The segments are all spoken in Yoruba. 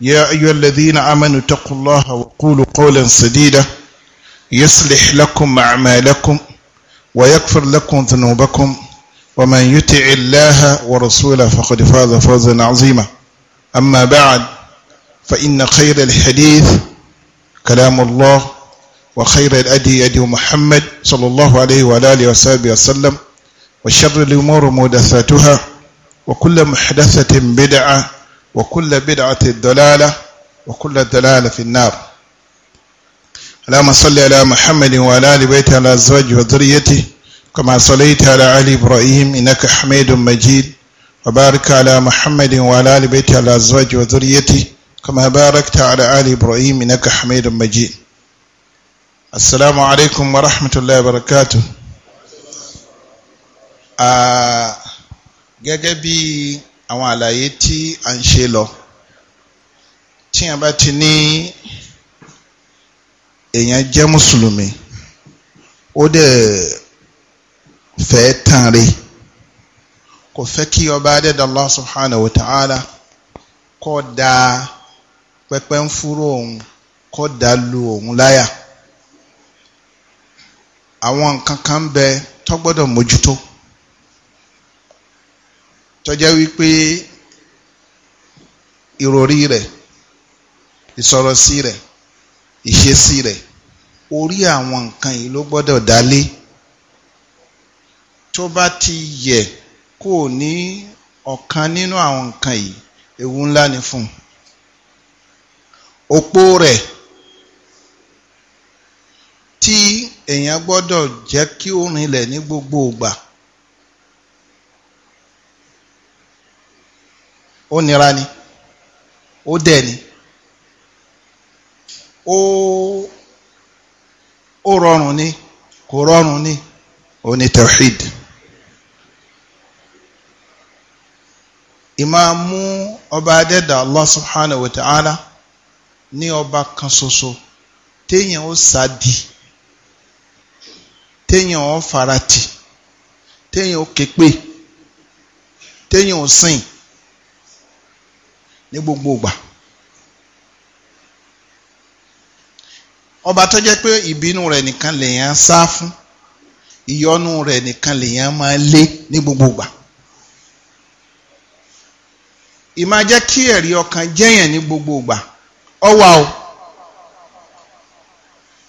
يا أيها الذين آمنوا اتقوا الله وقولوا قولا سديدا يصلح لكم أعمالكم ويغفر لكم ذنوبكم ومن يطع الله ورسوله فقد فاز فوزا عظيما أما بعد فإن خير الحديث كلام الله وخير الأدي أدي محمد صلى الله عليه وعلى آله وصحبه وسلم وشر الأمور محدثاتها وكل محدثة بدعة وكل بدعة الدلالة وكل الدلالة في النار اللهم صل على محمد وعلى آل بيته على الزواج وذريته كما صليت على آل إبراهيم إنك حميد مجيد وبارك على محمد وعلى آل بيته على الزواج وذريته كما باركت على آل إبراهيم إنك حميد مجيد السلام عليكم ورحمة الله وبركاته آه جاجبي àwọn àlàyé tí a ń ṣe lọ tí a bá ti ní èèyàn jẹ́ mùsùlùmí ó dẹ̀ fẹ́ tàn re kò fẹ́ kí ọba adẹ́dàá Allah subhanahu wa ta'ala kọ́ da pẹpẹ ń fúró òun kọ́ da lu òun láyà àwọn nǹkan kan bẹ tó mójútó tọ́jẹ́ wípé ìròrí rẹ̀ ìsọ̀rọ̀sí rẹ̀ ìṣesí rẹ̀ orí àwọn nǹkan yìí ló gbọ́dọ̀ dálé tó bá ti yẹ kó o ní ọ̀kan nínú àwọn nǹkan yìí ewu ńlá ni fún un òpó rẹ̀ tí èèyàn gbọ́dọ̀ jẹ́ kí ó rinlẹ̀ ní gbogbo ìgbà. ó nira ni ó dẹ̀ ni ó ó rọrùn ni kò rọrùn ni ó ní tawhid mu ọba adẹ́dà Allah subhanahu wa ta'ala ní ọba kan ṣoṣo téèyàn ó sádi téèyàn ó farati téèyàn ó képe téèyàn ó sìn. ní gbogbo ìgbà ọba tó jẹ́ pé ìbínú rẹ̀ nìkan lèèyàn sá fún ìyọ́nú rẹ̀ nìkan lèèyàn máa lé ní gbogbo ìgbà ìmáa jẹ́ kí ẹ̀rí ọkàn jẹ́yàn ní gbogbo ìgbà ọwà o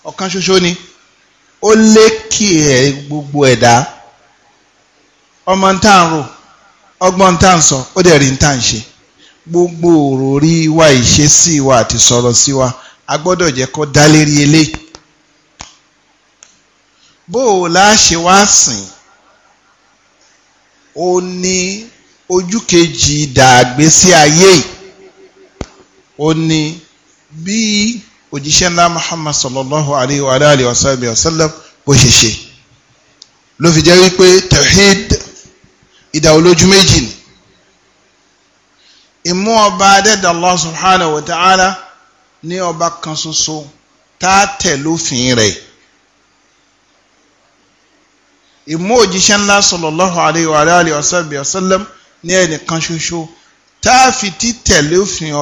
ọ̀kan ṣoṣo ni ó lé kí ẹ̀ gbogbo ẹ̀dá ọmọ ń tà rò ọgbọ́n ń tà sọ ó dẹ̀ rí ń tà ṣe. gbogbo òròrí wa ìṣesí wa àti sọ̀rọ̀ sí wa a gbọ́dọ̀ jẹ́ kó dá lérí eléyìí bó o láṣẹ wá sìn ó ní ojú kejì dàgbésí ayé ó ní bí òjíṣẹ́ ńlá Muhammad sallallahu alayhi wa alayhi wa sallam wasallam bó ṣe ṣe ló fi jẹ́ wípé tawhid ìdá olójú méjì ni ìmú ọba adẹ́dàá Allah subhanahu wa ta'ala ní ọba kan ṣoṣo tá a tẹ̀ lófin rẹ̀ ìmú òjíṣẹ́ ńlá sallallahu alayhi wa alihi wa sallam ní ẹnìkan ṣoṣo tá a fi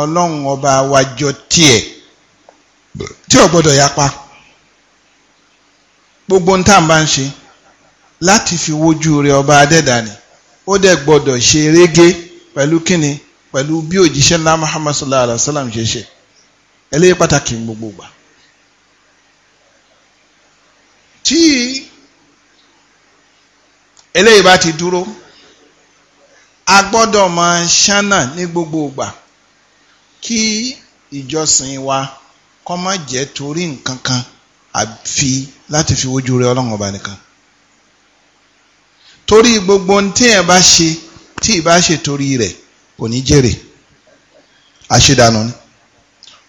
ọlọ́run ọba àwàjọ tiẹ̀ tí ò gbọ́dọ̀ yapa gbogbo ń tàn bá ń ṣe láti fi wojú rẹ̀ ọba adẹ́dàá ni ó dẹ̀ gbọ́dọ̀ ṣe régé pẹ̀lú kíni pẹ̀lú bí òjíṣẹ́ ńlá Muhammad sallallahu alayhi wa sallam ṣe ṣe eléyìí pàtàkì gbogbo gbà tí eléyìí bá ti dúró a gbọ́dọ̀ máa ṣánà ní gbogbo ìgbà kí ìjọsìn wa kó má jẹ́ torí nǹkan kan àfi láti fi wojú rẹ ọlọ́run ọba nìkan torí gbogbo tí ẹ bá ṣe tí ì bá ṣe torí rẹ̀ kò ní jèrè àṣedànù ni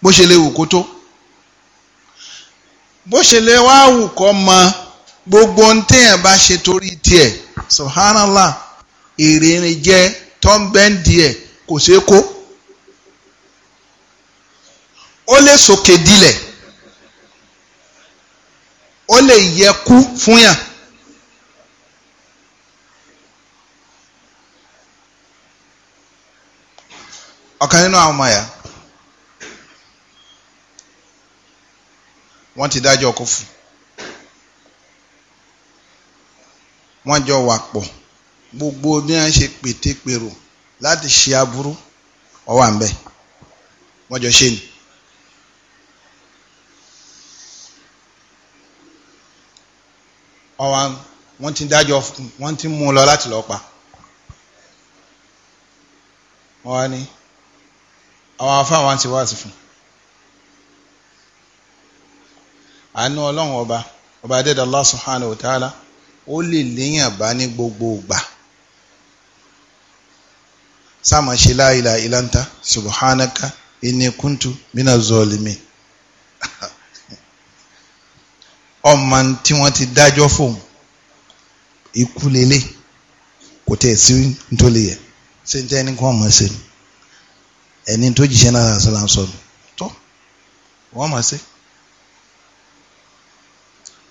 bó ṣe lè wù kó tó bó ṣe lè wá wù kó mọ gbogbo ohun téèyàn bá ṣe torí tiẹ̀ subhanallah èrè rìn jẹ tọ́ńbẹ́ǹdì ẹ̀ kò ṣeé kó ó lè sòkè dilẹ̀ ó lè yẹ kú fún yàn. ọ̀kan nínú àwọn ọmọ yà wọ́n ti dájọ́ ọkọ fún wọ́n jọ wà pọ̀ gbogbo ní à ń ṣe pètèpèrò láti ṣe aburú ọwọ́ à ń bẹ̀ wọ́n jọ ṣe ni. ọwọ́ wọ́n ti dájọ́ wọ́n ti mú un lọ láti lọ́ọ́ pa wọ́n wá àwọn afáà wọn ti wá sí fún àánú ọlọ́run ọba ọba adẹ́dàá Allah subhanahu ta'ala ó lè léyàn bá ní gbogbo ìgbà sáàmà ṣe la ilaha subhanaka inni kuntu minaz zalimin ọmọ tí wọ́n ti dájọ́ fóun ikú lélẹ̀ kò tẹ̀ sí nítorí yẹ ń tẹ́ ẹni kó ọmọ ṣe ni ẹni tó jíṣẹ́ náà sọ́la ń sọnù tó wọ́n máa ṣe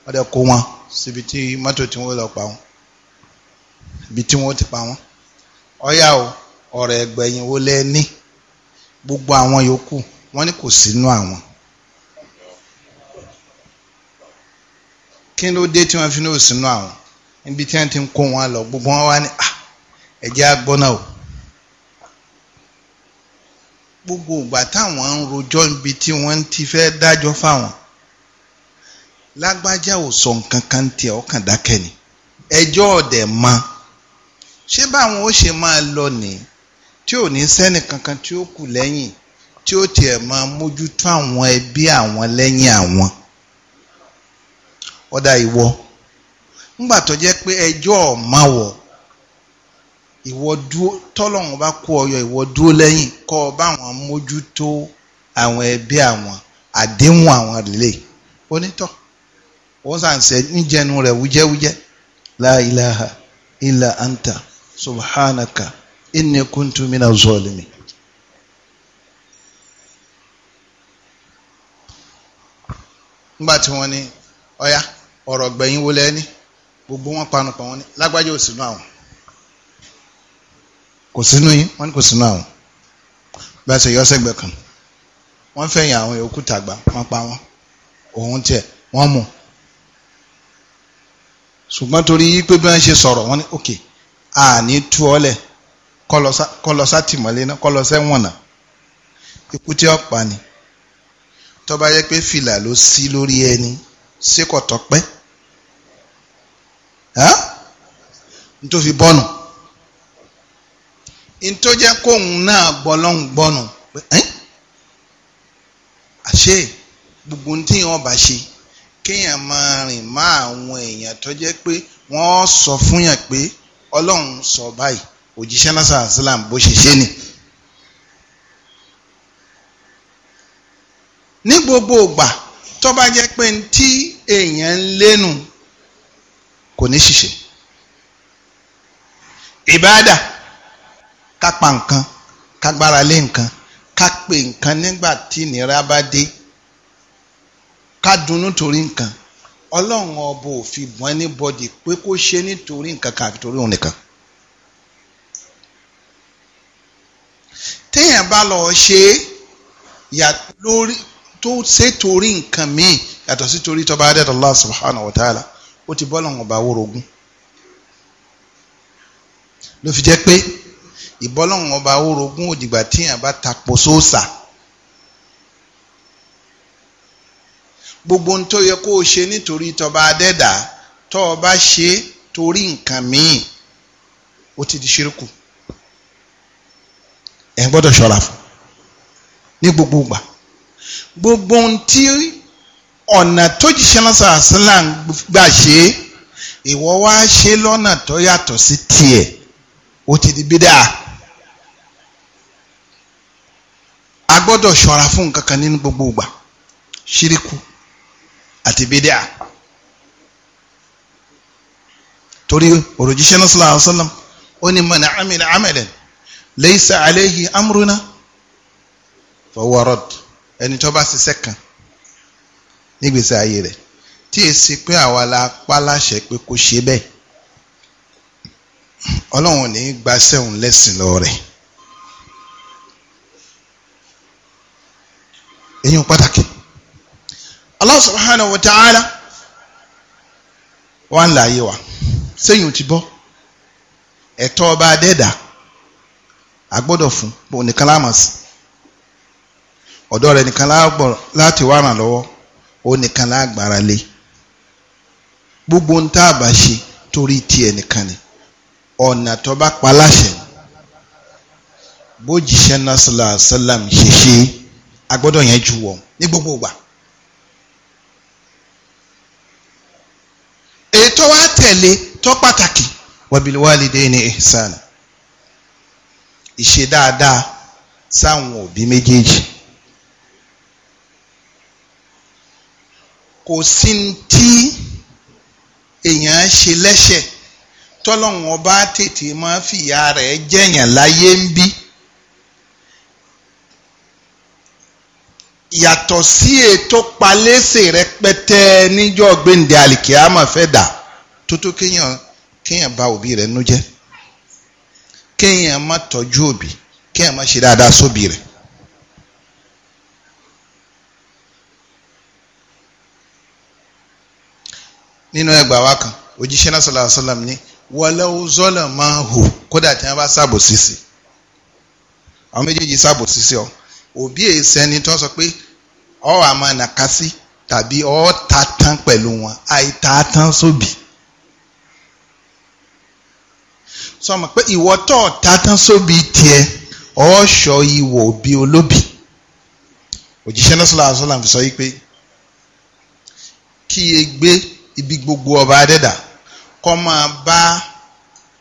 wọ́n dẹ̀ kó wọn síbi tí mọ́tò tí wọ́n lọ pa wọn ibi tí wọ́n ti pa wọn ọ̀yà o ọ̀rọ̀ ẹgbẹ̀yìn wo lẹ ní gbogbo àwọn yòókù wọ́n ní kò sínú àwọn. kí ló dé tí wọ́n fi ní òsínú àwọn níbi tí wọ́n ti ń kó wọn lọ gbogbo wọn wá ní ah, ẹ̀jẹ̀ agbọ́nà o. gbogbo ìgbà táwọn ń rojọ́ ibi tí wọ́n ti fẹ́ dájọ́ fáwọn lágbájá ò sọ nǹkan kan tiẹ̀ ọkàn dákẹ́ ni ẹjọ́ ọ̀dẹ̀ mọ ṣé báwọn ó ṣe máa lọ ní tí ò ní sẹ́nì kankan tí ó kù lẹ́yìn tí ó tiẹ̀ máa mójútó àwọn ẹbí àwọn lẹ́yìn àwọn ọ̀dà ìwọ ńgbà tó jẹ́ pé ẹjọ́ ọ̀ máa wọ̀ ìwọ dúó tọ́lọ́run bá kó ọyọ ìwọ dúó lẹ́yìn kọ́ ọ bá àwọn mójútó àwọn ẹbí àwọn àdéhùn àwọn rèlè onítọ̀ wọ́n sàǹsẹ̀ níjẹnu rẹ̀ wújẹ́wújẹ́ la ilaha illa anta subhanaka inni kuntu mina zolimi. nígbà tí wọ́n ní ọ̀ya ọ̀rọ̀ gbẹ̀yìn wọlé ẹni gbogbo wọn panupọ̀ wọn ní lágbájá òsínú àwọn. kò sínú yín wọ́n ní kò sínú àwọn bẹ́ẹ̀ sọ yọ́sẹ̀gbẹ̀ kan wọ́n fẹ̀yìn àwọn yòókù tàgbà wọ́n pa wọ́n òun tiẹ̀ wọ́n mú ṣùgbọ́n torí yí pé bí wọ́n ṣe sọ̀rọ̀ wọ́n ní òkè àní tú ọ lẹ̀ kọlọsá tìmọ́lé náà kọlọsẹ́ wọ̀n ikú tí ọ̀pá ni tó yẹ pé fìlà ló sí lórí ẹni ṣé kò tọ́pẹ́ nítorí bọ́ọ̀nù ntọ́jẹ́ kóun náà gbọ́lọ́hún gbọ́nu àṣé gbogbo ní tíyàn bá ṣe kéèyàn máa rìn má àwọn èèyàn tó jẹ́ pé wọ́n sọ fún yàn pé ọlọ́run sọ báyìí òjíṣẹ́ náà sàásìlám bó ṣe ṣe ni. ní gbogbo ìgbà tó bá jẹ́ pé tí èèyàn ń lẹ́nu kò ní ṣiṣẹ́ ìbáàdà ká pa nǹkan ká gbára lé nǹkan ká pe nǹkan nígbà tí ìnira bá dé ká dunnú torí nǹkan ọlọ́run ọba ò fi bọ́n ní bọ́dì pé kó ṣe nítorí nǹkan kan torí òun nìkan. téèyàn bá lọ ṣe tó ṣe torí nǹkan míì yàtọ̀ sí torí tọ́ba adẹ́tọ̀ Allah subhanahu wa ta'ala ó ti bọ́ lọ́run ọba wórogún ló fi jẹ́ pé ìbọ́lọ́hún ọba orogún òdìgbà tíyàn bá tapo sóòsà gbogbo ohun tó yẹ kó o ṣe nítorí tọba adẹ́dà tó o bá ṣe torí nǹkan míì ó ti di ṣírkù ẹ̀ ń gbọ́dọ̀ ṣọ́ra fún ní gbogbo ìgbà gbogbo ohun tí ọ̀nà tó jíṣẹ́ lọ́sàn àṣìlá gbà ṣe é wá ṣe lọ́nà tó yàtọ̀ sí tiẹ̀ ó ti di bídà. a gbọ́dọ̀ ṣọ́ra fún nǹkan kan nínú gbogbo ìgbà ṣíríkù àti bídíà torí òròjíṣẹ́ náà sallallahu alaihi wasallam ó ní man amila amalan laysa alayhi amruna fahuwa radd ẹni tó bá ṣiṣẹ́ kan nígbèsè ayé rẹ̀ tí è sí pé àwa la pa láṣẹ pé kó ṣe bẹ́ẹ̀ ọlọ́run ò ní gbaṣẹ́ òun lẹ́sìn lọ rẹ̀ èyí pàtàkì Allah subhanahu wa ta'ala wà ń láàyè wa sẹ́yìn ti bọ́ ẹ̀tọ́ ọba adẹ́dà agbọ́dọ̀ fún bó nìkan láàmà sí ọ̀dọ́ rẹ̀ nìkan láàbọ̀ láti wá ràn lọ́wọ́ ó nìkan láàgbára lé gbogbo ń tá a bá ṣe torí tiẹ̀ nìkan ni ọ̀nà tó bá pa láṣẹ bójìṣẹ́ náà sàlá sàlám ṣe ṣe é agbọ́dọ̀ yẹn ju wọ̀ ní gbogbo ìgbà. ètò wa tẹ̀lé tó pàtàkì wabil walidayni ihsana ìṣe dáadáa sáwọn òbí méjèèjì. kò sí tí èèyàn ṣe lẹ́ṣẹ̀ tọ́lọ́run ọba tètè máa fìyà rẹ̀ jẹ̀yàn láyé ń bí yàtọ̀ sí ètò palẹ́sẹ̀ rẹpẹtẹ níjọ́ gbẹ̀ǹdẹ̀ àlìkíyàmọ̀ fẹ́ dà tótó kéèyàn kéèyàn bà òbí rẹ̀ nú jẹ́ kéèyàn má tọ́jú òbí kéèyàn má ṣe dáadáa sóbí rẹ̀. nínú ẹgbàá wa kan òjíṣẹ́ náà sallallahu alaihi wasallam ní walaw zalamahu kódà tí wọ́n bá sábò sísì àwọn méjèèjì sábò sísì ọ́ òbí èsẹ́ni tó sọ pé ọ àmọ́ nàkásí tàbí ọ ta tán pẹ̀lú wọn àìta tán sóbì sọmọ pé ìwọ tó ta tán sóbì tiẹ̀ ọ sọ ìwọ òbí olóbì òjíṣẹ́ lọ́sọ̀lá àṣọlá fi sọ yí pé kí e gbé ibi gbogbo ọba adẹ́dà kọ́ máa bá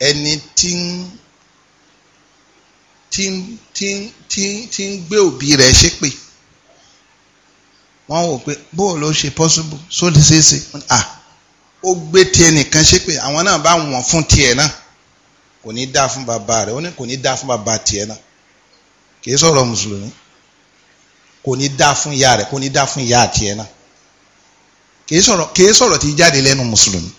ẹni tí ń tí ń tí ń tí ń tí ń gbé òbí rẹ̀ ṣépè wọ́n wò pé bóò ló ṣe possible sóde ṣeéṣe à ó gbé tiẹ̀ nìkan ṣépè àwọn náà bá wọ̀n fún tiẹ̀ náà kò ní dá fún bàbá rẹ̀ ó ní kò ní dá fún bàbá tiẹ̀ náà kì í sọ̀rọ̀ mùsùlùmí kò ní dá fún ìyá rẹ̀ kò ní dá fún ìyá tiẹ̀ náà kì í sọ̀rọ̀ kì í sọ̀rọ̀ tí jáde lẹ́nu mùsùlùmí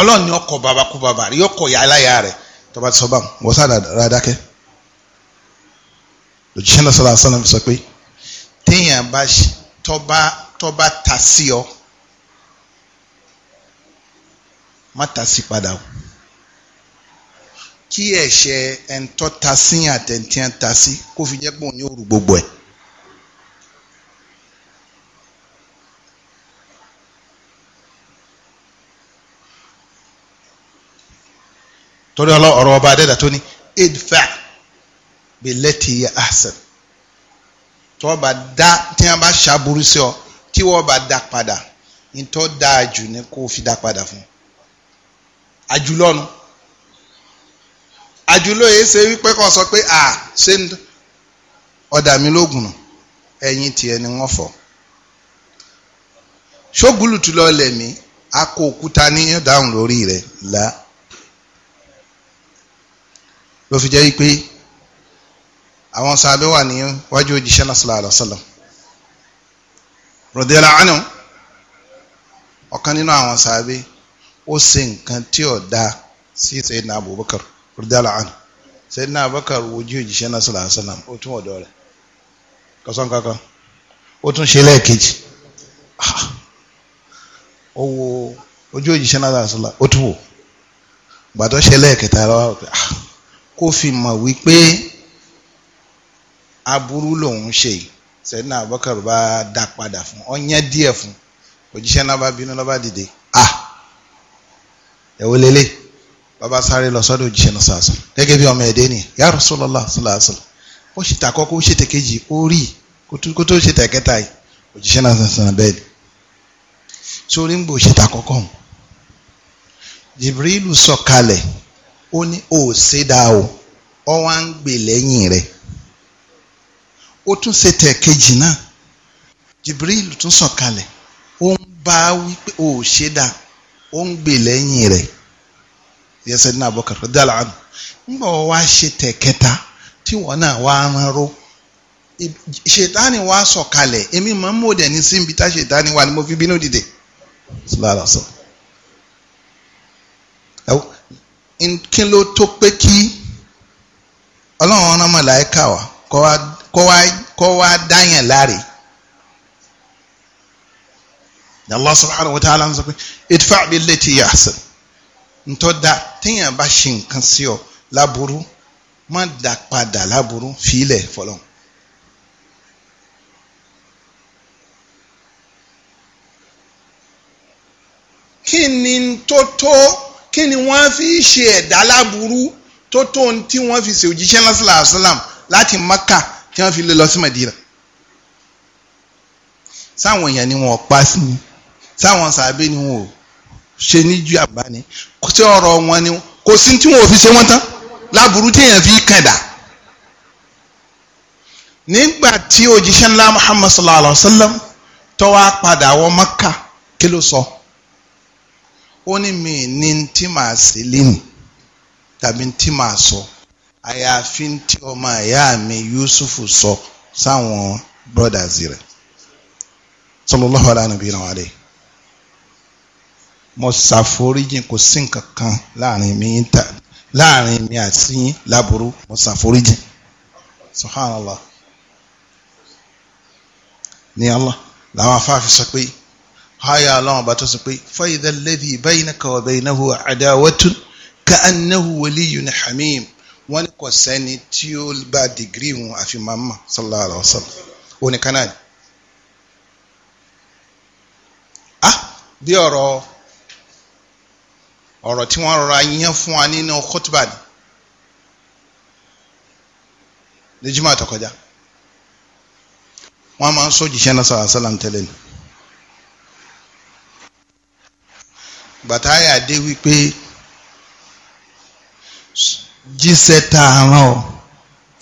ọlọ́run ni ọkọ̀ bàbá kú bàbá rí ọkọ̀ ìyá aláya rẹ̀ tọba ti sọ bá wọ́n sáà rà dákẹ́ lójúṣẹ́ náà sọ́dọ̀ àṣọ sọ pé téèyàn bá tọ́ba tọ́ba ta sí ọ má ta sí padà o kí ẹ̀ṣẹ̀ ẹ̀ńtọ́ ta sí àtẹ̀ntì ta sí kó fi jẹ́ pé òun yóò rú gbogbo ẹ̀. torí ọ̀rọ̀ ọba adẹ́dà tó ní idfa billati hiya ahsan tí wọ́n bá dá tí wọ́n bá ṣàbùrú sí ọ tí wọ́n bá dá padà ntọ́ dáa jù ní kó o fi dá padà fún un àjùlọ nu àjùlọ yìí ṣe wípé kò sọ pé à ṣe ọ̀dà mi lóògùn ẹ̀yìn tiẹ̀ ni wọ́n fọ̀ ṣógùlùtù lọ lẹ̀mí a kó òkúta níyàn dáhùn lórí rẹ̀ là. La ló fi jẹ́ pé àwọn sábẹ́ wà ní wájú òjíṣẹ́ náà sallallahu alaihi wasallam radiyallahu anhu ọ̀kan nínú àwọn sábẹ́ ó ṣe nǹkan tí ò dáa sí Sayyidina Abubakar radiyallahu anhu Sayyidina Abubakar wojú òjíṣẹ́ náà sallallahu alaihi wasallam ó tún ọ̀dọ́ rẹ̀ kọsán kankan ó tún ṣe lẹ́ẹ̀kejì ah, ó wo ojú òjíṣẹ́ náà ó tún wò gbàtọ́ ṣe lẹ́ẹ̀kẹta lọ́wọ́ kó fi mọ̀ wípé aburú lòun ṣe sẹ́dínà abubakar bá dá padà fún ọ díẹ̀ fún òjíṣẹ́ náà bá bínú lọ́ba dìde ah ẹ̀wọ́ lélẹ̀ bàbá sáré lọ sọ́dọ̀ òjíṣẹ́ náà sàásùn gẹ́gẹ́ bí ọmọ ẹ̀dẹ́ ni ya Rasulullah sàlásùn ó ṣe tà kọ́kọ́ ṣe tẹ̀ ó rí kó tó ṣe tẹ̀ yìí òjíṣẹ́ náà sàásùn bẹ́ẹ̀ ni sórí ń ṣe Jibrilu sọ̀kalẹ̀. ó ní ṣe o ọ wá ń gbè lẹ́yìn rẹ̀ ó tún ṣe tẹ̀ Jibril tún sọ̀kalẹ̀ ó ń bá wípé ò ṣe dá ó ń gbè lẹ́yìn rẹ̀ yẹsẹ̀ ní Abubakar dàlá àná ńgbà wá ṣe tẹ̀ kẹta tí wọn náà wá rán ró ṣètáni wá sọ̀kalẹ̀ èmi mọ̀ ń mòdẹ̀ ní ni mo fi bínú dìde. kí ló tó pé kí ọlọ́run ọ̀ràn mọ̀láìkà wá kó wá dáyàn láre. Allah subhanahu wa ta'ala sọ pé idfa' billati hiya ahsan ntọ́ da téèyàn bá ṣe nǹkan sí ọ láburú má dà padà láburú fílẹ̀ fọlọ́n. kí ni tó tó kí ni wọ́n fi ṣe ẹ̀dá láburú tó tó ohun tí wọ́n fi ṣe òjíṣẹ́ lọ́sọ̀lá àṣàlám láti Maka tí wọ́n fi lé lọ sí Madina sáwọn èèyàn ni wọn ò pa sí ni sáwọn sàbẹ ni wọn ò ṣe níjú àbá ni kò sí ọ̀rọ̀ wọn ni kò sí tí wọn ò fi ṣe wọn tán láburú tí èèyàn fi kàdà nígbà tí òjíṣẹ́ ńlá Muhammad sallallahu alayhi wa sallam tó padà wọ Maka kí ló sọ. So? wone me ne ntim ase leni tabi ntim aso ayɛ afi nti ɔma ɛyɛ ame yusuf sɔ sanwó broda zire sɔlɔlɔhɔ la nabi na wale mɔsafori jin ko sin kankan laarin mi a laarin mi laburu mɔsafori jin ni Allah, laama afa fi háyà aláwọn bá tó sọ pé fáyidà lẹ́dí baynaka wa baynahu adawatun ká annahu waliyyun hamim wọ́n ní kò sẹ́ni tí ó bá dìgírì wọn àfi màmá sallallahu alaihi wasallam òní kanáà ni. a ah, bí ọ̀rọ̀ ọ̀rọ̀ tí wọ́n rọra yẹn fún wa nínú khutba ni lójúmọ́ àtọkọjá wọ́n máa ń sọ jíṣẹ́ náà sallallahu alaihi tẹ́lẹ̀ ni. bàtáyà dé wípé jíṣẹ́ tààràn ọ̀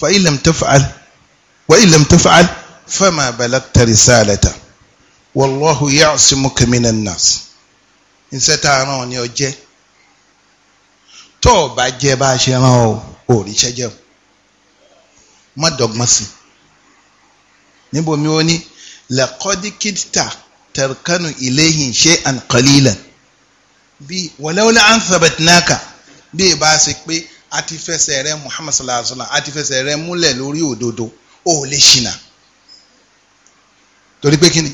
fa ilam taf'al wa ilam taf'al fama balagta risalata wallahu ya'simuka minan nas iṣẹ́ tààràn ọ̀ ni ọ jẹ́ tó o bá jẹ́ bá a ṣe rán ọ ò ríṣẹ́ jẹ́ má dọ́gbọ́n sí níbo mi ó ní laqad kidta tarkanu ilayhin shay'an qalilan bí wọléwọlé à ń sọ̀bẹ̀t náà kà bí ìbá ṣe pé a ti fẹsẹ̀ rẹ muhammad sallallahu alayhi wa sallam a ti fẹsẹ̀ rẹ múlẹ̀ lórí òdodo ó lè ṣìnà torí pé kíni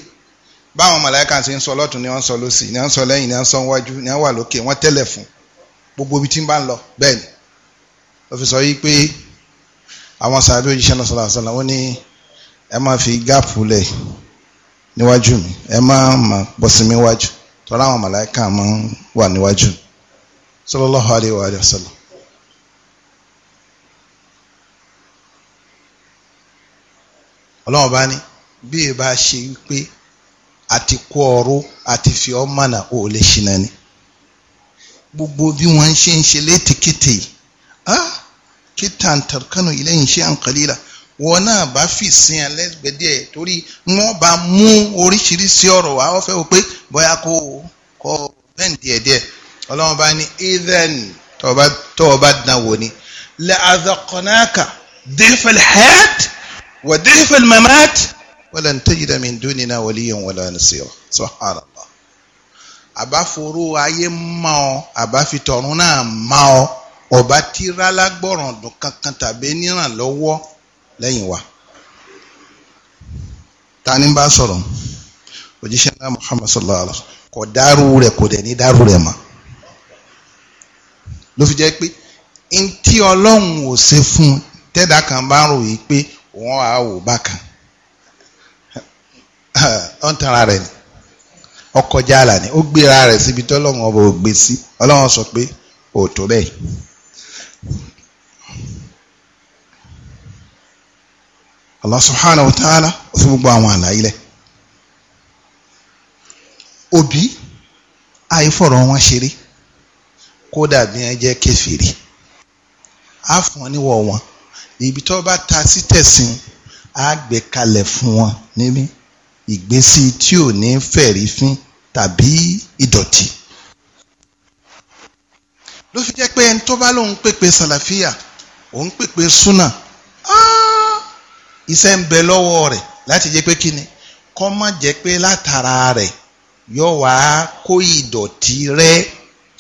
báwọn màláíkà ṣe ń sọ lọ́tún ni wọ́n ń sọ lọ́sì ni wọ́n ń sọ lẹ́yìn ni wọ́n ń sọ wájú ni wọ́n wà lókè wọ́n tẹ́lẹ̀ fún gbogbo ibi tí ń bá ń lọ bẹ́ẹ̀ ni ó fi sọ yìí pé àwọn sàbẹ̀ òjíṣẹ́ náà sallallahu alayhi wa sallam ẹ máa fi gáàpù lẹ̀ níwájú mi ẹ máa máa bọ̀ mi wájú tọ́lá àwọn màláìka máa ń wà níwájú sallallahu alayhi wa sallam. ọlọ́run bá ní bí ẹ bá ṣe pé àti kó ọrọ́ àti fi ọ́ mànà ò lè ṣìnà ni gbogbo bí wọ́n ṣe ń ṣe létíkété ah kí tàǹtàkánù ilé yìí ṣe àǹkálí la wọn náà bá fìsìn ẹlẹ́gbẹ̀dẹ́ torí wọ́n bá mú oríṣiríṣi ọ̀rọ̀ wá wọ́n fẹ́ wò pé bóyá kó kọ́ bẹ́ẹ̀ díẹ̀díẹ̀ ọlọ́run bá ní ethan tó o bá dán wò ni la azaqnaka dhifal hayat wa dhifal mamat walan tajida min dunina waliyan wala nasira subhanallah àbáforó ayé mọ ọ àbáfitọ̀run náà mọ ọ ọba tí dùn kankan tàbí nírànlọ́wọ́ lẹ́yìn wa ta ni bá sọ̀rọ̀ òjíṣẹ́ náà Muhammad sallallahu alaihi wa sallam kò dárú rẹ̀ kò dẹ̀ ní dárú rẹ̀ mọ́ ló fi jẹ́ pé tí ọlọ́run ò ṣe fún tẹ́dà kan bá rò yìí pé òun á wò bákan ọ̀n tara rẹ̀ ni ni ó gbéra rẹ̀ síbi tọ́lọ́run ọba ò gbé sí ọlọ́run sọ pé bẹ́ẹ̀. Allah subhanahu wa ta'ala ó fi gbogbo àwọn àlàyé lẹ̀ òbí àìfọ̀rọ̀ wọn ṣeré kódà bí wọn jẹ́ kèfèrí á fún wọn níwọ̀ wọn ibi tó bá ta sí tẹ̀sìn á gbé kalẹ̀ fún wọn níbi ìgbésí tí ò ní fẹ̀rí fín tàbí ìdọ̀tí ló fi jẹ́ pé ẹni tó bá lóun pèpè sàlàfíà òun pèpè súnà áá. Ah! iṣẹ́ ń bẹ lọ́wọ́ rẹ̀ láti jẹ́ pé kí ni kọ́ má jẹ́ pé látara rẹ̀ yóò wá kó ìdọ̀tí rẹ̀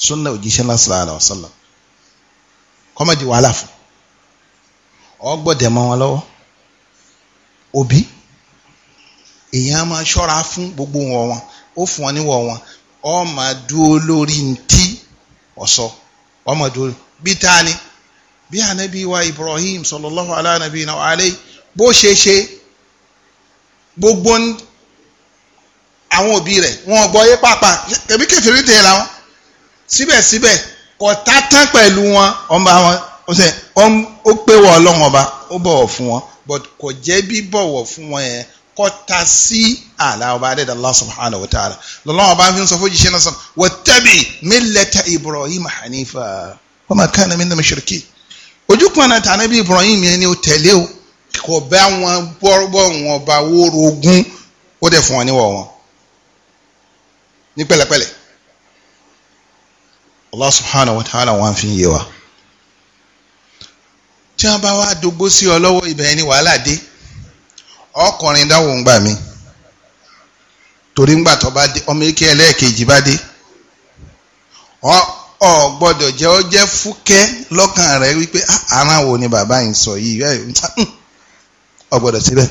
súnà òjíṣẹ́ náà sallallahu alaihi wasallam kọ́ má di wàhálà fún ọ gbọ́dẹ̀ mọ́ wọn lọ́wọ́ òbí èèyàn máa ṣọ́ra fún gbogbo wọn wọn ó fún wọn níwọ̀ wọn ọ máa dúró lórí ntí ọ̀sọ́ ọ máa dúró bí ta ni bí anabi wa Ibrahim sallallahu alaihi wa alayhi bó ṣe ṣe gbogbo àwọn òbí rẹ̀ wọn gbọ́ yé pàápàá ẹbí kẹfìrí tẹ̀ ra wọn síbẹ̀síbẹ̀ kò tátán pẹ̀lú wọn ọba wọn ó pé wọ ọlọ́run ọba ó bọ̀wọ̀ fún wọn but kò jẹ́ bí bọ̀wọ̀ fún wọn yẹn kò ta sí àlà ọba adẹ́dàá Allah subhanahu wa ta'ala lọ́lọ́run ọba fi ń sọ fún jíṣẹ́ náà sọ wattabi millata Ibrahim hanifa wa ma kana minal mushrikin ojú kan náà tànàbí Ibrahim yẹn ni ó tẹ̀lé o. kò bá wọn bọ́rọ̀ wọn bá wóró ogún ó dẹ̀ fún wọn níwọ̀ wọn ní pẹ̀lẹ́pẹ̀lẹ́ Allah subhanahu wa ta'ala wọn fi yé wa tí wọn bá wá dogbo sí ọ lọ́wọ́ ibẹ̀ ni wàhálà dé ọkùnrin dáwọ ń gbà mí torí ńgbà tó bá dé ọmọ ike ẹlẹ́ẹ̀kejì bá dé ọ gbọ́dọ̀ jẹ́ ọ jẹ́ fúkẹ́ lọ́kàn rẹ wípé àrùn ah, àwo ni bàbá yìí sọ yìí ọ̀gbọ́dọ̀ síbẹ̀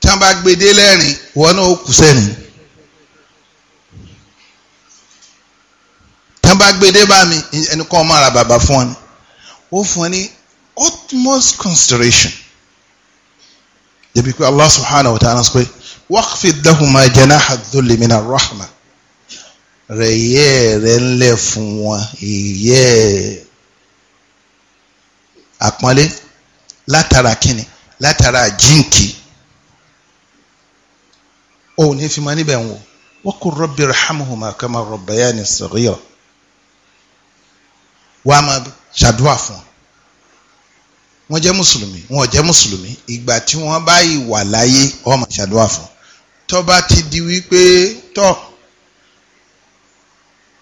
tí wọ́n bá gbé dé lẹ́rìn wọ́n náà ó kù sẹ́ni tí wọ́n bá gbé dé bá mi ẹni kan máa ra bàbá fún ọ ni ó fún ọ ní utmost consideration jẹ́bi pé Allah subhanahu wa ta'ala sọ pé waqfid lahuma janaha dhulli mina rahma rẹ̀ yẹ́ rẹ̀ ńlẹ̀ fún wọn ìyẹ́ àpọ́nlé látara kíni látara jíǹkì ó ní fi máa níbẹ̀ ń wò wa qur rabbi irhamhuma kama rabbayani saghira wàá máa ṣàdúrà fún un wọ́n jẹ́ mùsùlùmí wọ́n jẹ́ mùsùlùmí ìgbà tí wọ́n bá ìwà láyé ọmọ ṣàdúrà fún tó bá ti di wípé tó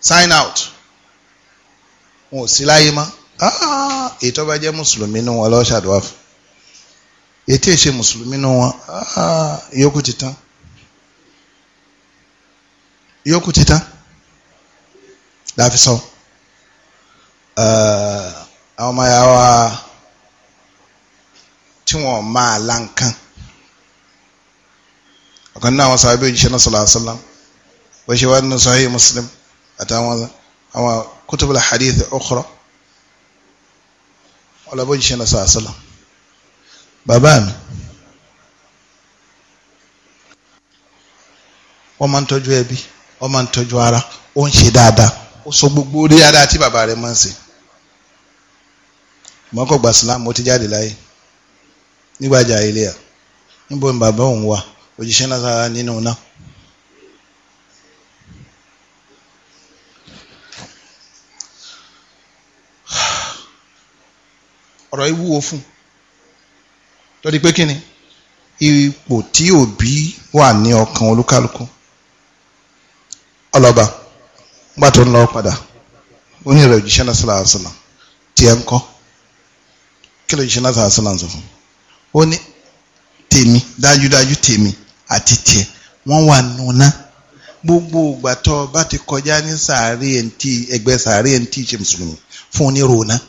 sign out wọn ò sí láyé mọ́ èyí tó jẹ́ mùsùlùmí ni wọ́n lọ ṣàdúrà fún ètí ìṣe mùsùlùmí nù wọn yòókù ti tán yòókù ti tán láfi sọ àwọn ọmọ yàrá wa tí wọn máa la nǹkan ọ̀kan náà àwọn sàbẹ̀ òjíṣẹ́ náà sallallahu alaihi wasallam bó ṣe wá nínú sahih muslim àtàwọn àwọn kutubul hadith ukhra ọlọ́bọ̀ òjíṣẹ́ náà sallallahu alaihi wasallam. bàbá mi wọ́n máa ń tọ́jú ẹbí wọ́n máa ń tọ́jú ara ó ń ṣe dáadáa ó sọ gbogbo orí dáadáa tí bàbá rẹ̀ máa ń ṣe mọ́kọ̀ gba sílámù ó ti jáde láyé nígbàjà ilé à níbo ni bàbá òun wà òjíṣẹ́ náà sára nínú náà. ọ̀rọ̀ yìí wúwo fún un torí pé kí ni ipò tí òbí wà ní ọkàn olúkálùkù ọlọ́ba nígbà tó ń lọ padà ó ní ìrẹ̀ òjíṣẹ́ náà sílá àṣìlá tí ẹ ń kọ́ kí ló òjíṣẹ́ náà sílá àṣìlá ń sọ fún ó ní tèmi dájúdájú tèmi àti tiẹ̀ wọ́n wà nùnà gbogbo ìgbà tó bá ti kọjá ní sàárè ẹ̀ǹtì ẹgbẹ́ sàárè ẹ̀ǹtì ṣe mùsùlùmí fún oníròó náà.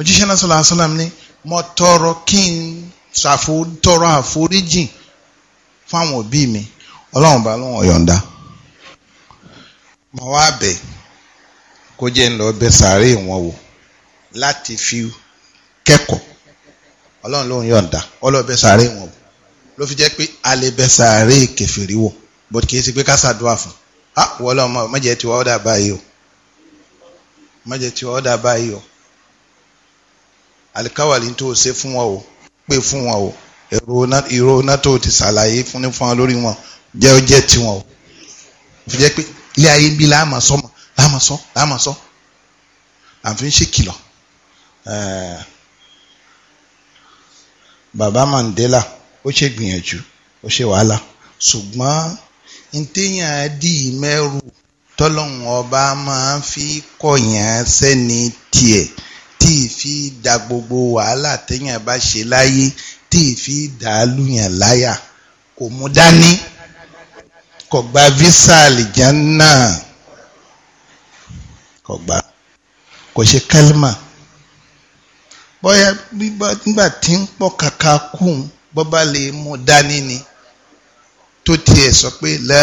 òjíṣẹ́ náà sọ̀rọ̀ àṣàlám ní mo tọrọ kí n tọrọ àforíjì fáwọn òbí mi ọlọ́run bá lọ́wọ́ yọ̀ǹda mo wá bẹ̀ kó jẹ́ ń lọ bẹ sàárè wọn wò láti fi kẹ́kọ̀ọ́ ọlọ́run ló ń yọ̀ǹda ọlọ́ọ̀bẹ sàárè wọn wò ló fi jẹ́ pé a lè bẹ sàárè kẹfìrí wò bó kì í ṣe pé ká ṣàdúrà fún ah wọ́n lọ́mọ mọ̀jẹ̀ tí wọ́n dà báyìí o mọ̀jẹ̀ tí wọ́n dà báyìí o alikawali tó ṣe fún wọn o pé fún wọn o èrò nato ti ṣàlàyé fúnni fún wọn lórí wọn jẹ́ ó jẹ́ tiwọn o fi jẹ́ pé ilé ayé bí láàmà sọ mọ̀ à ń fi ṣe kìlọ̀ eh, baba Mandela ó ṣe gbìyànjú ó ṣe wàhálà ṣùgbọ́n ntẹ́yìn àdì mẹ́rù tọ́lọ́hún ọba máa ń fi kọ̀yàn sẹ́ni tiẹ̀ tí ì fi da gbogbo wàhálà téèyàn bá ṣe láyé tí ì fi dà á lùyàn láyà kò mú dání kò gba visa àlìjánná kò gba kò ṣe kálímà bóyá nígbà tí ń pọ̀ kàkà kùn bó bá lè mú dání ni tó tiẹ̀ sọ pé la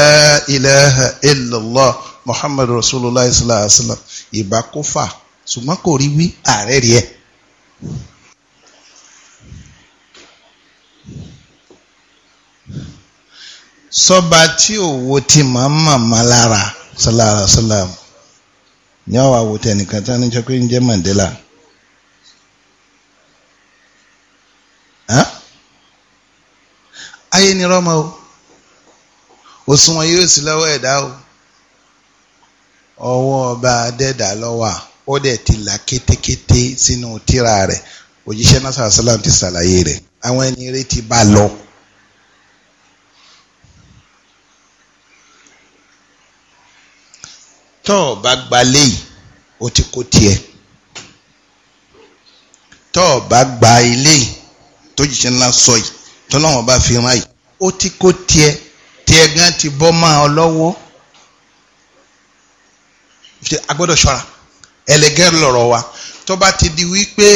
ilaha illallah muhammadu rasulullah sallallahu alaihi wa sallam ṣùgbọ́n kò rí wí ààrẹ rí ẹ. sọba tí òwò ti máa ń màmá lára sàlàrà sàlàm ní àwọn àwòtẹ nìkan tí wọn jẹ pé ń jẹ Mandela. ayé ni rọmọ o òṣùwọ̀n yóò sí lọ́wọ́ ẹ̀dá o ọwọ́ ọba adẹ́dà ló wà ó dẹ̀ ti là kétékété sínú tírà rẹ̀ òjíṣẹ́ náà sàlám ti ṣàlàyé rẹ̀ àwọn ẹni rẹ̀ ti bá lọ. tọ́ ọ bá gba léyìí ó ti kó tiẹ̀ tọ́ ọ bá gba eléyìí tó jíṣẹ́ ńlá sọ yìí tó lọ́wọ́n bá fi rán yìí ó ti kó tiẹ̀ tiẹ̀ gan ti bọ́ mọ́ ọ lọ́wọ́ a gbọ́dọ̀ ṣọ́ra ẹlẹgẹ́ lọ̀rọ̀ wa tó bá ti di wípé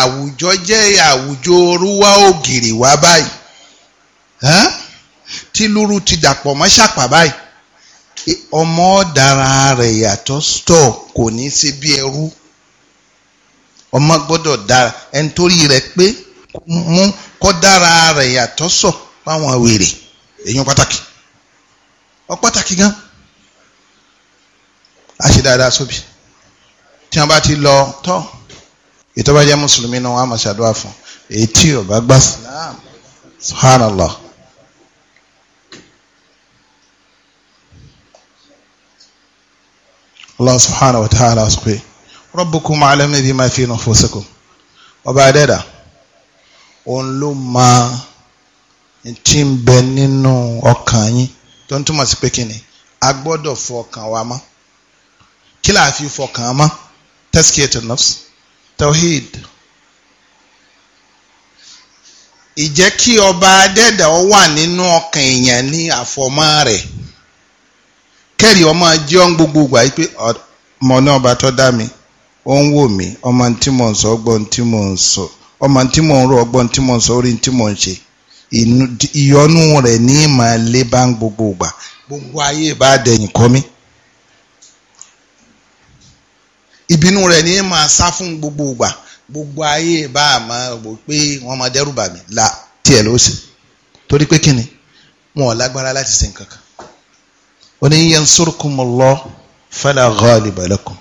àwùjọ jẹ́ àwùjọ orúwá ògiri wa báyìí tí lúrú ti dàpọ̀ mọ́ ṣàpà báyìí ọmọ dára rẹ̀ yàtọ̀ stọ̀ kò ní sí bí ẹrú ọmọ gbọ́dọ̀ dára ẹni torí rẹ̀ pé mú kọ́ dára rẹ̀ yàtọ̀ sọ̀ fáwọn wèrè èèyàn pàtàkì ọ pàtàkì gan a ṣe dáadáa sóbì. So tí wọ́n bá ti lọ tọ́ ìtọ́ba jẹ́ mùsùlùmí náà wọ́n á máa ṣàdúrà fún èyí tí ò bá gbà Islam subhanallah. Allah subhanahu wa ta'ala sọ pé rabbukum a'lamu bima fi nufusikum ọba adẹ́dà òun ló máa tí ń bẹ nínú ọkàn yín tó ń túmọ̀ sí pé kí ni a gbọ́dọ̀ fọ wa mọ́ kí láà fi fọ mọ́ tazkiyatun nafs tawhid ìjẹ́ kí ọba adẹ́dà ọ wà nínú ọkàn èèyàn ní àfọmọ́ rẹ̀ kẹ́rì ọmọ jẹ́ ọ́n gbogbo ìgbà yìí pé ọmọ náà ọba tó dá mi ó ń wò mí ọmọ tí mò ń sọ ọgbọ́n tí mò ń sọ ọmọ tí mò ń rò ọgbọ́n tí mò ń sọ orí tí mò ń ṣe ìyọnu rẹ̀ ní ìmọ̀ lébá gbogbo ìgbà gbogbo ayé ìbá dẹ̀yìn kọ́ mi. ìbínú rẹ̀ ní máa sá fún gbogbo ìgbà gbogbo ayé bá a máa wò pé wọ́n máa dẹ́rù bà mí la tiẹ̀ ló sì torí pé kíni wọn ò lágbára láti ṣe nǹkan kan ó ní yansurkumullah fala ghaliba lakum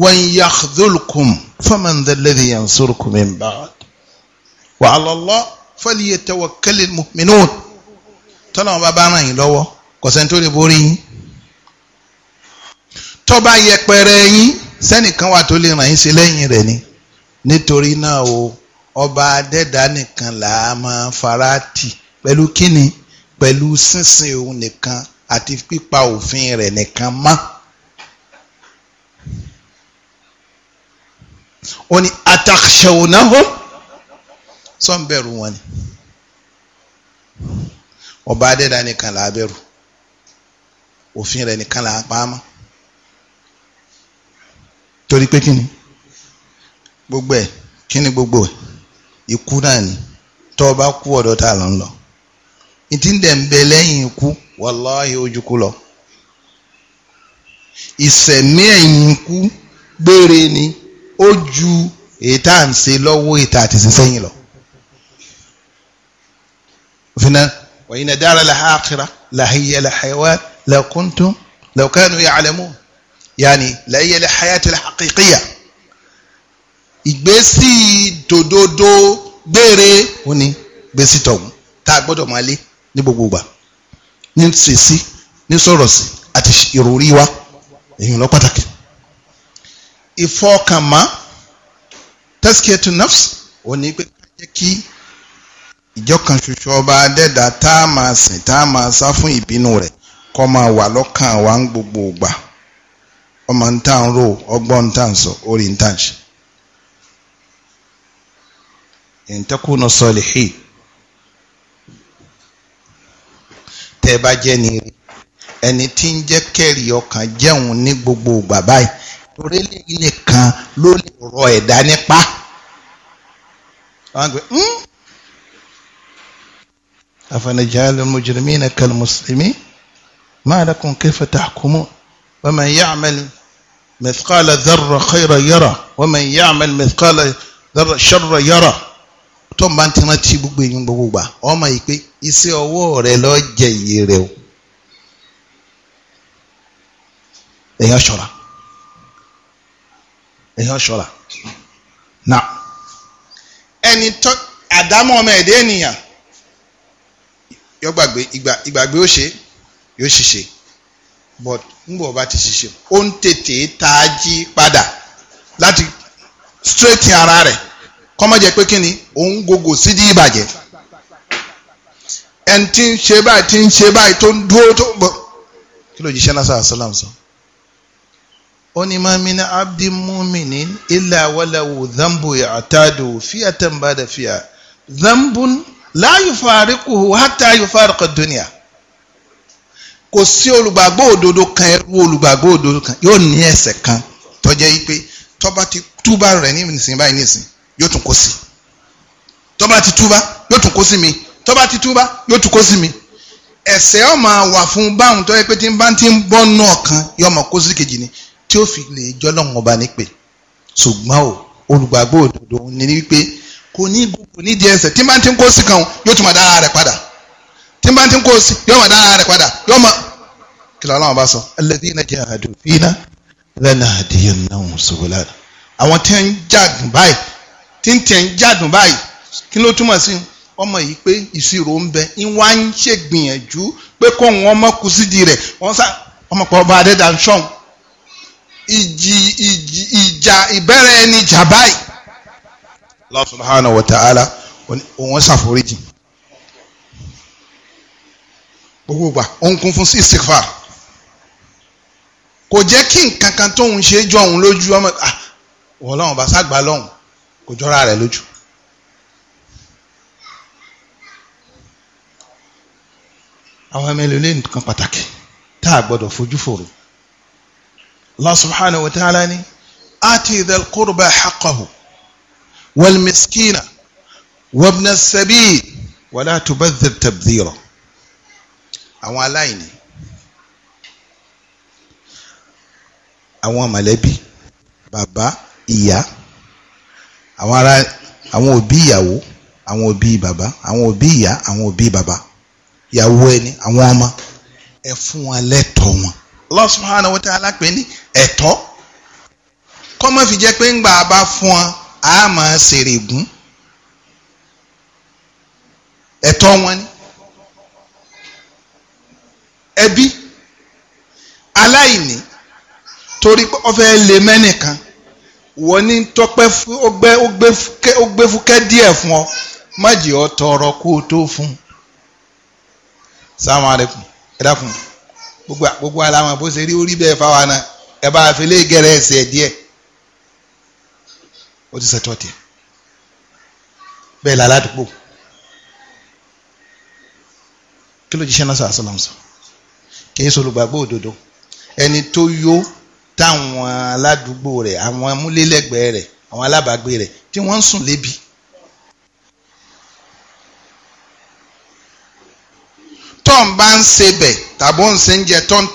wa in yakhdhulkum faman dha alladhi yansurkum min ba'd wa ala Allah falyatawakkalil mu'minun tọ́lọ́wọ́n bá bá ràn yín lọ́wọ́ kọ̀sẹ́ńtò lè borí yín tọ́ba yẹpẹrẹ yín sẹ́nìkan wà tó lè ràn yín sí lẹ́yìn rẹ̀ ni nítorí náà o ọba adẹ́dá nìkan là á máa fara tì pẹ̀lú kíni pẹ̀lú sínsìn òun nìkan àti pípa òfin rẹ̀ nìkan mọ́. ó ní atakhshawnahu sọ́nbẹ̀rù wọn ni ọba adẹ́dá nìkan là á bẹ̀rù òfin rẹ̀ nìkan là á pa á mọ́ torí pé kíni gbogbo ẹ̀ kíni gbogbo ẹ̀ ikú náà ni tọ́ ọ bá kú ọ̀dọ̀ tá a lọ ń lọ ìtí ń dẹ̀ ń bẹ lẹ́yìn ikú wàláhì ojú kú lọ ìsẹ̀mí ẹ̀yìn ikú gbére ni ó ju èyí tá à ń ṣe lọ́wọ́ ìta àti sísẹ́yìn lọ òfin náà wàyí náà dára làhàkìrà làhìyẹ làhàyẹwà làkúntùn làkánú ya'lamun yani lẹ́yẹlẹ hayatil haqiqiya ìgbésí tòdodo gbére òní gbèsè tọ̀hún tá a gbọ́dọ̀ máa lé ní gbogbo ìgbà ní sèṣí ní sọ̀rọ̀ sí àti ìròrí wa èyí lọ pàtàkì. ìfọkànmá tẹ́síkẹ́tù nafs òní pé ká jẹ́ kí ìjọ ṣoṣo ọba adẹ́dà tá a máa sìn tá a máa sá fún ìbínú rẹ̀ kó máa wà lọ́kàn wa ń gbogbo ìgbà ọmọ ń tàn rò ọgbọ́n ń tàn sọ orí ń tàn ṣe. in takunu salihin tẹ́ bá jẹ́ ni ẹni tí ń jẹ́ kẹ́rì ọkàn jẹun ní gbogbo ìgbà báyìí torí ilé kan ló lè rọ ẹ̀dá nípa. Hmm? afanajalul mujrimina kal muslimin ma lakum kayfa tahkumun. ومن يعمل مثقال ذرة خيرا يرى ومن يعمل مثقال ذرة شرا يرى tó ń bá ti rántí gbogbo èyí gbogbo gbà ọmọ yìí pé iṣẹ́ ọwọ́ rẹ lọ jẹ iye rẹ o èèyàn ṣọ́ra èèyàn ṣọ́ra na ẹni tó àdámọ́ ọmọ ẹ̀dá ènìyàn yọ gbàgbé ìgbàgbé ó ṣe yóò ṣiṣẹ́ but ngbọ̀ bá ti ṣiṣẹ́ ó ń tètè tají padà láti straighten ara rẹ̀ kọ́mọ́jẹ́ pé kí ni òun gògò sídìí ìbàjẹ́ ẹni tí ń ṣe báyìí tí ń ṣe báyìí tó ń dúró tó bọ̀ kí ló jíṣẹ́ náà sàlám sọ. ó ní ma min abdi mu'minin illa walahu dhanbu ya'tadu fi'atan ba'da fi'a dhanbun la yufariquhu hatta yufariqa dunia kò sí olùgbàgbọ́ òdodo kan ẹrú olùgbàgbọ́ òdodo kan yóò ní ẹ̀ṣẹ̀ kan tó yí pé tó ti túbà rẹ̀ ní ìsìn báyìí nìsín yóò tún kó sí tó ti túbà yóò tún kó sí mi tó ti túbà yóò tún kó sí mi ẹ̀ṣẹ̀ ó máa wà fún báwọn tó yẹ pé tí ń bá ti ń bọ́ náà kan yóò máa kó sí kejì ni tí ó fi lè jọlọ́run ọba nípè ṣùgbọ́n o olùgbàgbọ́ òdodo ni wípé kò ní gbogbo nídìí ẹ̀ṣẹ̀ tí bá ti ń kó sí kan yóò tún máa dára rẹ̀ padà tí n bá ti ń kó o sí yóò máa dára rẹ̀ padà yóò máa. kí lọ́la wọn bá sọ alladhina jahadu fina lanahdiyannahum subulana àwọn tí ń jàdùn báyìí tí ń tẹ̀ ń jàdùn báyìí kí ló túmọ̀ sí ọmọ yìí pé ìṣirò ń bẹ ń wá ń ṣègbìyànjú pé kó wọn ọmọ kù sídìí rẹ̀ sá ọmọ pọ̀ ọba adẹ́dà ń ṣọ̀hún ìjì ìjì ìjà ìbẹ̀rẹ̀ ẹni jà báyìí. Allah subhanahu wa ta'ala òun ṣàforíjì gbogbo gbà òun kún fún sí istighfar kò jẹ́ kí nǹkan kan tóun ṣe jọ òun lójú ọmọ wọ́n lọ́wọ́n bá ságbá lọ́hùn kò jọra rẹ̀ lójú. àwọn ọmọ ẹlẹ́lẹ́ nǹkan pàtàkì tá a gbọ́dọ̀ fojú fòrò Allah subhanahu ni ati idal qurba haqqahu wal miskina wabna sabil wala àwọn aláìní àwọn mọ̀lẹ́bí bàbá ìyá àwọn ará àwọn òbí ìyàwó àwọn òbí bàbá àwọn òbí ìyá àwọn òbí bàbá ìyàwó ẹni àwọn ọmọ ẹ fún wọn lẹ́tọ̀ọ́ wọn. Allah subhanahu wa ta'ala pè ní ẹ̀tọ́ kọ́mọ́ fi jẹ́ pé ńgbà bá fún wọn a ṣèrè gún ẹ̀tọ́ wọn ni ẹbí aláìní torí pé ó fẹ́ lè mẹ́nìkan wọ́n ní tọ́pẹ́ fún ó gbé fúkẹ́ díẹ̀ fún ọ má jì ọ tọrọ kó o tó fún un salamu aleykum ẹ dákun gbogbo gbogbo alamọ bó ṣe rí orí bẹ́ẹ̀ fáwa náà ẹ bá afẹlẹ gẹrẹ ẹsẹ díẹ̀ ó ti ṣètò ọtí bẹ́ẹ̀ làládùúgbò kí ló jíṣẹ́ náà sọ àṣọ làmùsọ kìí solùgbàgbọ́ òdodo ẹni tó yó táwọn aládùúgbò rẹ̀ àwọn amúlélẹ́gbẹ̀ẹ́ rẹ̀ àwọn alábàágbé rẹ̀ tí wọ́n ń sùn lébi. tọ́n bá ń ṣe bẹ̀ tàbí ó ń ṣe ń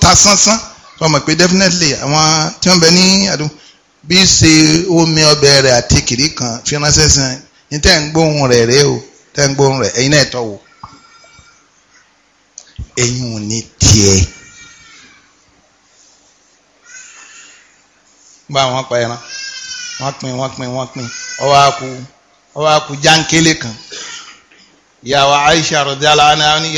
ta sánsán wọ́n mọ̀ pé definitely àwọn tí wọ́n bẹ ní àdúgbò bí ṣe omi ọbẹ̀ rẹ̀ àti kìrì kan fi ránṣẹ́ sí ní tẹ́ ń gbóhùn rẹ̀ rẹ̀ o tẹ́ ń gbóhùn rẹ̀ ẹ̀yin náà tọ́ wò. eyín ni tiẹ̀. gba wọn pa ẹran wọn pin wọn pin wọn pin ọwọ àkú ọwọ àkú jáńkélé kan ìyàwó Aisha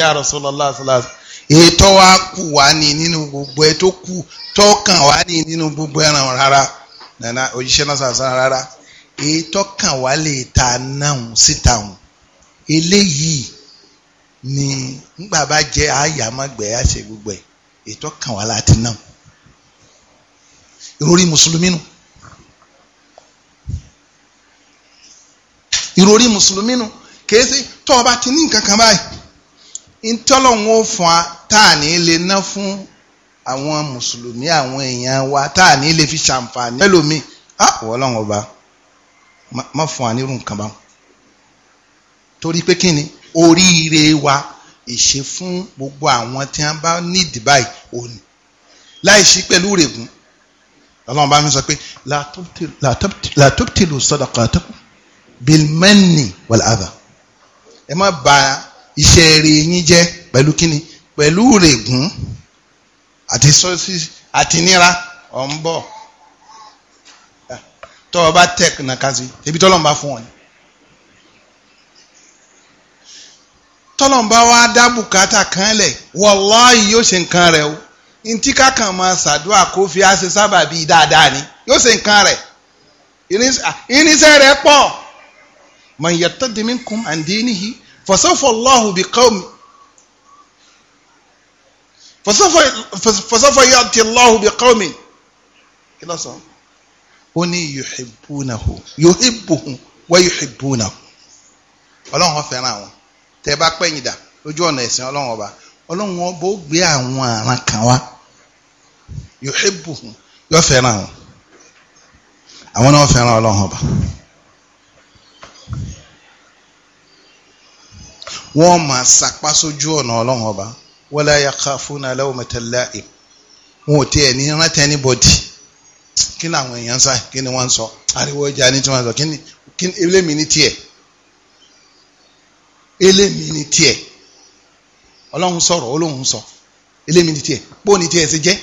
ya Rasulullah sallallahu èyí tó wá kù wá ní nínú gbogbo ẹ kù kàn wá ní nínú gbogbo ẹran rárá nana òjíṣẹ́ náà rárá kàn wá lè ta náà síta hùn eléyìí ni nígbà bá jẹ́ àyàmọ́gbẹ́ àṣẹ gbogbo ẹ̀ ètò kan wà láti náà ìròrí mùsùlùmí nù ìròrí mùsùlùmí nù kìí sí tọ́ ọba ti ní nǹkan kan báyìí ntọ́lọ́hún ó fún wa tá à ní lè ná fún àwọn mùsùlùmí àwọn èèyàn wa tá lè fi ṣàǹfààní ẹlòmíì á wọ́ọ́lọ́hún ọba má fún wa nírú nǹkan báwọn torí pé kí ni oríire wa ìṣe fún gbogbo àwọn tí wọ́n bá nídìí báyìí òní láì sí pẹ̀lú rẹ̀gùn ọlọ́run bá fi sọ pé làtọ́pítìlù sadaqatakum bilmanni wàláàdà ẹ má ba, iṣẹ́ rẹ̀ yín jẹ́ pẹ̀lú kíni pẹ̀lú rẹ̀gùn àti sọ́sí àti nira ọ̀ ń bọ̀ tọ́ ọ bá tẹ̀ nàka sí ibi bá fún wọn ni. tọ́lọ̀mbá wa dá bùkátà kan lẹ̀ wọ́láì yóò ṣe nǹkan rẹ̀ o ntí kákan máa ṣàdúrà kó fi àṣẹ sábàbí dáadáa ni yóò ṣe nǹkan rẹ̀ irinṣẹ́ rẹ̀ pọ̀ man yattadi minkum an dinihi fasofa allahu bi qawmi fasofa yati allahu bi qawmi kí ló sọ ó ní yuhibbunahu yuhibbuhu wa yuhibbunahu ọlọ́run fẹ́ràn àwọn tẹ́ bá pẹ̀yìn dà lójú ọ̀nà ẹ̀sìn ọlọ́run ọba ọlọ́run ọba ó gbé àwọn àràn kan wá yuhibbuhum yọ fẹ́ràn àwọn àwọn náà fẹ́ràn ọlọ́run ọba. wọ́n máa sapá sójú ọ̀nà ọlọ́run ọba wala yakhafuna lawmata la'im wọn ò tiẹ̀ ní rántí anybody kí ni àwọn èèyàn ń sá kí ni wọ́n ń sọ ariwo ọjà ni tí wọ́n ń sọ kí ni ilé mi ní tiẹ̀ elémi ni tiẹ̀ ọlọ́run sọ̀rọ̀ olóhùn sọ elémi ni tiẹ̀ bó ni tiẹ̀ ṣe jẹ́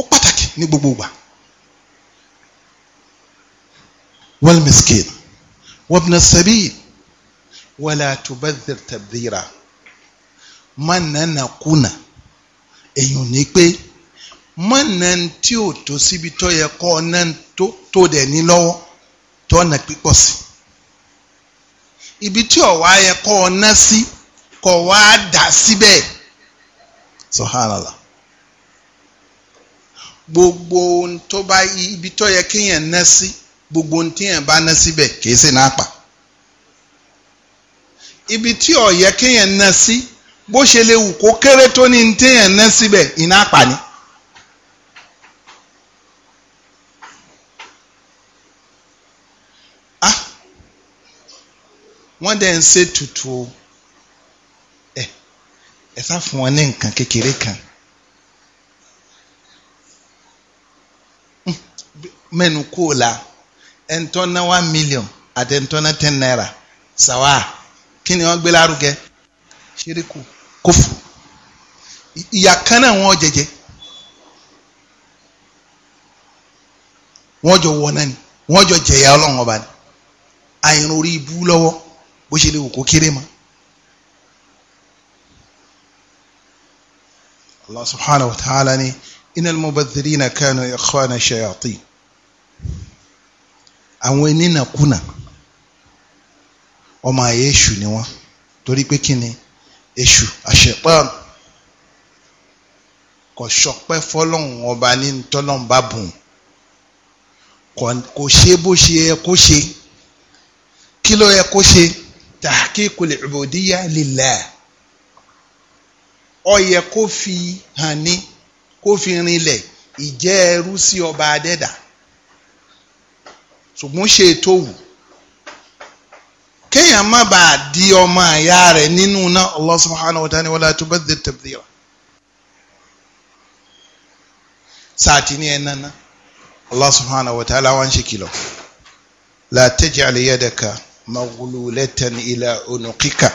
ó pàtàkì ní gbogbo ìgbà wal miskin wabna sabil wala tubadhir tabdhira mánàánákúnà èèyàn ní pé mọ̀nà tí ò tó síbi tó yẹ kọ́ ọ̀nà tó dẹ̀ ní lọ́wọ́ tó ọ̀nà pípọ̀ sí ibi tí ọ̀wá yẹ kọ́ ọ ná sí kọ̀ wá dà síbẹ̀ sọ̀hánàlá gbogbo ohun tó bá ibi tó yẹ kéèyàn ná sí gbogbo ohun téèyàn bá ná síbẹ̀ kìí ṣe náà pa ibi tí ó yẹ kéèyàn ná sí bó ṣe lè wù kó kéré tó ní téèyàn ná síbẹ̀ iná pa ni wọ́n dẹ̀ ń ṣe tutù o ẹ ẹ sá fún wọn ní nǹkan kékeré kan hmm. mẹ́nu kó la ẹ̀ ń tọ́ one million àti ẹ̀ ń tọ́ ná ten naira sàwa kí ni wọ́n gbé lárugẹ ṣíríkù kófù ìyà kan náà wọ́n jẹjẹ wọ́n jọ wọ náà ni wọ́n jọ jẹ̀yà ọlọ́run ọba ni àìrìn orí ibú lọ́wọ́ bó ṣe lè wò kó kéré mọ́. Allah subhanahu wa ta'ala ni innal mubadhirina kanu ikhwana shayatin àwọn onínàkúnà ọmọ àyè èṣù ni wọn torí pé kí ni èṣù àṣepọ́n kò ṣọpẹ́ fọlọ́hún ọba ní tọ́lọ́mbà bùn kò ṣe bó ṣe yẹ kó ṣe kí ló yẹ kó ṣe tahqiqul ubudiyya lillah ó yẹ kó fi hàn ní kó fi rinlẹ̀ ìjẹ́ ẹrú sí ọba adẹ́dà ṣùgbọ́n ṣe tó wù kéèyàn má bàa di ọmọ àyà rẹ̀ nínú náà Allah subhanahu wa ta'ala wala tubadhir tabdhira sàtìní ẹ̀ nana Allah subhanahu wa ta'ala wá ń ṣe kìlọ̀ la taj'al yadaka. مغلولة إلى عنقك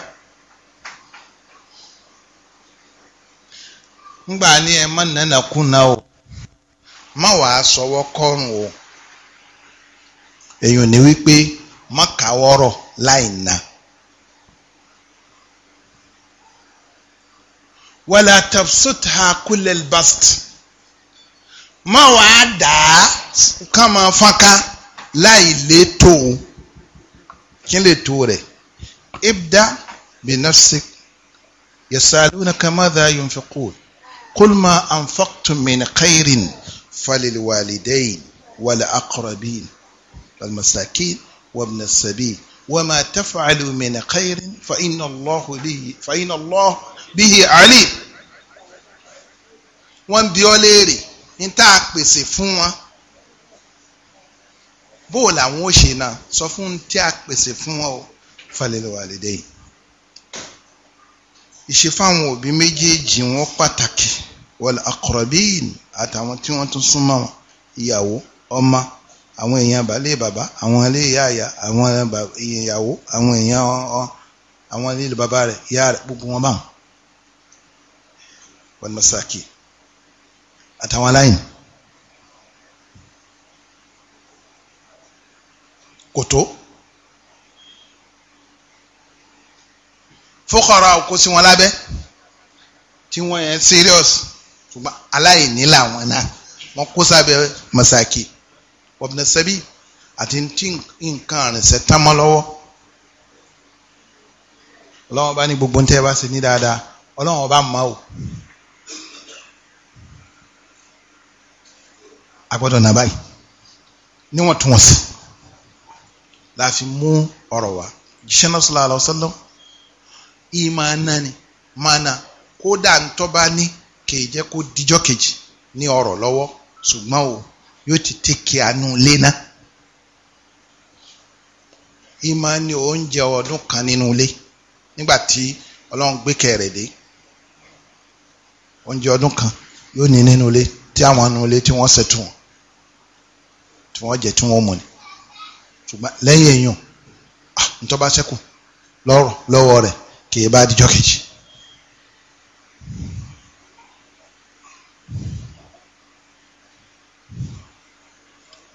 ngbà ni ẹ má nana kúnna o má wàá sọwọ́ kọ́rùn o èèyàn ní wípé má kàwọ́rọ̀ láì na. wala tabsutha kullal bast má wàá dà á ká máa fọ́nká láì létò o. kí n lè tó rẹ̀ ibda bi nafsik yasalunaka madha yunfiqun qul ma anfaqtum min khairin falil walidayn wal aqrabin wal masakin وابن السبيل وما تفعلوا من خير فإن الله به فإن الله به عليم wọ́n bi ọ́ léèrè ní tá a pèsè fún wọn bó làwọn ó ṣe náà sọ fún tí a pèsè fún wọn o falẹ̀lẹ̀wàlédè yìí ìṣe fáwọn òbí méjèèjì wọn pàtàkì wal aqrabin àtàwọn tí wọ́n tún súnmọ́ wọn ìyàwó ọmọ àwọn èèyàn balẹ̀ bàbá àwọn ilé ìyá àyà àwọn ìyàwó àwọn èèyàn àwọn ilé bàbá rẹ̀ ìyá rẹ̀ gbogbo wọn báwọn wal masaki àtàwọn aláìní kò tó fókọrọ àkó sí wọn lábẹ́ tí wọ́n yẹn serious ṣùgbọ́n aláìní làwọn náà wọ́n kó sábẹ́ masaki ọ̀bìnrin sẹ́bí àti tí nǹkan àrìnsẹ̀ tán mọ́ lọ́wọ́ ọlọ́wọ́n bá ní gbogbo ń tẹ́ bá ṣe ní dáadáa ọlọ́wọ́n bá mọ́ o agbọ́dọ̀ nà báyìí níwọ̀ntúnwọ̀nsì la fi mú ọ̀rọ̀ wá jíṣẹ́ náà sallallahu alaihi wasallam ìmàna ni màna kódà ntọ́ba ní kìí jẹ́ kó dijọ́ kejì ní ọ̀rọ̀ lọ́wọ́ ṣùgbọ́n o yóò ti tẹ́kì àánú ilé náà ni oúnjẹ ọdún kan nínú ilé nígbà tí ọlọ́run gbé kẹrẹ̀ dé oúnjẹ ọdún kan yóò ní nínú ilé tí àwọn nínú ilé tí wọ́n ṣètò wọn tí wọ́n jẹ tí wọ́n mọ̀ ni ṣùgbọ́n lẹ́yìn èèyàn ah, ntọ́ bá ṣẹ́kù lọ́rọ̀ lọ́wọ́ rẹ̀ kì í bá dijọ́ kejì.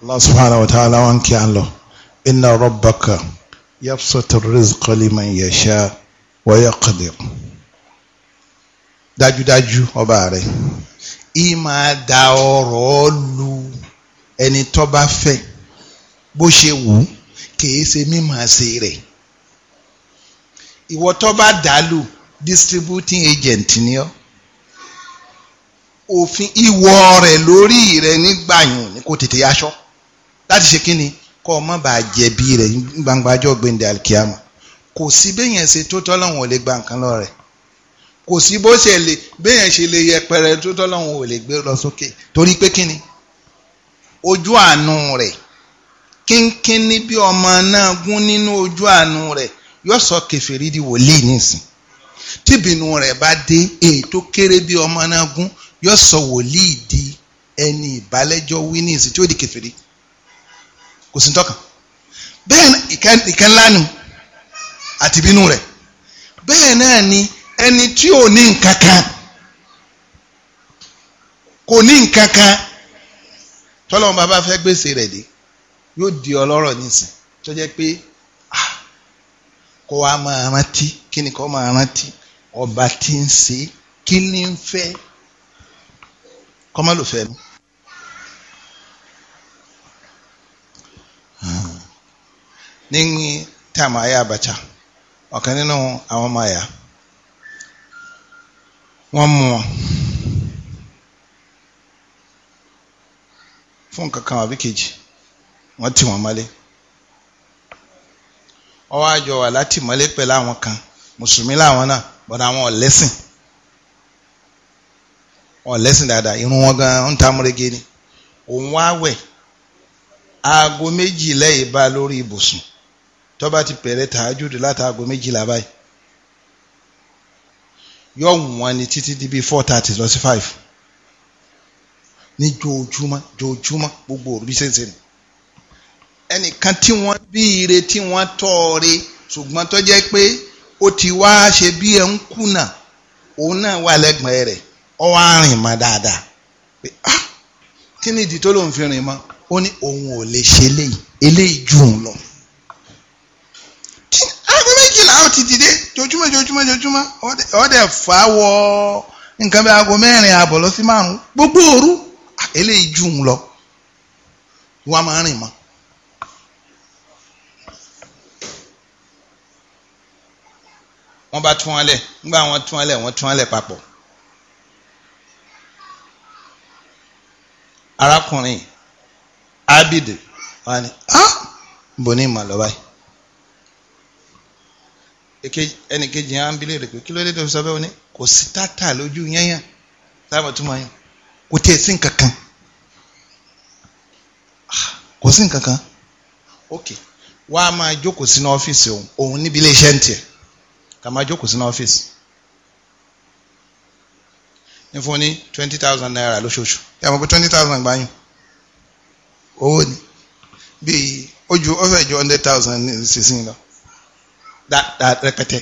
Allah subhanahu wa ta'ala wa nkì án lọ inna rabbaka yabsutu rizqa liman yasha wa yaqdir dájúdájú ọba rẹ̀ ìmọ̀ àdá ọ̀rọ̀ lu ẹni tó bá fẹ́ bó ṣe wù ú kìí ṣe mímọ̀ ṣe rẹ̀ ìwọ tó bá dàlù distributing agent ni ọ́ òfin ìwọ rẹ̀ lórí rẹ̀ nígbàyàn ni kò tètè aṣọ láti ṣe kí ni kọ́ ọ má bàa jẹ̀bi rẹ̀ gbangba ọjọ́ gbẹ̀ndẹ̀ alikiyama kò sí béèyàn ṣe tó tọ́lọ́hún ò lè gba nǹkan lọ rẹ̀ kò sí bó ṣe lè béèyàn ṣe lè yẹpẹrẹ tó tọ́lọ́hún ò lè gbé lọ sókè torí pé kí ojú àánú rẹ̀ kínkínní bí ọmọ náà gún nínú ojú àánú rẹ̀ yóò sọ kẹfìrí di wòlíì nísìn tíbínú rẹ̀ bá dé èyí tó kéré bí ọmọ náà gún yóò sọ wòlíì di ẹni ìbálẹ́jọ́ wí nísìn tí ó di kẹfìrí kò sí tọ́kàn bẹ́ẹ̀ ìkẹ́ ńlá nu àti ìbínú rẹ̀ bẹ́ẹ̀ náà ni ẹni tí ò ní nǹkan kan kò ní nǹkan kan tọ́lọ́mù bàbá fẹ́ gbèsè rẹ̀ dé yóò di ọlọ́rọ̀ nísìn tó jẹ́ pé ah, kó wa máa rántí kí ni kó máa rántí ọba tí ń ṣe kí ni ń fẹ́ kó má lò fẹ́ mi. ní táàmù ayé abacha ọ̀kan nínú àwọn ọmọ àyà wọ́n mú wọn fún kankan àbí kejì wọ́n tì wọ́n mọ́lé wọ́n wá jọ wà látìmọ́lé pẹ̀lú àwọn kan mùsùlùmí làwọn náà bọ̀dọ̀ àwọn ọ̀lẹ́sìn ọ̀lẹ́sìn dáadáa irun wọn gan ń ta múrege ni òun wá wẹ̀ aago méjì lẹ́yìn bá lórí ibùsùn tó bá ti pẹ̀rẹ̀ tàájúdù láti aago méjìlá báyìí yọ wọn ni títí di bíi four thirty lọ sí five ní joojúmọ́ joojúmọ́ gbogbo òrùbí ṣèṣe ni ẹnìkan tí wọ́n bí ire tí wọ́n tó jẹ́ pé ó ti wá ṣe bí ẹ ń kùnà òun náà wà lẹ́gbẹ̀ẹ́ ọ wá rìn dáadáa pé ah kí ni ìdí tó lòun fi rìn ó ní òun ò lè ṣe eléyìí eléyìí lọ. aago méjìlá ó ti dìde fà wọ nǹkan bí aago àbọ̀ lọ sí márùn ah, lọ máa rìn wọ́n bá tún wọn lẹ̀ nígbà wọ́n tún wọn lẹ̀ wọ́n tún wọn lẹ̀ papọ̀. arákùnrin abid wọn ni ah bò ní ìmọ̀ lọ́wọ́ yìí ẹnì kejì yẹn á ń bilẹ̀ rẹ̀ pé kí ló dé tó fi sọ bẹ́ẹ̀ ni kò sí tata lójú yẹ́yàn táwọn túmọ̀ yẹn kò tiẹ̀ sí nǹkan kan ah, kò sí nǹkan kan ok wàá máa jókòó sínú ọ́fíìsì òun òun níbi ilé iṣẹ́ ń tiẹ̀ ká máa jókòó sínú ọ́fíìsì ní fún ní twenty thousand naira lóṣooṣù yà mọ̀ pé twenty thousand gbáyùn owó ni bíi ojú ó fẹ́ ju hundred thousand sísìn lọ dáadáa rẹpẹtẹ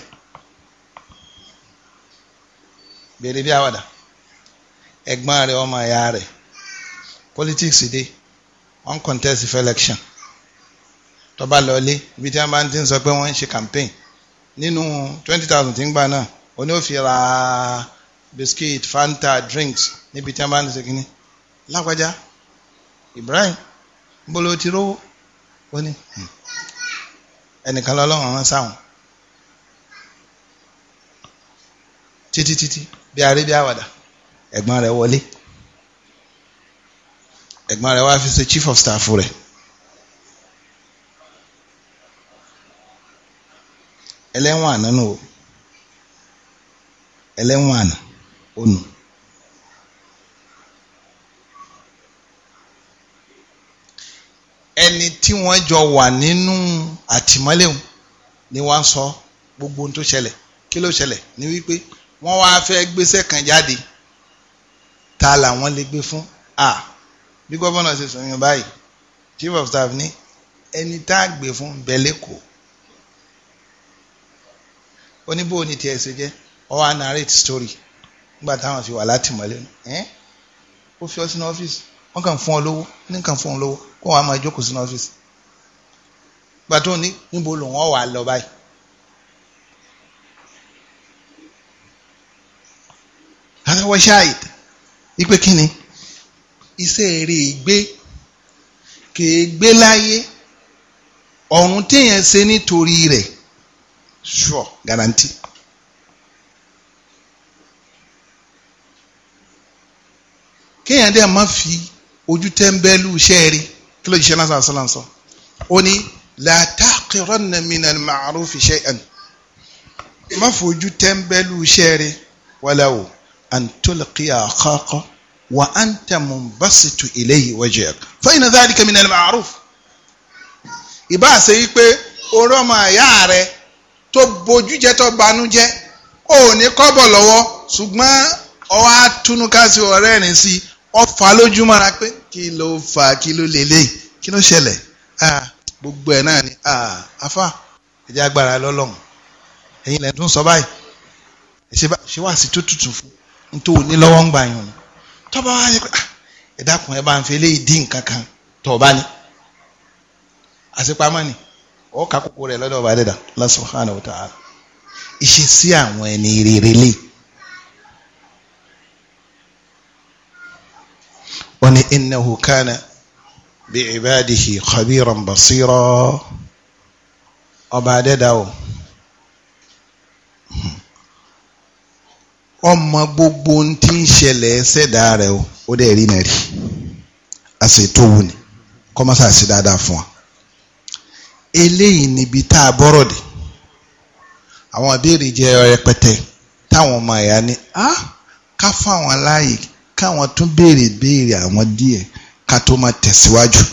bèrè bí àwàdà ẹ̀gbọ́n rẹ̀ ọmọ ẹ̀yà rẹ̀ politics dé one contest for election tó bá lọ lé ibi tí wọ́n bá ti ń sọ pé wọ́n ń ṣe campaign nínú twenty thousand tí ń gbà náà ó ní ó fi ra biscuit fanta drinks níbi tí wọ́n bá ń ṣe kínní lágbájá Ibrahim bolo ti rówó ó ní hmm, ẹnìkan lọ́lọ́run rán sáwọn títí títí bí arí bí àwàdà ẹ̀gbọ́n rẹ̀ wọlé ẹ̀gbọ́n rẹ̀ wá fi ṣe chief of staff rẹ̀. ẹlẹ́wọ̀n àná nù o ẹlẹ́wọ̀n àná ó ẹni tí wọ́n jọ wà nínú àtìmọ́lé wọn ni wọ́n sọ gbogbo ohun tó ṣẹlẹ̀ kí ló ṣẹlẹ̀ ni wípé wọ́n wá fẹ́ gbéṣẹ́ kan jáde ta làwọn lè gbé fún a bí gómìnà ṣe sọ yẹn báyìí chief of staff ní ẹni tá a gbé fún bẹ́lẹ́kọ̀ọ́ oníbò ní tiẹ̀ ṣe jẹ́ ọ wá narrate story nígbà táwọn fi wà látìmọ́lé nù ó fi ọ sínú ọ́fíìsì wọ́n kàn fún ọ lówó ní kàn fún ọ lówó kó wọn á máa jókòó sínú ọ́fíìsì gbà tó ní níbo lòun ọ̀ wà lọ báyìí. àtàwọn ṣáàyè ipe kíni iṣẹ́ eré ìgbé kèé gbé láyé ọ̀run téèyàn ṣe nítorí rẹ̀ sure guarantee. kéèyàn dẹ́ má fi ojú tẹ́ńbẹ́lú iṣẹ́ rí kí ló jíṣẹ́ náà sàásìlán sọ ó ní la taqiranna minal ma'rufi shay'an má fojú tẹ́ńbẹ́lú iṣẹ́ rí walaw an tulqiya akhaka wa anta munbasitu ilayhi wajhak fa inna dhalika minal ma'ruf ìbá ṣe yí pé oró ọmọ àyá rẹ̀ tó bojú jẹ́ tó banú jẹ́ ò ní kọ́bọ̀ lọ́wọ́ ṣùgbọ́n ọwọ́ atúnuká sí ọ̀rẹ́ rìn sí ọfà lójúmọ́ra pé kí ló fà kí ló lélẹ̀ kí ló ṣẹlẹ̀ gbogbo ẹ̀ náà ni afa ẹ̀jẹ̀ agbára lọ́lọ́run ẹ̀yin lẹ́nu tún sọ báyìí ṣe wá sí tó tutù fún nítorí òní lọ́wọ́ ń gbà yàn ni tọ́ba wá yẹ pé ẹ̀dá kan ẹ bá ń fi eléyìí dín nǹkan kan tọ̀ bá ni ọkà kókó rẹ̀ lọ́dọ̀ ọba dẹdà Allah subhanahu wa ta'ala ìṣesí àwọn ẹni rere lè. wọ́n ní innahu kana bi ibadihi khabiran basira ọba dẹdà o. ọmọ gbogbo ti ń ṣẹlẹ̀ ṣẹ̀dá rẹ̀ o ó dẹ̀ rí náà rí wù ní kọ́mọ́sà sí dáadáa fún wa eléyìí níbi tá a bọ́rọ̀ dé àwọn ìbéèrè jẹ rẹpẹtẹ táwọn ọmọ ẹ̀yà ni á ká fáwọn aláàyè káwọn tún béèrè béèrè àwọn díẹ̀ ká tó máa tẹ̀síwájú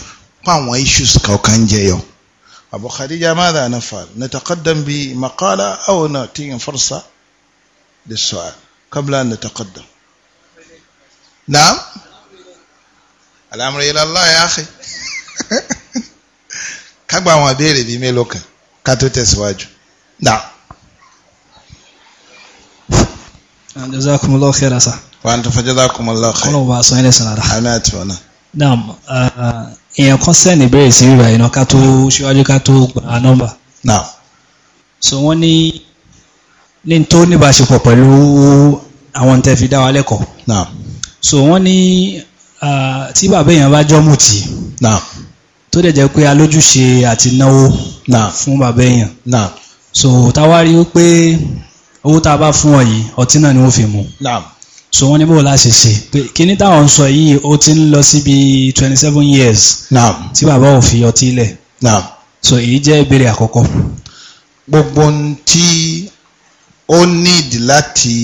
fáwọn issues kọ̀ọ̀kan jẹyọ. Abu Khadija madha nafal nataqaddam bi maqala aw na'tiyin fursa lis-su'al qabla an nataqaddam. Naam. Al-amru ila Allah ya akhi. ká gba àwọn ìbéèrè bíi mélòó kan ká tó tẹ̀síwájú. jazakumullahu khairan sa. wa antum fajazakumullahu khairan. kọ́nà wà sọ yẹn lẹ́sìn rárá. àmì àti wọn náà. naam èèyàn kan sẹ́ni ìbéèrè sí rírà iná ká tó ṣíwájú ká tó gba nọ́mbà. so wọ́n ní ní tó níbáṣepọ̀ pẹ̀lú àwọn tẹ́ fi dá wa lẹ́kọ̀ọ́. so wọ́n ní tí bàbá èèyàn bá jọ́ mùtì. naam tó dẹ̀ jẹ́ pé alójúṣe àti náwó fún bàbá èèyàn so táwa rí pé owó tá a bá fún ọ yìí ọtí náà ni wọ́n fi mú so wọ́n ní bó la ṣe ṣe pé kíní táwọn sọ yìí ó ti ń lọ síbi twenty seven years tí bàbá ò fi ọtí lẹ̀ so èyí jẹ́ ìbéèrè àkọ́kọ́. gbogbo ohun tí ó nídìí láti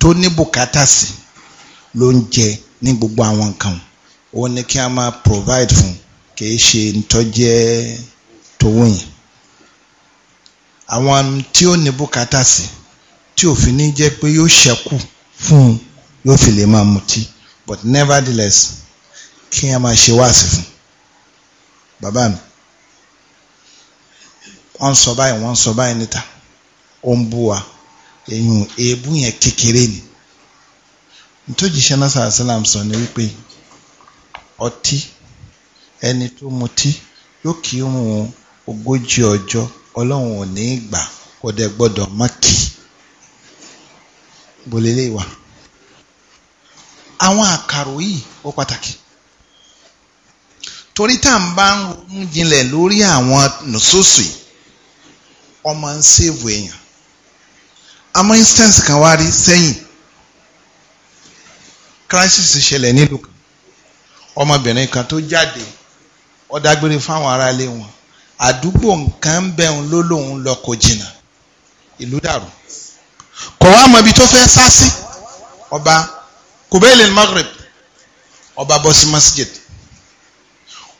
tó ní bùkátà sí ló ń jẹ ní gbogbo àwọn nǹkan wọn ni kí a máa provide fún un kìí ṣe ntọ́jẹ́ tówó yẹn àwọn tí ó ní bùkátà sí tí òfin ní jẹ́ pé yóò ṣẹ́kù fún yóò fi lè máa mutí but nevertheless kí ẹ máa ṣe wáàsí fún bàbá mi wọ́n sọ báyìí wọ́n sọ báyìí níta ó ń bú wa èyàn èébú yẹn kékeré ni nítòjíṣẹ́ náà sàásìlám sọ ni wípé ọtí ẹni tó mutí yóò kírun ogójì ọjọ́ ọlọ́run ò ní í gbà kó dẹ gbọ́dọ̀ má kì í bolélé wa àwọn àkàrò yìí ó pàtàkì torí tá à ń bá ń ronú jinlẹ̀ lórí àwọn nùsọ́sù ọmọ ń ṣèwò èèyàn àmọ́ instance kan wá rí sẹ́yìn crisis ṣẹlẹ̀ nílùú kan ọmọbìnrin kan tó jáde ó dágbére fáwọn aráalé wọn àdúgbò nǹkan bẹ̀rùn ló lòun lọ kò jìnnà ìlú dàrú kò wá mọ ibi tó fẹ́ sá sí ọba kubelin maghreb ọba bọ́ sí masjid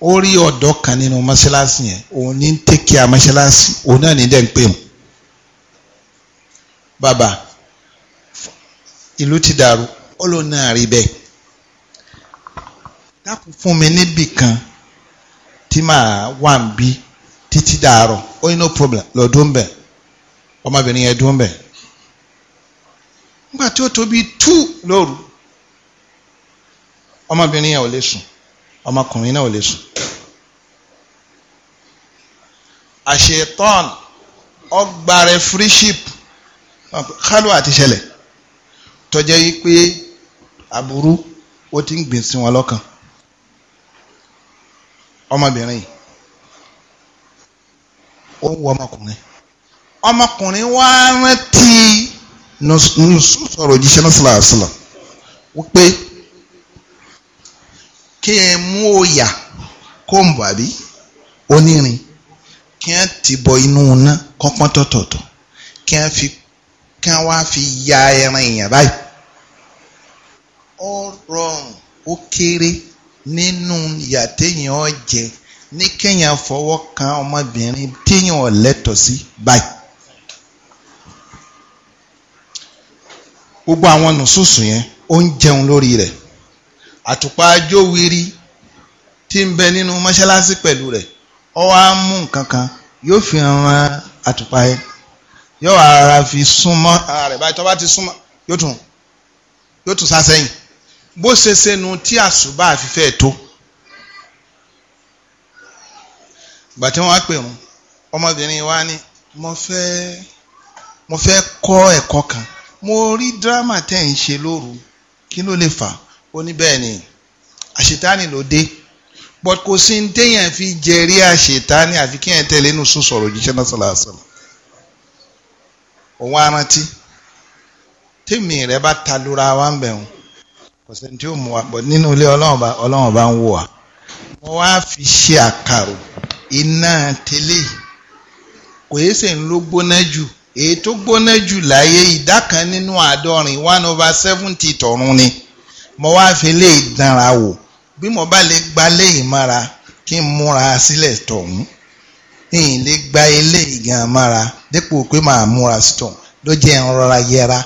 ó rí ọ̀dọ́ kan nínú mọ́ṣáláṣí yẹn òun ní ń tẹ́kíà mọ́ṣáláṣí òun náà ní dẹ́ ń pè mọ́ bàbá ìlú ti dàrú ó lóun náà rí bẹ́ẹ̀ dákun fún mi níbì kan tí màá wà ń bí títí dàárọ̀ ó ní no problem lọ dún bẹ̀ ọmọbìnrin yẹn dún bẹ̀ nígbà tí ó tóbi tú lóru ọmọbìnrin yẹn ò lè sùn ọmọkùnrin náà ò lè sùn àṣetán ọgbà rẹ friendship kálù àti ṣẹlẹ̀ tọ́jẹ́ yí pé aburú ó ti ń gbìn sí wọn lọ́kàn ọmọbìnrin ó ń wọ ọmọkùnrin ọmọkùnrin wá rántí nùsù sọ̀rọ̀ òjíṣẹ́ náà sílá sílá wípé kí ẹ mú òyà kó ń bọ̀ àbí onírin kí ẹ ti bọ inú iná kọ́pọ́n tọ̀tọ̀tọ̀ kí ẹ fi kí ẹ wá fi ya ẹran èèyàn báyìí ó rọrùn ó kéré nínú yàtẹ̀yìn ọ̀jẹ̀ ní kéèyàn fọwọ́ kan ọmọbìnrin téèyàn ọ̀lẹ́tọ̀ sí báyìí. gbogbo àwọn nùsùsù yẹn ó ń jẹun lórí rẹ̀ àtùpà ajóhìrì tí ń bẹ nínú mọ́ṣáláṣí pẹ̀lú rẹ̀ ọ wá mú nǹkan kan yóò fi ran àtùpà yẹn yóò ara fi súnmọ́ ara rẹ̀ báyìí tó bá ti súnmọ́ yóò tún yóò tún sá sẹ́yìn bó ṣe ṣẹnu tí àṣùbà àfifẹ́ tó ìgbà tí wọ́n á pè wọ́n ọmọbìnrin wa ni mo fẹ́ mo fẹ́ kọ́ ẹ̀kọ́ kan mo rí dírámà tẹ̀ ń ṣe lóru kí ló lè fà ó ní bẹ́ẹ̀ ni àṣetánì ló dé but kò sí ní téèyàn fi jẹrí àṣetánì àfi kí ẹ̀ tẹ̀lé inú sùn sọ̀rọ̀ òjíṣẹ́ náà sọ̀rọ̀ àṣàlọ̀ òun arántí tèmi rẹ bá ta lura wa ń bẹ̀ kò sẹ́ni tí ó mú wa bọ̀ nínú ilé ọlọ́run bá ọlọ́run bá ń wò wá mo wá fi ṣe àkàrò iná tẹ́lẹ̀ kò yé sẹ́ni ló gbóná jù èyí tó gbóná jù láyé ìdá kan nínú àádọ́rin one over seventy tọ̀run ni mo wá fi lè dánra wò bí mo bá lè gba léyìí mára kí n múra sílẹ̀ tọ̀hún ìyìn lè gba ilé ìgàn mára dépò pé màá múra sí tọ̀hún ló jẹ́ ń rọra yẹra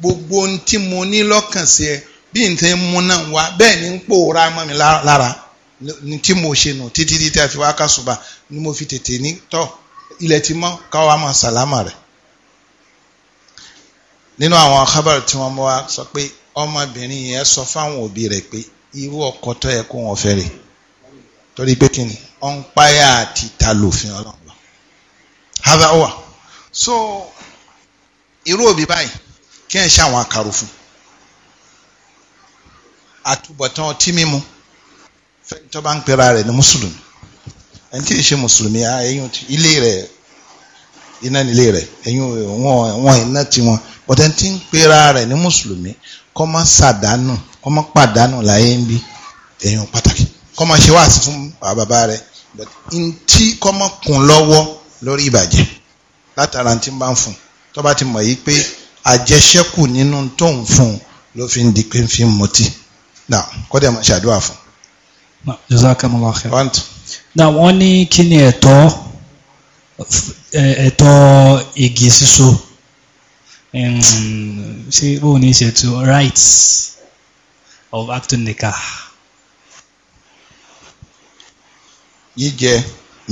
gbogbo ohun tí mo ní lọ́kàn sí ẹ bí n ti mú náà wá bẹ́ẹ̀ ni ń pòórá mọ́ mi lára ní tí mo ṣe nù títí títí àfi wá kásùbà ni mo fi tètè ní tọ́ ilẹ̀ ti mọ́ káwá mọ́ sàlámà rẹ̀ nínú àwọn akábàrò tí wọ́n mọ́ wa sọ pé ọmọbìnrin yẹn sọ fáwọn òbí rẹ̀ pé irú ọkọ tó yẹ kó wọn fẹ́ rè torí pé kí ni ọ ń páyà àti ta lòfin ọlọ́run hava wa so irú òbí báyìí kí ẹ ṣe àwọn àkàrò fún un àtúbọ̀tán timi mu fẹ́ni tó bá ń pera rẹ̀ ní mùsùlùmí ẹni tí ì ṣe mùsùlùmí ẹ̀yìn ilé rẹ̀ iná nílé rẹ̀ ẹ̀yìn wọn iná tiwọn bọ́tẹ́ tí ń pera rẹ̀ ní mùsùlùmí kọ́ má ṣàdánù kọ́ má pàdánù láyé ń bí ẹ̀yìn pàtàkì kọ́ má ṣe wáàsí fún bàbá rẹ̀ ntí kọ́ má kún lọ́wọ́ lórí ìbàjẹ́ látara tí ń bá ń fún tó bá ti mọ̀ yí pé àjẹṣẹ́kù nínú tóun fún ló di pé fi ń na kọ́dẹ̀ mọ̀ ṣàdúrà fún. jazakallah khair. na wọ́n ní kí ni ẹ̀tọ́ ẹ̀tọ́ igi síso ṣé bóun ní ṣètò rights of acting the nikah. jíjẹ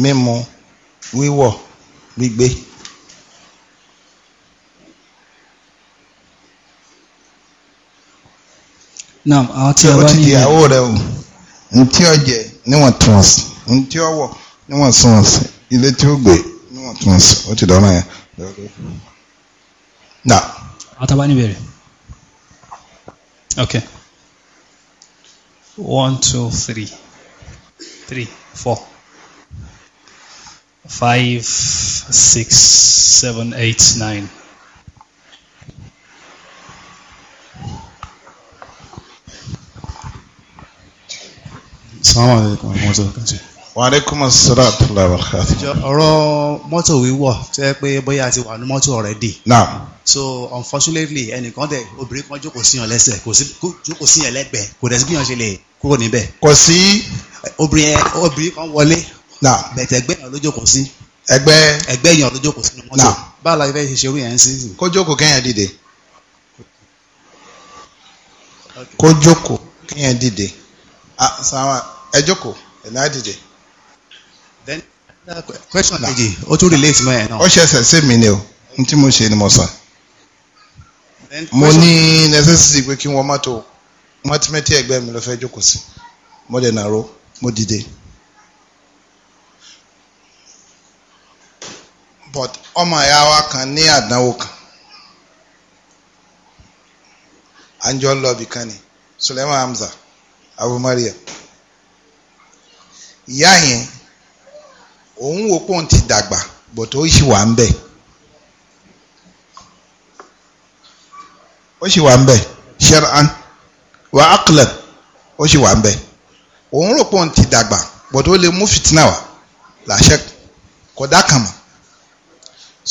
mímu wíwọ̀ gbígbé. naam àwọn tí a bá ní ìyẹn. ìyàwó rẹ o ntí ọjẹ níwọ̀ntúnwọ̀nsì ntí ọwọ̀ níwọ̀ntúnwọ̀nsì ilé tí ó gbé níwọ̀ntúnwọ̀nsì ó ti dọ́nà yẹn. na. àwọn tá a ba ni iyen iyawo re one nti oje niwontunwonsi nti ní dona yen na awon ba ni ibeere okay one two three three four five six seven eight nine. Assalamu alaikum warahmatullahi wabarakatuh. Wa alaikumus salam warahmatullahi wabarakatuh. ọ̀rọ̀ mọ́tò wíwọ̀ tẹ́ pé bóyá a ti wà ní mọ́tò already. Naam. so unfortunately ẹnìkan tẹ obìnrin kan jókòó síyàn lẹ́sẹ̀ kò sí jókòó síyàn lẹ́gbẹ̀ẹ́ kò dẹ̀ sí bí yàn ṣe lè kúrò níbẹ̀. kò sí. obìnrin obìnrin kan wọlé. Naam. bẹ̀tẹ̀ ẹgbẹ́ yàn ló jókòó sí. ẹgbẹ́. ẹgbẹ́ yàn ló jókòó sínú mọ́tò. Naam. báwo la ṣe ṣerú yẹn sí. kó jókòó kẹ́yàn dìde. kó jókòó kẹ́yàn dìde. ah sáwọn. ẹ jókòó ẹ náà dìde. then question kejì otu tún relate mọ́ O náà. ó ṣẹ̀ṣẹ̀ sí mi ni o n tí mo ṣe ni mo sàn. mo ní necessity pé kí wọ́n má tó mọ́tímẹ́tì ẹgbẹ́ mi ló fẹ́ jókòó sí mo dẹ̀ nàró mo dìde. but ọmọ ìyá wa kan ní àdánwò kan à ń jọ lọ bìkan ni Suleiman Hamza Abu Mariam. ìyá yẹn òun wò pé òun ti dàgbà bọ̀tọ̀ ó sì wà ń bẹ̀ ó sì wà ń bẹ̀ shar'an wa aqlan ó sì wà ń bẹ̀ òun rò pé ti dàgbà bọ̀tọ̀ ó lè mú fìtínà wá làṣẹ kọ̀dá kan mọ̀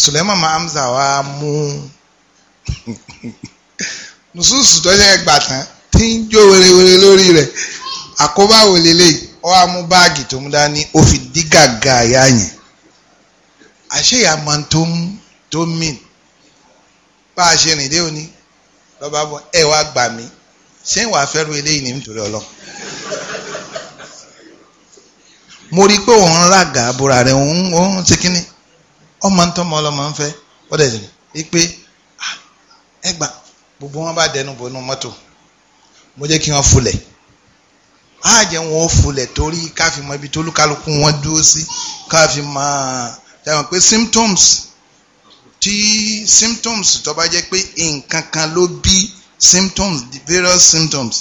Suleiman Hamza wa mú nususu tó ṣe tán tí ń jó werewere lórí rẹ̀ àkóbá wò lélẹ́yìí ó wá mú báàgì tó mú dání ó fi dí gàgà àyà yẹn àṣeyà máa tó ń tó mì bá a ṣe rìn dé òní lọ́ba bọ̀ ẹ wá gbà mí ṣé wàá fẹ́ ru eléyìí ní nítorí ọlọ́run mo rí i pé òun ràgà àbúrà rẹ̀ òun òun ti kíní ọmọ ntọ́mọ ọlọ́mọ ń fẹ́ ó dẹ̀ rí pé ah, ẹ gbà gbogbo wọn bá dẹnu bò mọ́tò mo jẹ́ kí wọ́n fulẹ̀ á jẹ́ wọn ó fulẹ̀ torí ká fi mọ ibi tó lúkálùkù wọn dúró sí ká mọ jàmọ̀ pé symptoms Ti symptoms tó bá jẹ́ pé nǹkan kan ló bí symptoms various symptoms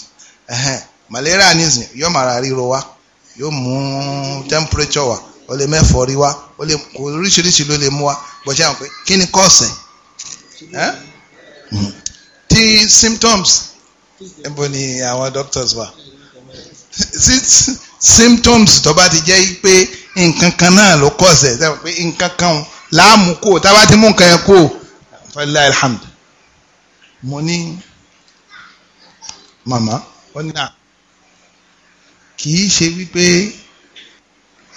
ẹ̀hẹ̀n malaria nísìnyí yóò mara ríro wa yóò mú temperature wa ó lè mẹ́fọ́ rí wa ó lè oríṣiríṣi ló lè mú wa gbọ́dọ̀ àwọn pé kí ni kọ́ọ̀sì hmm. tí symptoms níbo ni àwọn doctors wa symptoms tó bá ti jẹ́ pé nǹkan kan náà ló kọ̀ọ̀sẹ̀ pé nǹkan kan láàmú kó tá ti mú nǹkan yẹn kó fẹ́lẹ́ alhamd mo ní màmá ó ní à kì í ṣe wípé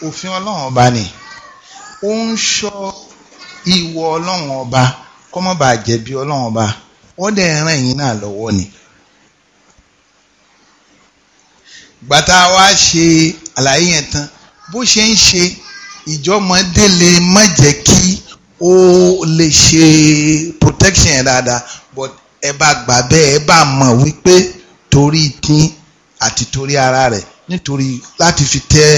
òfin ọlọ́run ọba ni ó ń ṣọ́ ìwọ ọlọ́run ọba kọ́mọ́bà jẹ̀bi ọlọ́run ọba ó dẹ̀ ràn yín náà lọ́wọ́ ni. gbàtà wa ṣe àlàyé yẹn tán bó ṣe ń ṣe ìjọmọdé má jẹ́ kí ó lè ṣe protection yẹn dáadáa but ẹ bá gbà bẹ́ẹ̀ ẹ bá mọ̀ wípé torí tín àti torí ara rẹ̀ nítorí láti fi tẹ́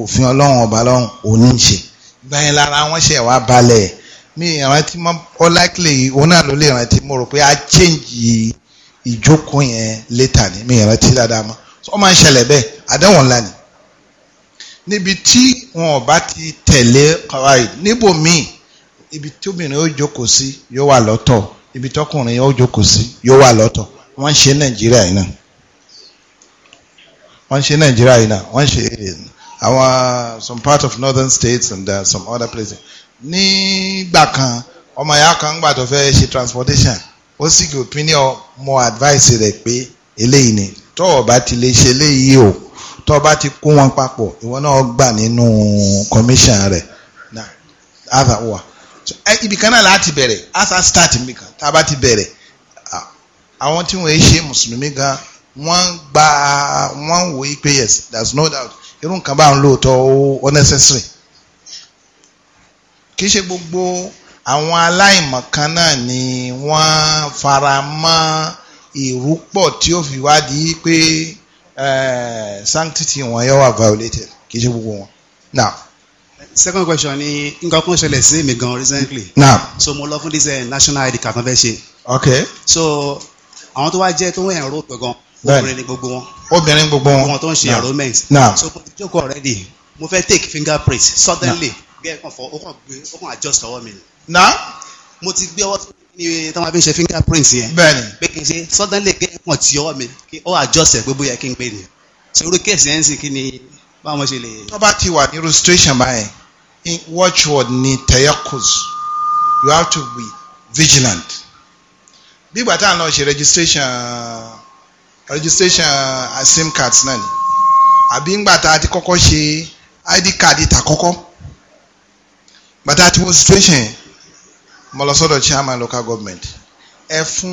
òfin ọlọ́run ọba lọ́run òní ń ṣe ìgbà yẹn lára wọn ṣe wá balẹ̀ mi ìrántí mọ́ ọ likely òun náà ló lè rántí mo rò pé a change ìjókòó yẹn later ni mi ìrántí dáadáa mọ́ ọ máa ń ṣẹlẹ̀ bẹ́ẹ̀ àdéhùn ńlá ni níbi tí wọn ò bá ti tẹ̀lé qawaid níbòmíì ibi tí obìnrin yóò jókòó sí yóò wà lọ́tọ̀ ibi tọkùnrin yóò jókòó sí yóò wà lọ́tọ̀ wọ́n ń ṣe nàìjíríà yìí náà wọ́n ń ṣe nàìjíríà yìí náà wọ́n ń ṣe àwọn some part of northern states and uh, some other places nígbà kan ọmọ ìyá kan gbà tó ṣe transportation ó sì kí opinion mo advice rẹ̀ pé eléyìí ni tó o bá ti lè ṣe léyìí o tó o bá ti kó wọn papọ̀ ìwọ náà gbà nínú commission rẹ̀ náà ava wà ibi kan náà láti bẹ̀rẹ̀ asa start mi tá a bá ti bẹ̀rẹ̀ àwọn tí wọ́n ṣe mùsùlùmí gan wọ́n gba wọ́n wò ó pé yes there is no doubt irú nǹkan bá ń lóòótọ́ ó necessary kì í ṣe gbogbo àwọn aláìmọ̀kan náà ni wọ́n fara mọ́ ìrúpọ̀ tí ó fi wá di pé sanctity wọn yóò wà violated kì í ṣe gbogbo wọn. now. second question ni nǹkan kan ṣẹlẹ̀ sí mi gan recently. now. so mo lọ fún dis eh, national id card kan fẹ́ ṣe. okay. so àwọn tó wá jẹ́ tó ń ẹ̀rọ pẹ̀ gan obìnrin ni gbogbo wọn. obìnrin gbogbo wọn. wọn tó ń ṣe enrollment. now. so mo ti jókòó already mo fẹ́ take fingerprint suddenly. gẹ́gẹ́ kan fọ ó kàn gbé ó kàn adjust ọwọ́ mi. now. mo ti gbé ọwọ́ sórí ní tí wọn fi ń ṣe fingerprint yẹn. bẹ́ẹ̀ni. pé kì í ṣe suddenly kí n kàn tí ọwọ́ mi kí ó adjust ẹ pé kí n gbé ni. sọ̀rọ̀ kéèsì yẹn ń sìn kí ni báwọn ṣe lè. tó bá ti wà ní illustration báyẹn in watch word ni tayakuz you have to be vigilant. bí ìgbà tá à ń lọ ṣe registration registration uh, sim cards náà ni àbí ìgbà tá a ti kọ́kọ́ ṣe id card ìta kọ́kọ́ ìgbà tá a ti wo yẹn mo lọ sọ́dọ̀ chairman local government ẹ fún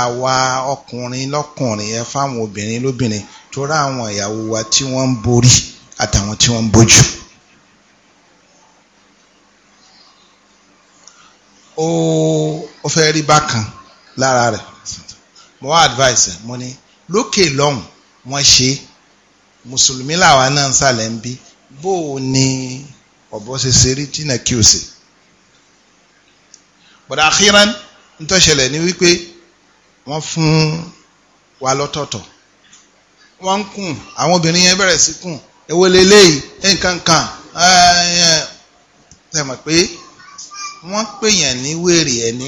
àwa ọkùnrin lọ́kùnrin ẹ fáwọn obìnrin lóbìnrin tó rá àwọn ìyàwó wa tí wọ́n ń borí àtàwọn tí wọ́n ń bójú. ó ó fẹ́ rí bákan lára rẹ̀ mo wá advice mo ní lókè lọ́hùn wọ́n ṣe mùsùlùmí làwa náà ń sàlẹ̀ ń bí bó o ní ọ̀bọ ṣe ṣe rí jìnnà kí o sì but akhiran ntọ́ṣẹlẹ̀ ni wípé wọ́n fún wa lọ́tọ̀ọ̀tọ̀ wọ́n ń kùn àwọn obìnrin yẹn bẹ̀rẹ̀ sí kùn èwo leléyìí nǹkankan ẹ mọ̀ pé wọ́n pèèyàn ní wèrè ẹ̀ ní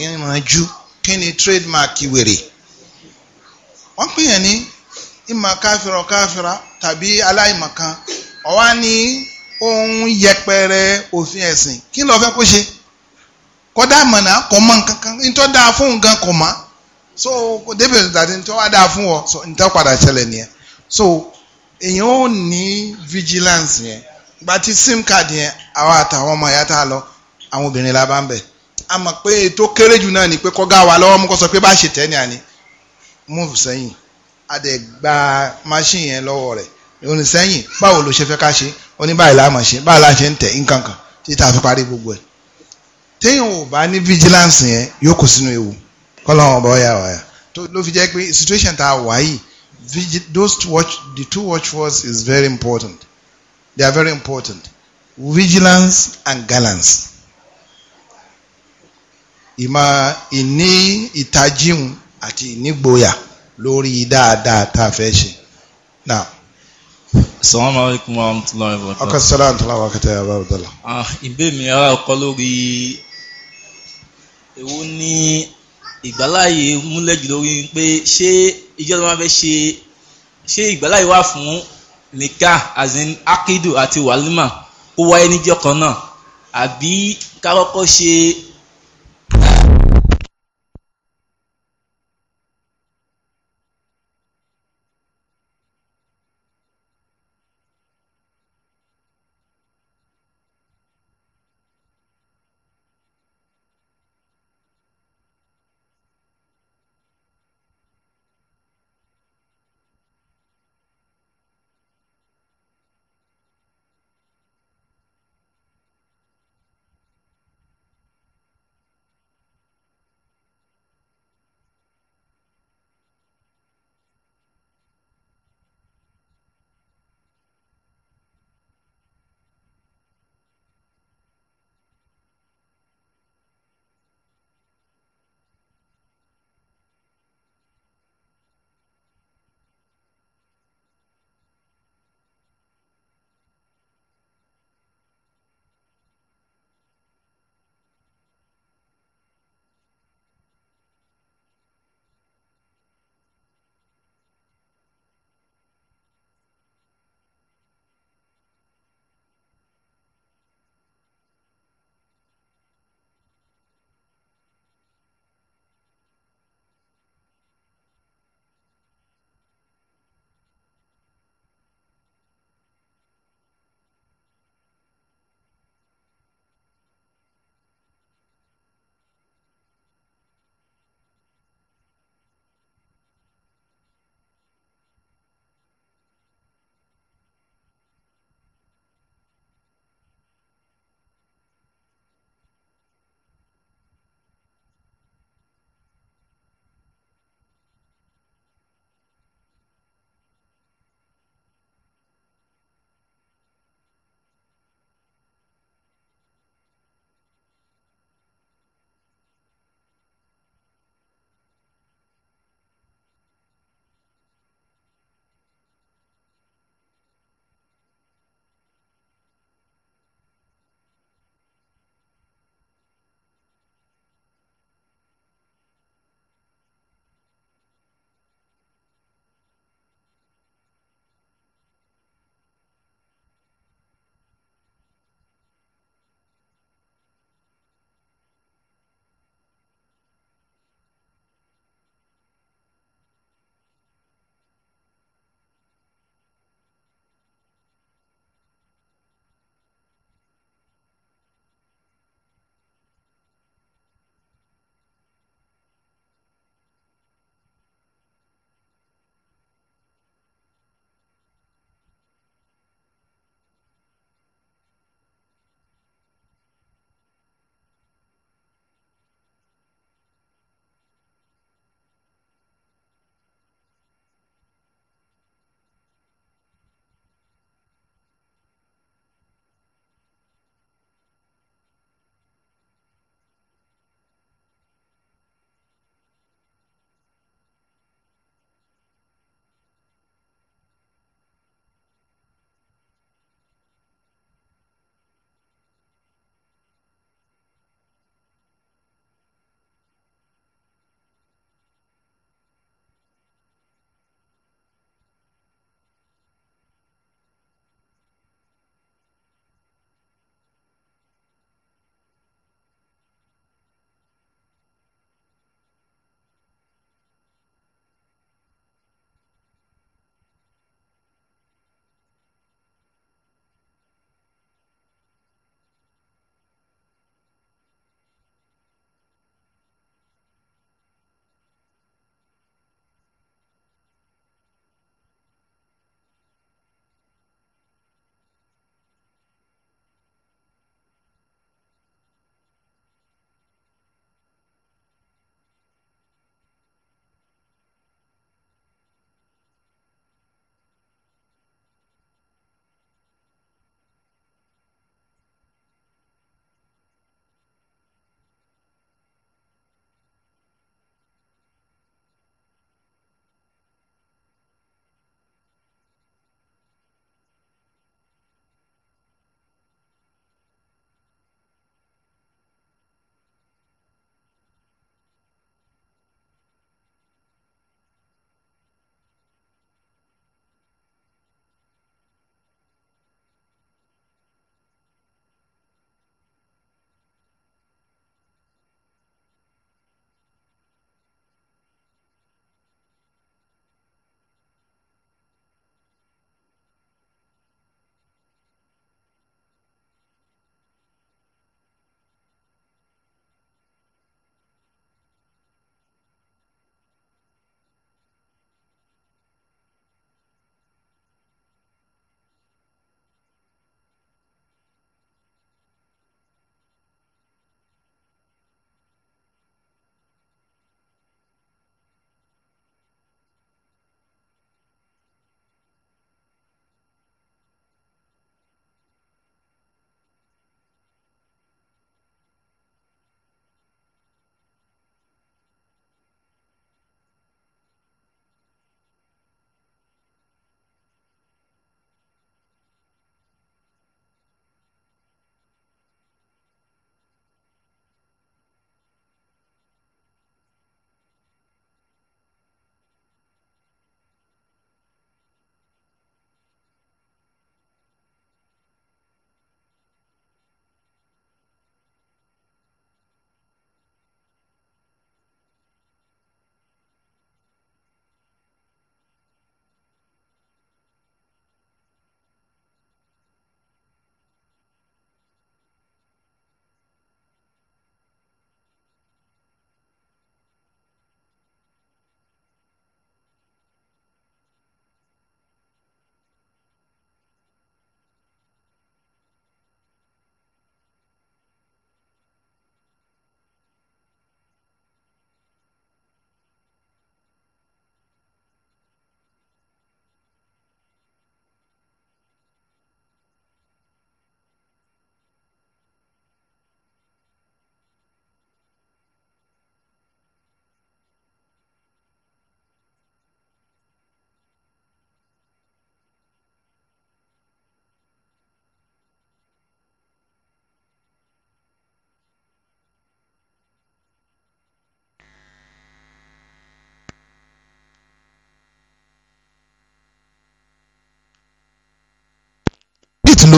kí ni trademark wèrè wọ́n pèèyàn ní ìmọ̀ káfíra káfíra tàbí aláìmọ̀kan ọ̀wá ní ohun yẹpẹrẹ òfin ẹ̀sìn kí ló fẹ́ kó ṣe kọ́dà mọ̀nà kọ́ mọ̀ nkankan ntọ́ dáa fún nǹkan kọ́ mọ́ so kò débi dàdí ntọ́ wá dáa fún ọ so ntọ́ padà ṣẹlẹ̀ nìyẹn so èyàn ò ní vigilance yẹn gba ti sim card yẹn àwa àtàwọn ọmọ ìyá tá a lọ àwọn obìnrin la bá ń bẹ̀ a mọ̀ pé ètò kéré jù náà ni pé kọ́gá wa lọ́wọ́ mú kó sọ pé bá ṣe tẹ́ ni àní move sẹ́yìn a dẹ̀ gba machine yẹn lọ́wọ́ rẹ̀ onísẹ́yìn báwo ló ṣe fẹ́ ká ṣe oníbàyìí la mọ̀ ṣe báwo la ṣe ń tẹ̀ nǹkan kan títà fi parí gbogbo ẹ̀ téèyàn ò bá ní vigilance yẹn yóò kó sínú ewu kọ́lọ́wọ́n ọba ọ̀yà wáyà tó ló fi jẹ́ pé situation tá a wà yìí those two watch the two watchwords is very important they are very important vigilance and gallance. ìmọ̀ ìní ìtajíhun àti ìnígboyà lórí dáadáa tá a fẹ́ ṣe now. Assalamu alaikum wa rahmatullahi wa barakatuh. Ọkọ̀ sọ́lá àtúnlá wákàtí àbábọ̀dọ́là. Ah, ìbéèrè mi ara ọkọ lórí èwo ni ìgbàláyè múlẹ̀jù lórí pé ṣé ìjọba máa fẹ́ ṣe ṣé ìgbàláyè wà fún nìka azin akidu àti wàlímà kó wáyé níjọ́ kan náà àbí ká kọ́kọ́ ṣe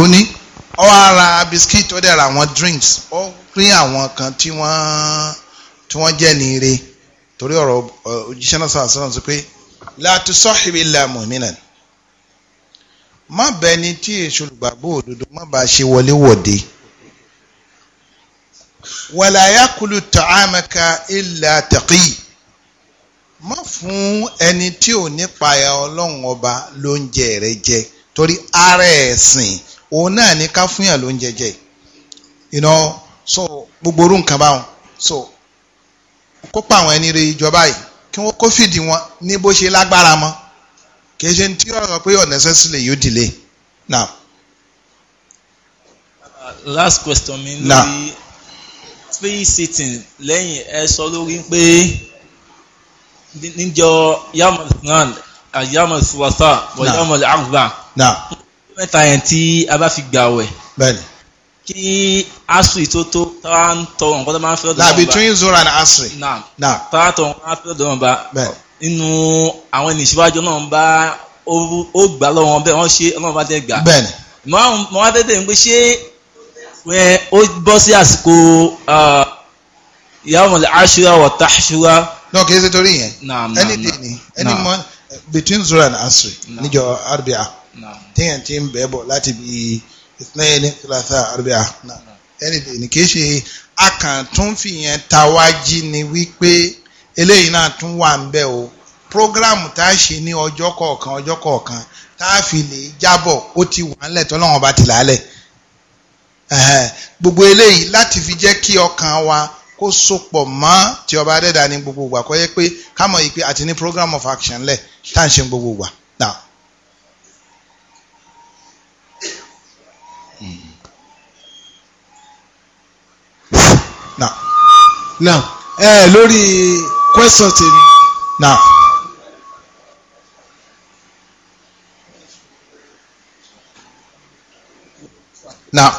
lóní ó wá ra bisikíìtì ó dẹ̀ ra àwọn drinks ó rí àwọn kan tí wọ́n tí wọ́n jẹ́ ní ire torí ọ̀rọ̀ òjíṣẹ́ náà sọ̀rọ̀ sọ̀rọ̀ sọ pé láti sọ́ọ̀hìbí làmù mìíràn má bẹni tí èso olùgbàgbọ́ òdodo má bàa ṣe wọlé wọ̀de wàlà yakulu tàámẹ́ka ilà tẹ̀kì má fún ẹni tí ò ní payà ọlọ́run ọba lóúnjẹ rẹ jẹ torí ara ẹ̀sìn òun náà ní ká fún yàn ló ń jẹjẹ you so gbogbo orú nǹkan báwọn so kópa àwọn ẹni rẹ ìjọba yìí kí wọ́n kó fìdí wọn ní bó ṣe lágbára mọ́ kì í ṣe tí ọ̀rọ̀ pé unnecessarily you delay now. last question mi lórí three sitting lẹ́yìn ẹ sọ lórí pé níjọ yamal nan yamal suwasa wa yamal agba mẹ́ta yẹn tí a bá fi gbà wẹ̀. bẹ́ẹ̀ni. kí asri tó tó táwa ń tọ nǹkan tó máa ń fẹ́ dọ̀nà bá. na between zora and asri. na na táwa tọ nǹkan tó máa ń fẹ́ dọ̀nà bá. bẹ́ẹ̀. nínú àwọn ènìyàn ìṣíwájú náà ń bá ó gbà lọ́wọ́ bẹ́ẹ̀ wọ́n ṣe ọlọ́run bá tẹ̀ gbà. bẹ́ẹ̀ni. mo wá tètè ń pé ṣé ó bọ́ sí àsìkò ìyá ọmọlẹ̀ aṣura wọ̀ táṣura. náà kì í ṣe torí yẹn. na na na any between zora and asri níjọ arbia téèyàn ti ń bẹ̀ bọ̀ láti bí ìtìlẹ́yìn kíláàsì àrùbíà ẹnìdè ní kìí ṣe akàntúnfì yẹn tawájí ni wípé eléyìí náà tún wà ń bẹ̀ o prógrámù tá a ṣe ní ọjọ́ kọ̀ọ̀kan ọjọ́ kọ̀ọ̀kan tá a fi lè jábọ̀ ó ti wà ńlẹ̀ tọ́lọ́wọ́n bá ti lálẹ̀ gbogbo eléyìí láti fi jẹ́ kí ọkàn wa kó sopọ̀ mọ́ tí ọba adẹ́dà ní gbogbo ìgbà kọ́ yẹ pé ká yìí pé àti ní program of action lẹ̀ tá à ń ṣe gbogbo ìgbà. now now ẹ eh, lórí question tèmi now. now.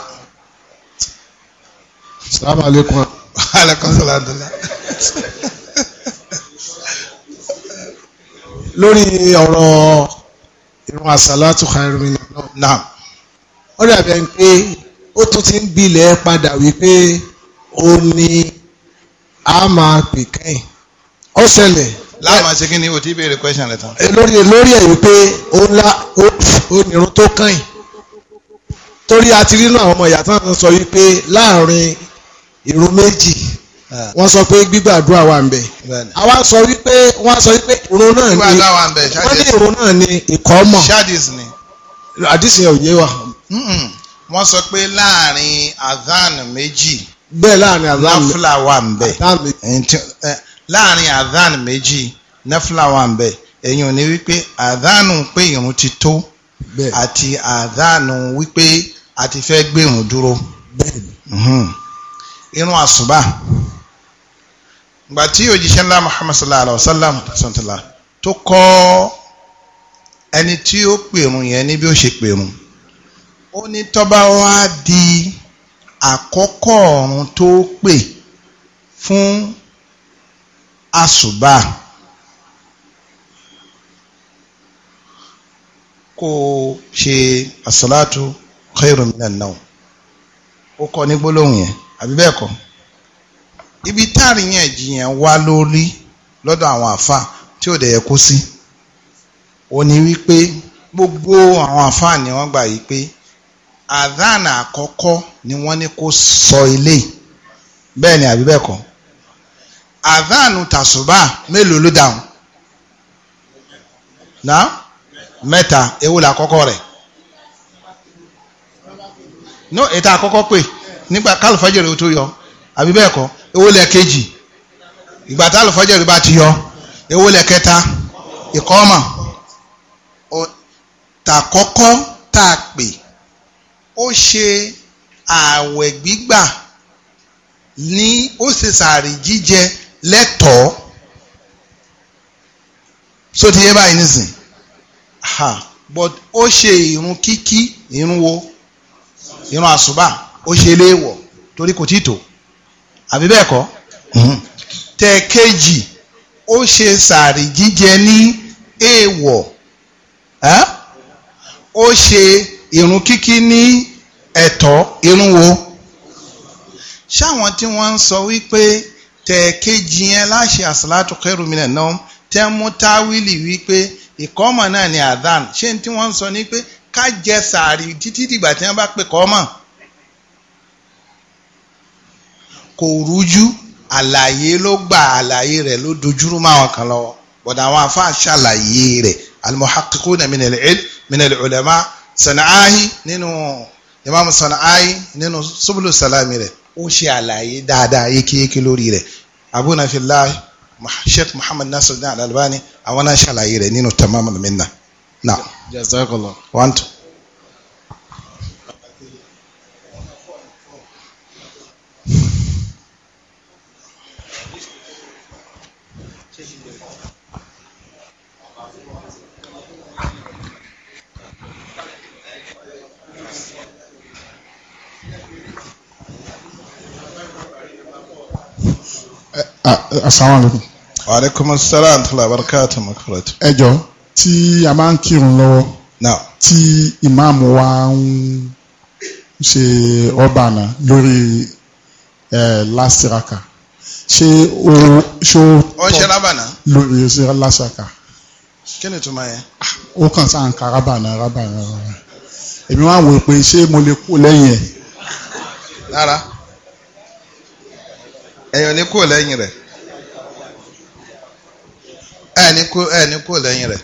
salamu alaikum. alaikum salaam lórí ọ̀rọ̀ ìrun àsálàtù khairu náà ó dàbí ẹni pé ó tún ti ń bilẹ̀ padà wípé ó ní a máa pè kẹ́yìn ó ṣẹlẹ̀. láàmú àti kí ni o ti béèrè question rẹ tán. lórí lórí ẹ̀ wípé ó ńlá ó nírun tó kẹ́yìn torí a ti rí inú àwọn ọmọ ìyá tán sọ wípé láàrin ìrun méjì ah. wọ́n sọ pé gbígbàdúrà wà ń bẹ. àwa sọ wípé wọ́n sọ wípé ìrun náà ni wọ́n ní ìrun náà ni ìkọ́mọ̀ àdìsí yẹn ò yé wa. Hmm, hmm. wọ́n sọ pé láàrin adhan méjì bẹ́ẹ̀ láàrin azan méjì náfìlà wà ń bẹ láàrin azan méjì náfìlà wà ń bẹ èyàn ní wípé àdánù pé ìrun ti tó àti àdánù wípé a ti fẹ́ gbèrún dúró mhm. irun àsùbà gbà tí òjíṣẹ́ ńlá Muhammad sallallahu alaihi wa sallam sọ̀tìlá tó kọ́ ẹni tí ó pèrún yẹn ní bí ó ṣe pèrún ó ní tọ́ba wá di àkọ́kọ́ ọ̀run tó pè fún àsùbà kó ṣe àsàlátù khairun minan naum ó kọ́ ní gbólóhùn yẹn àbí bẹ́ẹ̀ kọ́ ibi táàrin yẹn jiyàn wá lórí lọ́dọ̀ àwọn àfa tí ò dẹ̀ yẹ kó sí ó wípé gbogbo àwọn àfa ni wọ́n gbà yí pé àdánà àkọ́kọ́ ni wọ́n ní kó sọ ilé bẹ́ẹ̀ ni àbí bẹ́ẹ̀ kọ́ àdánù tàṣùbà mélòó ló dáhùn na mẹ́ta èwo la kọ́kọ́ rẹ̀ no ètò àkọ́kọ́ pè nígbà kálùfájẹ̀rẹ̀ ó tó yọ àbí bẹ́ẹ̀ kọ́ èwo lẹ̀ kejì ìgbà tálùfájẹ̀rẹ̀ bá ti yọ èwo lẹ̀ kẹta ìkọ́mà tàkọ́kọ́ tá a pè ó ṣe ààwẹ̀ gbígbà ní ó ṣe sàárì jíjẹ lẹ́tọ̀ọ́ so ti yé báyìí nísìn ha but ó ṣe irun kíkí irun wo irun àṣùbà ó ṣe léèwọ̀ torí kò tí tò àbí bẹ́ẹ̀ kọ́ mhm. tẹ kejì ó ṣe sàárì jíjẹ ní èèwọ̀ ó ṣe irun kíkí ní ẹ̀tọ́ irun wo ṣáwọn tí wọ́n ń sọ wípé tẹ̀ẹ̀kejì yẹn láṣẹ àsàlátù kẹrù mi náà tẹ́ mú táwílì wípé ìkọ́mọ̀ náà ni àdán ṣé tí wọ́n ń sọ ni pé ká jẹ sàárì títí dìgbà tí wọ́n bá pè kọ́mọ̀ kò rújú àlàyé ló gba àlàyé rẹ̀ ló dojúrú máwọn kan lọ́wọ́ bọ̀dà àwọn afáà ṣàlàyé rẹ̀ al-muhaqqiquna min al-ilm min al-ulama Sanaahi nínú imam Sanaahi nínú subulu salami rẹ̀ ó ṣe àlàyé dáadáa yékéyéké lórí rẹ̀ Abu Nafillah Sheikh Muhammad Nasiruddin Al-Albani àwọn náà ṣàlàyé rẹ̀ nínú tamamul minna. Jazakallah. asalaamu ah, alaykum. wa aleykum salaam tala barakatu makaratu. ẹ jọ tí a máa ń kírun lọ́wọ́. náà. tí ìmáàmù wa ń ṣe ọ̀bànà lórí lásìràkà ṣé o ṣé o tọ́ ọ ṣe rábànà lórí lásìràkà. kí ni tuma yẹn. ó kàn sáà ń ka rábànà rábànà èmi wá wò pé ṣé mo lè kú lẹ́yìn ẹ̀. rárá ẹ̀yàn ní kúrò lẹ́yìn rẹ̀ ẹ̀ ní kúrò ẹ̀ ní kúrò lẹ́yìn rẹ̀.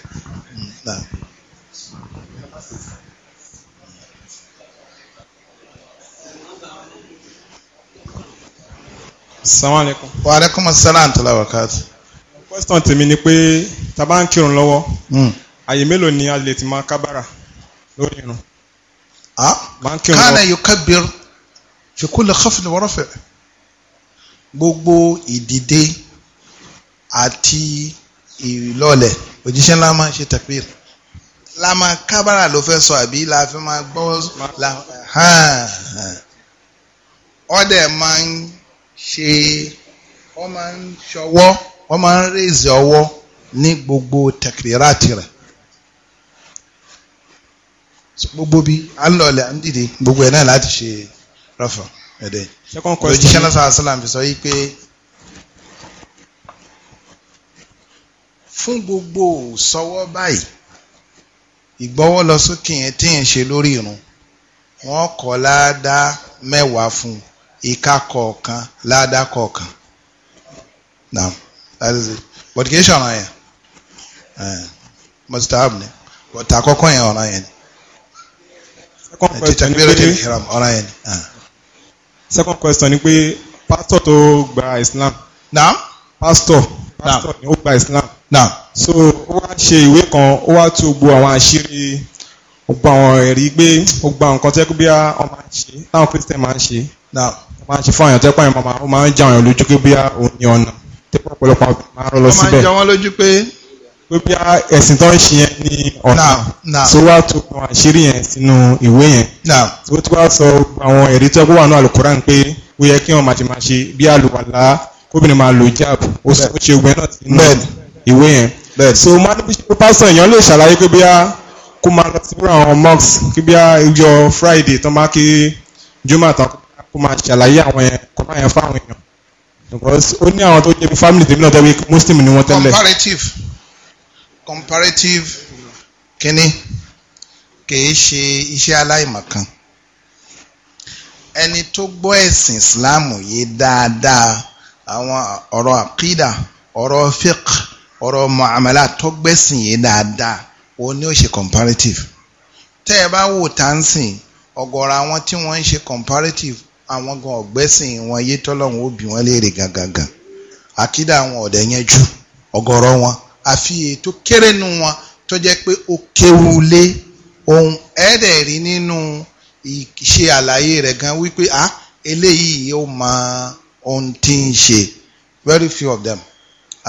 salamaleykum. wa aleykum asalaam tala wakati. question tèmi ni pé tá bá ń kírun lọ́wọ́. Hmm. àyè mélòó ni a lè ti máa kábàrà lórí irun. ah kana yukabbir fi kulli khafdin wa raf'in gbogbo ìdìde àti ìlọlẹ̀ òjíṣẹ́ ńlá máa ń ṣe tẹ̀pẹ́r la máa kábàrà ló fẹ́ sọ àbí la fi máa gbọ́ la ọdẹ máa ń ṣe wọ́n máa ń ṣọwọ́ wọ́n máa ń rèézì ọwọ́ ní gbogbo tẹ̀kìrìrátì rẹ̀ gbogbo bí à ń lọlẹ̀ à ń dìde gbogbo ẹ̀ náà láti ṣe rọ́fà ẹ̀dẹ̀ lójíṣẹ́ náà sọ àṣàlàm fi sọ yìí pé fún gbogbo sọwọ́ báyìí ìgbọ́wọ́ lọ sókè yẹn téèyàn ṣe lórí irun wọ́n kọ́ ládàá mẹ́wàá fún ìka kọ̀ọ̀kan ládàá kọ̀ọ̀kan naam that is it but kì í ṣe ọ̀ràn yẹn eh, mustahab ni but àkọ́kọ́ yẹn ọ̀ràn yẹn ni títẹ̀ gbèrò tẹ̀ ìhìràm ọ̀ràn yẹn ni. Ah second question ni pé pastor tó gba Islam. na pastor pastor ni ó gba Islam. na so ó wá ṣe ìwé kan ó wá tú gbogbo àwọn àṣírí gbogbo àwọn ẹ̀rí pé gbogbo àwọn nǹkan tẹ́kú bí wọ́n máa ń ṣe táwọn Christian máa ń ṣe. na wọ́n máa ń ṣe fún àwọn tẹ́kọ̀ yẹn màmá ó máa ń jẹ àwọn èèyàn lójú pé bí òun ni ọ̀nà tẹ́kọ̀ ọ̀pọ̀lọpọ̀ máa rọ lọ síbẹ̀. wọ́n máa ń jẹ lójú pé pé bí ẹ̀sìn tó ń ṣe yẹn ní ọ̀nà tó wá tó àwọn àṣírí yẹn sínú ìwé yẹn tó tó wá sọ àwọn ẹ̀rí tó wà ní alukoran pé ó yẹ kí wọn máa ti máa ṣe bí àlùwàlá kóbìnrin máa lò jáàbù ó ṣe gbẹ náà sínú ìwé yẹn so máa bí ṣe pásítọ̀ èèyàn lè ṣàlàyé pé bí a kó máa lọ síbúrò àwọn mosque kí bí a ìjọ Friday tó máa kí Juma tán kó máa ṣàlàyé àwọn yẹn kó máa yẹn fáwọn èèyàn because ó ní àwọn tó jẹ́ bí family tèmi náà comparative kínní kìí ṣe iṣẹ́ aláìmọ̀kan ẹni tó gbọ́ ẹ̀sìn Islam yìí dáadáa àwọn ọ̀rọ̀ àkídà ọ̀rọ̀ fiqh ọ̀rọ̀ muamala tó gbẹ̀sìn yìí dáadáa òun ni ó ṣe comparative tẹ́ ẹ bá wò tá ń sìn ọ̀gọ̀rọ̀ àwọn tí wọ́n ń ṣe comparative àwọn gan ọ̀gbẹ́sìn wọn yé tọ́lọ́run ó bi wọ́n léèrè gangan àkídà àwọn ọ̀dẹ̀ yẹn jù ọ̀gọ̀rọ̀ wọn àfi ètò kéré nu wọn tó jẹ́ pé ó kéwu lé ohun ẹ̀ẹ́dẹ̀ rí nínú ìṣe àlàyé rẹ̀ gan wípé a ah, eléyìí ó mọ ohun tí ń ṣe very few of them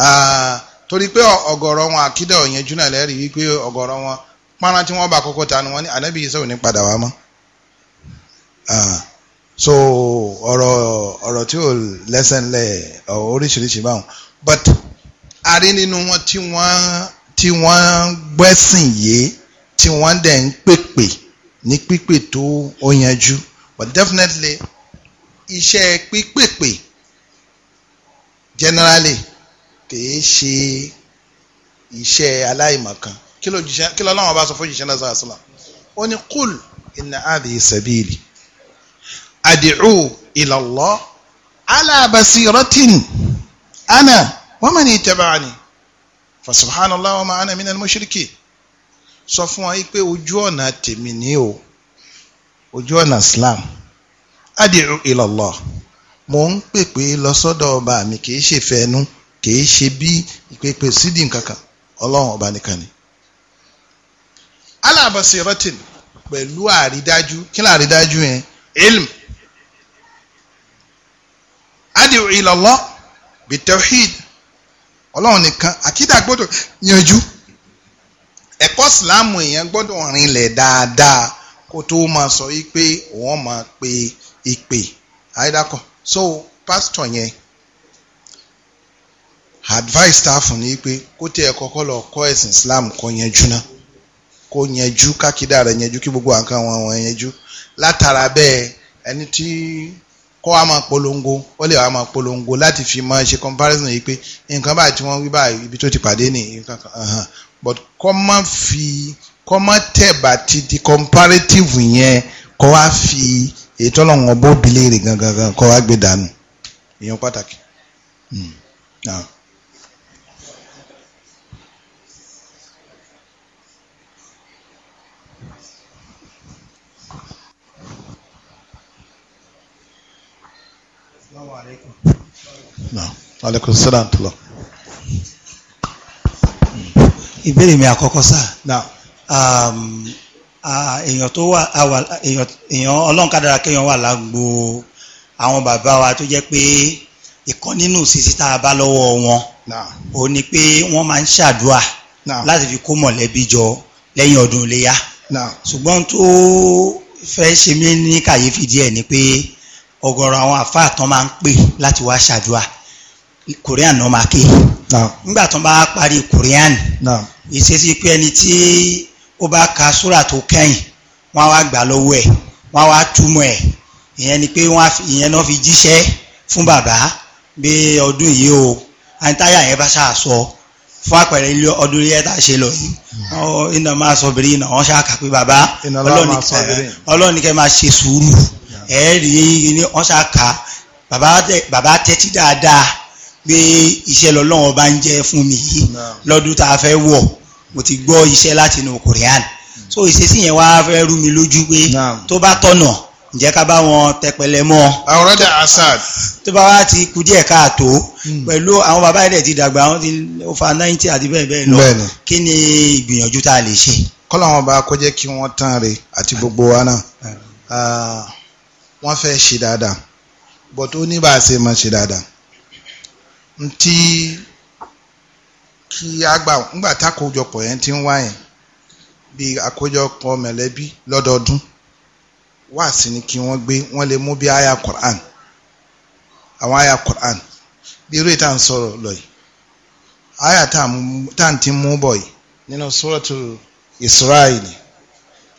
ah, torí pé ọ̀gọ̀rọ̀ wọn àkídà òyìnjú náà lẹ́rìí wípé ọ̀gọ̀rọ̀ wọn pọ́nrán tí wọ́n bá kọ́kọ́ ta ni wọ́n ní ànábì Ìsá ò padà wá mọ́ ah, so ọ̀rọ̀ ọ̀rọ̀ tí ò lẹ́sẹ̀ ńlẹ̀ oríṣiríṣi báwọn but a rí nínú wọn tí wọ́n tí wọ́n gbẹ́sìn yé tí wọ́n dẹ̀ ń pèpè ní pípè tó ó but definitely iṣẹ́ pípèpè generally kìí ṣe iṣẹ́ aláìmọ̀kan kí ló jíṣẹ́ bá sọ fún jíṣẹ́ náà sàlá ó ní kúl inna hadhihi sabili ad'u ila Allah ana waman ittaba'ani fa subhanallah wa ma ana minal mushrikin sọ fún wa pé ojú ọ̀nà tèmi ni o ojú ọ̀nà Islam ad'u ila Allah mo ń pèpè lọ sọ́dọ̀ ọba mi kì í ṣe fẹ́nu kì ṣe bí ìpèpè sídìí kankan ọlọ́run ọba nìkan ni. ala basiratin ọlọ́run nìkan àkídà gbọ́dọ̀ yanjú ẹ̀kọ́ sìláàmù èèyàn gbọ́dọ̀ rinlẹ̀ dáadáa kó tó máa sọ wípé òun máa pe ìpè àyídàkọ so pásítọ̀ yẹn advice tá a fún ni pé kó tẹ ẹ kọ́kọ́ lọ kọ́ ẹ̀sìn islam kó yanjú náà kó yanjú kákídà rẹ̀ yanjú kí gbogbo nǹkan wọn wọn yanjú látara bẹ́ẹ̀ ẹni tí kó wa máa polongo ó lè wa máa polongo láti fi máa ṣe comparison yìí pé nǹkan báyìí tí wọ́n wí báyìí ibi tó ti pàdé ní nǹkan kan but kó má fi kó má tẹ̀bà ti di comparative yẹn kó wa fi èyí tọ́lọ́wọ́n bó bilé rè gangan kó wa gbé dànù ìyẹn pàtàkì. Mm. Yeah. aleykum salaam tula. ìbéèrè mi àkọ́kọ́ sáà um, èèyàn tó wà èèyàn ọlọ́run kádàrá kéèyàn wà lágbo àwọn bàbá wa tó jẹ́ pé ìkan nínú sísí tá a bá lọ́wọ́ wọn ò ní pé wọ́n máa ń ṣàdúà láti fi kó mọ̀lẹ́bí jọ lẹ́yìn ọdún iléyà ṣùgbọ́n tó fẹ́ ṣe mí ní kàyéfì díẹ̀ ni pé. Nah ọ̀gọ̀rọ̀ àwọn àfáà tán máa ń pè láti wá ṣàdúrà korean náà máa ké nígbà tó bá parí korean ìṣesí pé ẹni tí ó bá ka súrà tó kẹ́yìn wọ́n á wá gbà lọ́wọ́ ẹ̀ wọ́n á wá túmọ̀ ẹ̀ ìyẹn ni pé ìyẹn náà fi jíṣẹ́ fún bàbá bí ọdún yìí o àìtáyà yẹn bá ṣàṣọ fún àpẹẹrẹ ilé ọdún yẹn tá a ṣe lọ yìí iná máa sọ bìrì iná wọn ṣáà bàbá ọlọ́ọ̀nì kẹ́ máa ṣe sùúrù ẹ̀ẹ́rì ní ọ̀ṣàkà bàbá tẹ́tí dáadáa pé iṣẹ́ lọ́lọ́wọ́n bá ń jẹ́ fún mi yìí lọ́dún tá a fẹ́ wọ̀ mo ti gbọ́ iṣẹ́ láti inú korean so ìṣesí yẹn wá fẹ́ rú mi lójú pé tó bá tọ̀nà ǹjẹ́ ká bá wọn tẹpẹlẹ mọ́. already asad. tó bá wá ti kú díẹ̀ káàtó hmm. pẹ̀lú àwọn bàbá yìí dẹ̀ ti dàgbà àwọn ti ó fa ninety àti bẹ́ẹ̀ bẹ́ẹ̀ lọ kí ni ìgbìyànjú tá a lè ṣe. kọ́lá wọn bá kọjá kí wọ́n tán re àti gbogbo wa náà. Hmm. Ah, wọ́n fẹ́ ṣe dáadáa but ó ní bá a ṣe máa ṣe dáadáa ntí kí a gbà ńgbà tá àkójọpọ̀ yẹn ti ń wá yẹn bí àkójọpọ̀ mẹ̀lẹ́bí lọ́dọọdún wá sí ni kí wọ́n gbé wọ́n lè mú bí aya Quran àwọn aya Quran bí eré tá sọ̀rọ̀ lọ yìí aya tá à ń ti mú bọ̀ yìí nínú sọ́rọ̀tù Israeli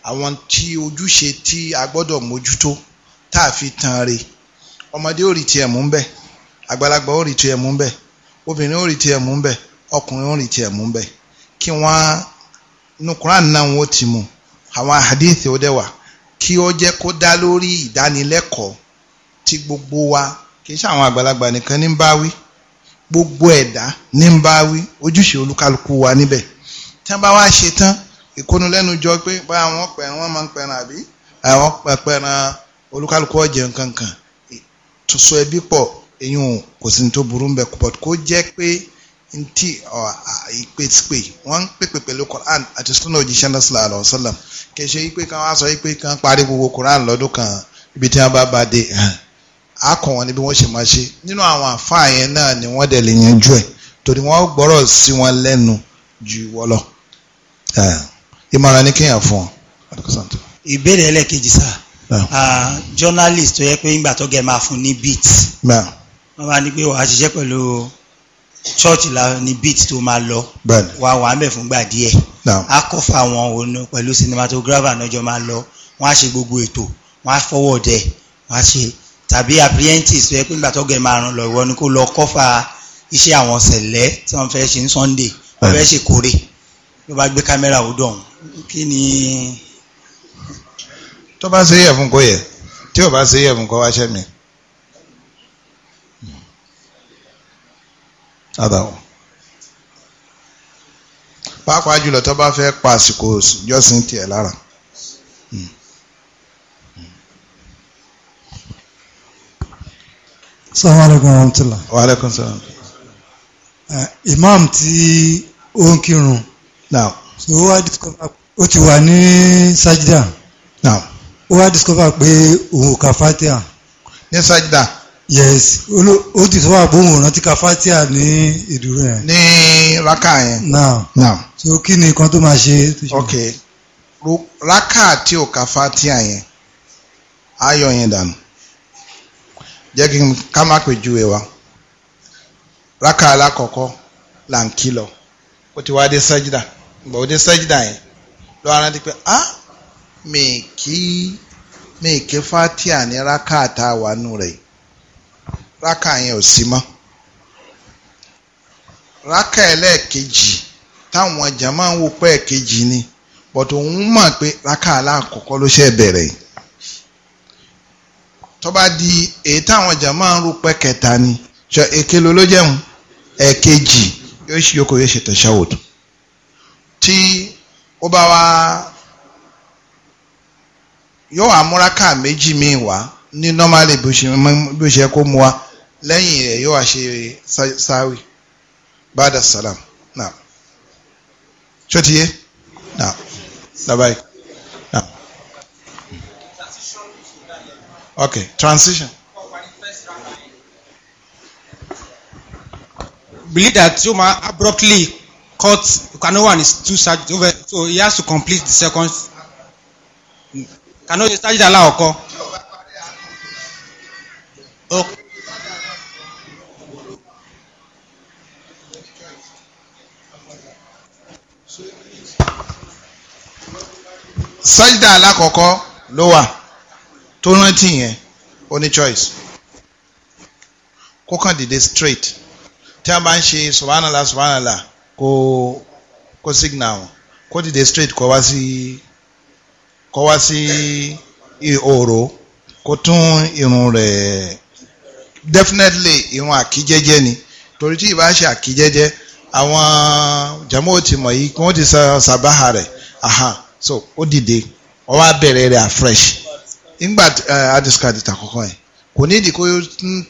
àwọn tí ojúṣe tí a gbọ́dọ̀ mójútó tá a fi tan re ọmọdé ó rí tiẹ̀ mú bẹ́ẹ̀ àgbàlagbà ó rí tiẹ̀ mú bẹ́ẹ̀ obìnrin ó rí tiẹ̀ mú bẹ́ẹ̀ ọkùnrin ó rí tiẹ̀ mú bẹ́ẹ̀ kí wọ́n nu náà wọ́n ti mú àwọn hadith ó dẹ̀ wà kí ó jẹ́ kó dá lórí ìdánilẹ́kọ̀ọ́ tí gbogbo wa kì í ṣe àwọn àgbàlagbà nìkan ní ń bá wí gbogbo ẹ̀dá ní ń bá wí ojúṣe olúkálukú wa níbẹ̀ tí wọ́n bá wá ṣe tán ìkónulẹ́nu jọ pé báyà wọ́n pẹ̀ràn máa ń pẹ̀ràn àbí àwọn pẹ̀ràn olúkálùkù ọ̀jẹ̀ nkankan tuntun ẹbí pọ̀ eyín o kò sí ní tó burú ń bẹ but kó jẹ́ pé ntí ìpèsípè wọ́n ń pèpè pẹ̀lú Quran àti sunna òjíṣẹ́ náà sallallahu alaihi wasallam kì í ṣe pé kí wọ́n á sọ pé kí wọ́n parí gbogbo Quran lọ́dún kan ibi tí wọ́n bá bá dé á kàn wọ́n ní wọ́n ṣe máa ṣe nínú àwọn àfáà yẹn náà ni wọ́n dẹ̀ lè yanjú ẹ̀ torí wọ́n gbọ́rọ̀ sí wọn lẹ́nu ju wọ́n lọ. ìmọ̀ràn ni kéèyàn fún ọ. ìbéèrè ẹlẹ́kejì sáà journalist tó yẹ pé ńgbà tó gẹ̀ máa fún ní beat wọ́n máa ní pé wàá ṣiṣẹ́ pẹ̀lú church la ni beat tó máa lọ wàá wàá mẹ́ fúngbà díẹ̀ á kọ́ fà wọn òun pẹ̀lú cinematographer náà jọ máa lọ wọ́n á ṣe gbogbo ètò wọ́n á fọwọ́ dẹ̀ wọ́n á ṣe tàbí apprentice tó yẹ pé ńgbà tó gẹ̀ máa ràn lọ ìwọ ni kó lọ kọ́fà iṣẹ́ àwọn sẹ̀lẹ̀ tí wọ́n fẹ́ ṣe ní Sunday wọ́n fẹ́ ṣe kórè ló bá gbé kámẹ́rà ó kí ni tó bá ṣe yẹ fún kó yẹ tí ò bá ṣe yẹ fún kó wá ṣẹ́ mi. pàápàá jùlọ tó bá fẹ́ pa àsìkò jọ́sìn tiẹ̀ lára. Assalamu alaikum warahmatullah. Wa alaikum salaam. Imam tí ó ń kírun. Now. So ó wá ó ti wà ní Sajida. Now ó wá discover pé òun ò ka fatia. ní sajida. yes ó ti sọ́wọ́ àbó òun rántí ka fatia ní ìdúró yẹn. ní raka yẹn. now now so kí ni nǹkan tó máa ṣe. ok raka tí ò ka fatia yẹn ayọ̀ yẹn dànù jẹ́ kí n ká má pèjúwe wa raka alákọ̀ọ́kọ́ là ń kí lọ ó ti wá dé sajida gbọ̀ dé sajida yẹn lọ́wọ́ rántí pé ah mi kí fatia ní raka tá a wà raka yẹn ò sí mọ́ raka ẹlẹ́ẹ̀kejì táwọn jama ń wo pẹ́ ẹ̀kejì ni bọ̀tò òun mọ̀ pé raka aláàkọ́kọ́ ló ṣe bẹ̀rẹ̀ yìí di èyí táwọn jama ń ro pẹ́ kẹta ni ṣe èkélo ló jẹun ẹ̀kejì yóò ṣe yókò yóò ṣe tẹ̀síwòtò tí ó bá wá yóò wá múraká méjì míì wá ní normally bí ó ṣe kó mu wá lẹ́yìn rẹ̀ yóò wá ṣe sáwì bada salam naam ṣótiyé naam dabai naam ok transition. believe that Juma abruptly cut Kanowan is too sad over so he has to complete the second kàná oye sájídà láọ̀kọ́. sájídà alákọ̀ọ́kọ́ ló wà tó rántí yẹn ó ní choice kó kàn dìde straight tí a bá ń ṣe subhanallah subhanallah kó kó signal kó dìde straight kó wá sí kó wá sí ìhòòrò kó tún irun rẹ̀ definitely irun àkíjẹ́jẹ́ ni torí tí ìbá ṣe àkíjẹ́jẹ́ àwọn jàmọ́ ti mọ̀ yìí kí wọ́n ti ṣàbáhà rẹ̀ aha so ó dìde ó wá bẹ̀rẹ̀ rẹ̀ afresh nígbà eh, adiscard ìtàkọ́kọ́ yẹn kò ní ìdí kó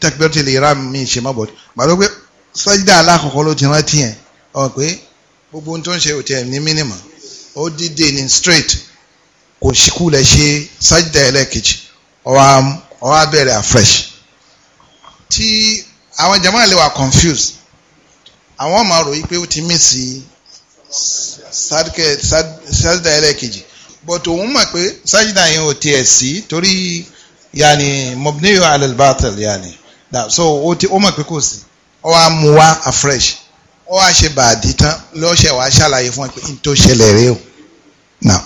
tẹkbẹ́tì lè ra mi ṣe mọ́ bọ̀ gbàdúrà pé sájídà alákọ̀ọ́kọ́ ló ti rántí yẹn ọ̀ pé gbogbo ohun tó ń ṣe òtí ẹ̀ ní mínimọ̀ ó dìde ní straight kò ṣíkú lẹ ṣe sájídà ẹlẹ́ẹ̀kejì ọwọ́ abẹ́rẹ́ afresh tí àwọn jama lè wà confused àwọn máa rò yí pé ó ti mí sí sájídà ẹlẹ́ẹ̀kejì but òun mọ̀ pé sájídà yẹn ò tiẹ̀ sí torí yaani mọ̀bìnrin alẹ́lbàtàl yaani so ó mọ̀ pé kò sí ọwọ́ amúwá afresh ọwọ́ àṣebàdí tán lọ́ọ́ ṣẹ̀ wá ṣàlàyé fún ẹ pé n tó ṣẹlẹ̀ rèé o now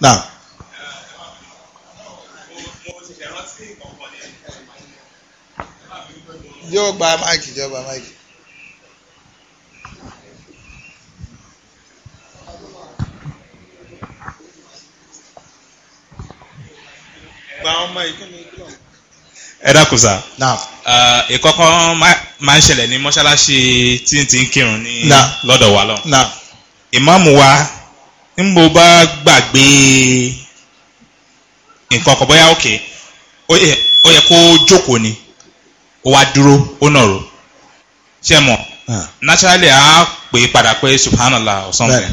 náà. yóò gba máìkì yóò gba máìkì. ẹ dákun sá. ìkọ́kọ́ máa ń ṣẹlẹ̀ ní mọ́ṣáláṣí tí n ti ń kírun ní lọ́dọ̀ wa lọ. ìmáàmù wa ń mo bá gbàgbé nǹkan kan bóyá òkè ó yẹ kó jókòó ni ó wá dúró ó nàró ṣé ah. a pè é padà pé subhanallah or something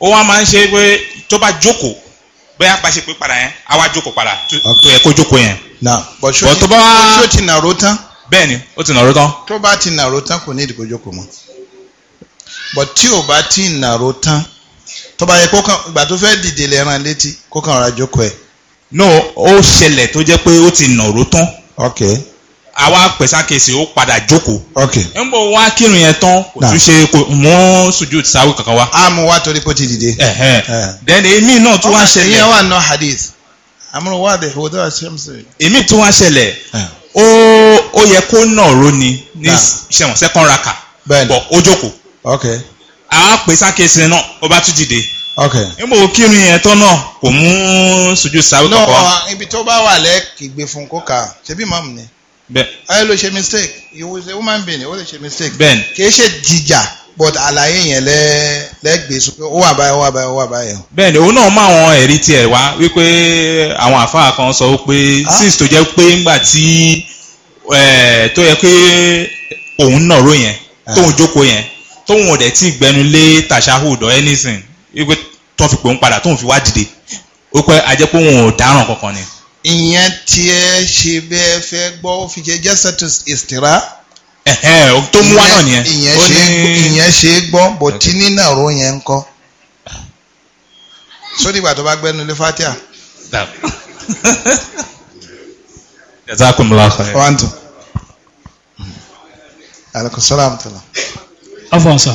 ó wá máa ń ṣe pé tó bá jókòó bóyá bá ṣe pé padà yẹn wá jókòó padà tó yẹ kó jókòó yẹn. ti nàró tán. ó ti nàró tán. tó bá ti nàró tán kò ní ìdìbò jókòó mọ́ bọ̀ tí ò tó bá yẹ kó kàn ìgbà tó fẹ́ dìde lẹ́ran létí kó kàn ra jókòó ẹ̀. no ó ṣẹlẹ̀ tó jẹ́ pé ó ti nàró tán. ok. àwa pẹ̀sákèsì ó padà jókòó. ok. ń bọ̀ wá kírun yẹn tán kò tún ṣe kò mú sùjú sáwé kankan wá. a mú wá torí pé ó ti dìde. dẹ́ni eh. èmi náà tó wá ṣẹlẹ̀. ìyẹn wà ná hadith eh. àmúlò wà dé ìwòdó àṣẹmùsẹ. èmi tó wá ṣẹlẹ̀ ó ó yẹ kó nàró ni ní sẹ́wọ̀n sẹ́kọ̀nraka bọ̀ ó jókòó. ok a pè sákèsì náà ó bá tún dìde. ok níbo kírun yẹn tán náà kò mú sojú sáré kọ̀ọ̀kan. náà uh, ibi tó bá wà lẹ́kìgbé fún kókà ṣebí mọ́mù ni. bẹ́ẹ̀. ayé ló ṣe mistake ìwọ ṣe woman being ó lè ṣe mistake. bẹ́ẹ̀ kì í ṣe jìjà but àlàyé yẹn lẹ́gbẹ̀ẹ́ sọ pé ó wà báyìí ó wà báyìí ó wà báyìí. bẹ́ẹ̀ ni òun náà mú àwọn ẹ̀rí tiẹ̀ wá wípé àwọn àfáà kan sọ pé ah. since tó jẹ́ pé ńgbà tí eh, tó yẹ pé òun náà ró yẹn ah. tóun jókòó yẹn tóun ọ̀dẹ̀ tí gbẹnu lé tashahud or anything wípé tó fi pòun padà tóun fi wá dìde ó pẹ́ ajẹ́ pé òun ò dáràn kankan ni. ìyẹn tiẹ̀ ṣe bẹ́ẹ̀ fẹ́ gbọ́ ó fi jẹ́ jẹ́sẹ̀tù ìsìtìrá. tó mú wá náà nìyẹn. ìyẹn ṣe é gbọ́ bó tí nínà ro yẹn ń kọ́. sódì ìgbà tó bá gbẹ́nu lé fatia. jazakumullahu khairan. wa antum. alaikum salaam tala afwan sir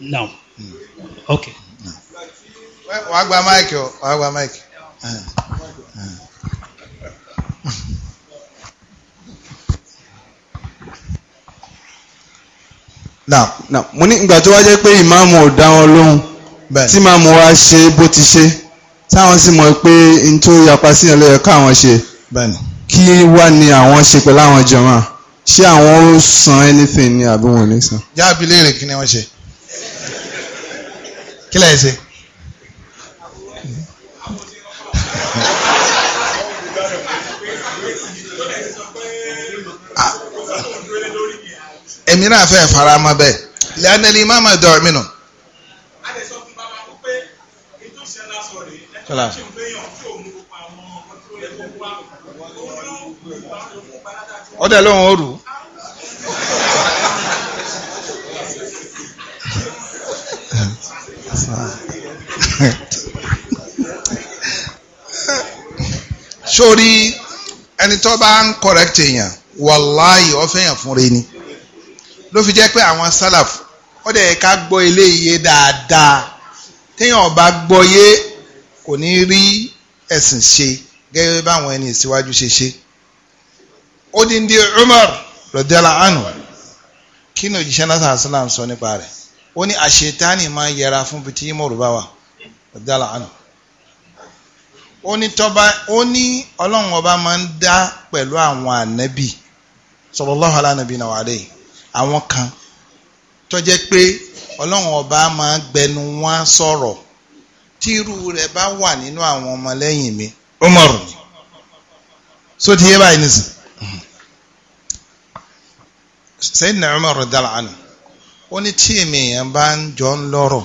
now hmm. okay. Hmm. wàá gba máìkì o wàá gba máìkì. Hmm. now now mo ní ìgbà tó wá jẹ́ pé ìmáàmù ò dá wọn lóhùn tí màmú wa ṣe bó ti ṣe táwọn sì mọ̀ pé n tó yapa sí ìyẹn ló yẹ káwọn ṣe kí wá ni àwọn ṣe pẹ̀lú àwọn jọ̀wọ́n ṣé àwọn ó san anything ni àbí wọn ò ní san. jáàbí léèrè kí ni wọ́n ṣe kí lẹ́yìn ṣe. Ah, èmi náà fẹ́ fara mọ́ bẹ́ẹ̀ lẹ́nẹ̀lì máma dọ̀ mí nù. kọ́lá ọdẹ lóhùn òru. sórí ẹni tó bá ń correct èèyàn wàláyé ọ̀fẹ́ yẹn fún ni ló fi jẹ́ pé àwọn sálàf ọdẹ ká gbọ́ eléyìí dáadáa téèyàn bá gbọ́ yé kò ní rí ẹ̀sìn ṣe gẹ́gẹ́ báwọn ẹni ìsíwájú ṣe ṣe odindi Umar rọdẹ́là anu kí ni òjíṣẹ́ náà sàásìlám sọ nípa rẹ̀ ó ní àṣetáni máa yẹra fún bìtì mọ̀rùbá wa rọdẹ́là anu ó ní tọ́ba ó ní ọlọ́run ọba máa ń dá pẹ̀lú àwọn ànábì sallallahu ala nabina wa alayhi àwọn kan tó jẹ́ pé ọlọ́run ọba máa ń gbẹnu wọn sọ̀rọ̀ tí irú rẹ̀ bá wà nínú àwọn ọmọlẹ́yìn mi Umar ni so ti yé báyìí nísìnyí. Sayyidina Umar radiyallahu anhu ó ní tí èmi èèyàn bá ń jọ ń lọ́rọ̀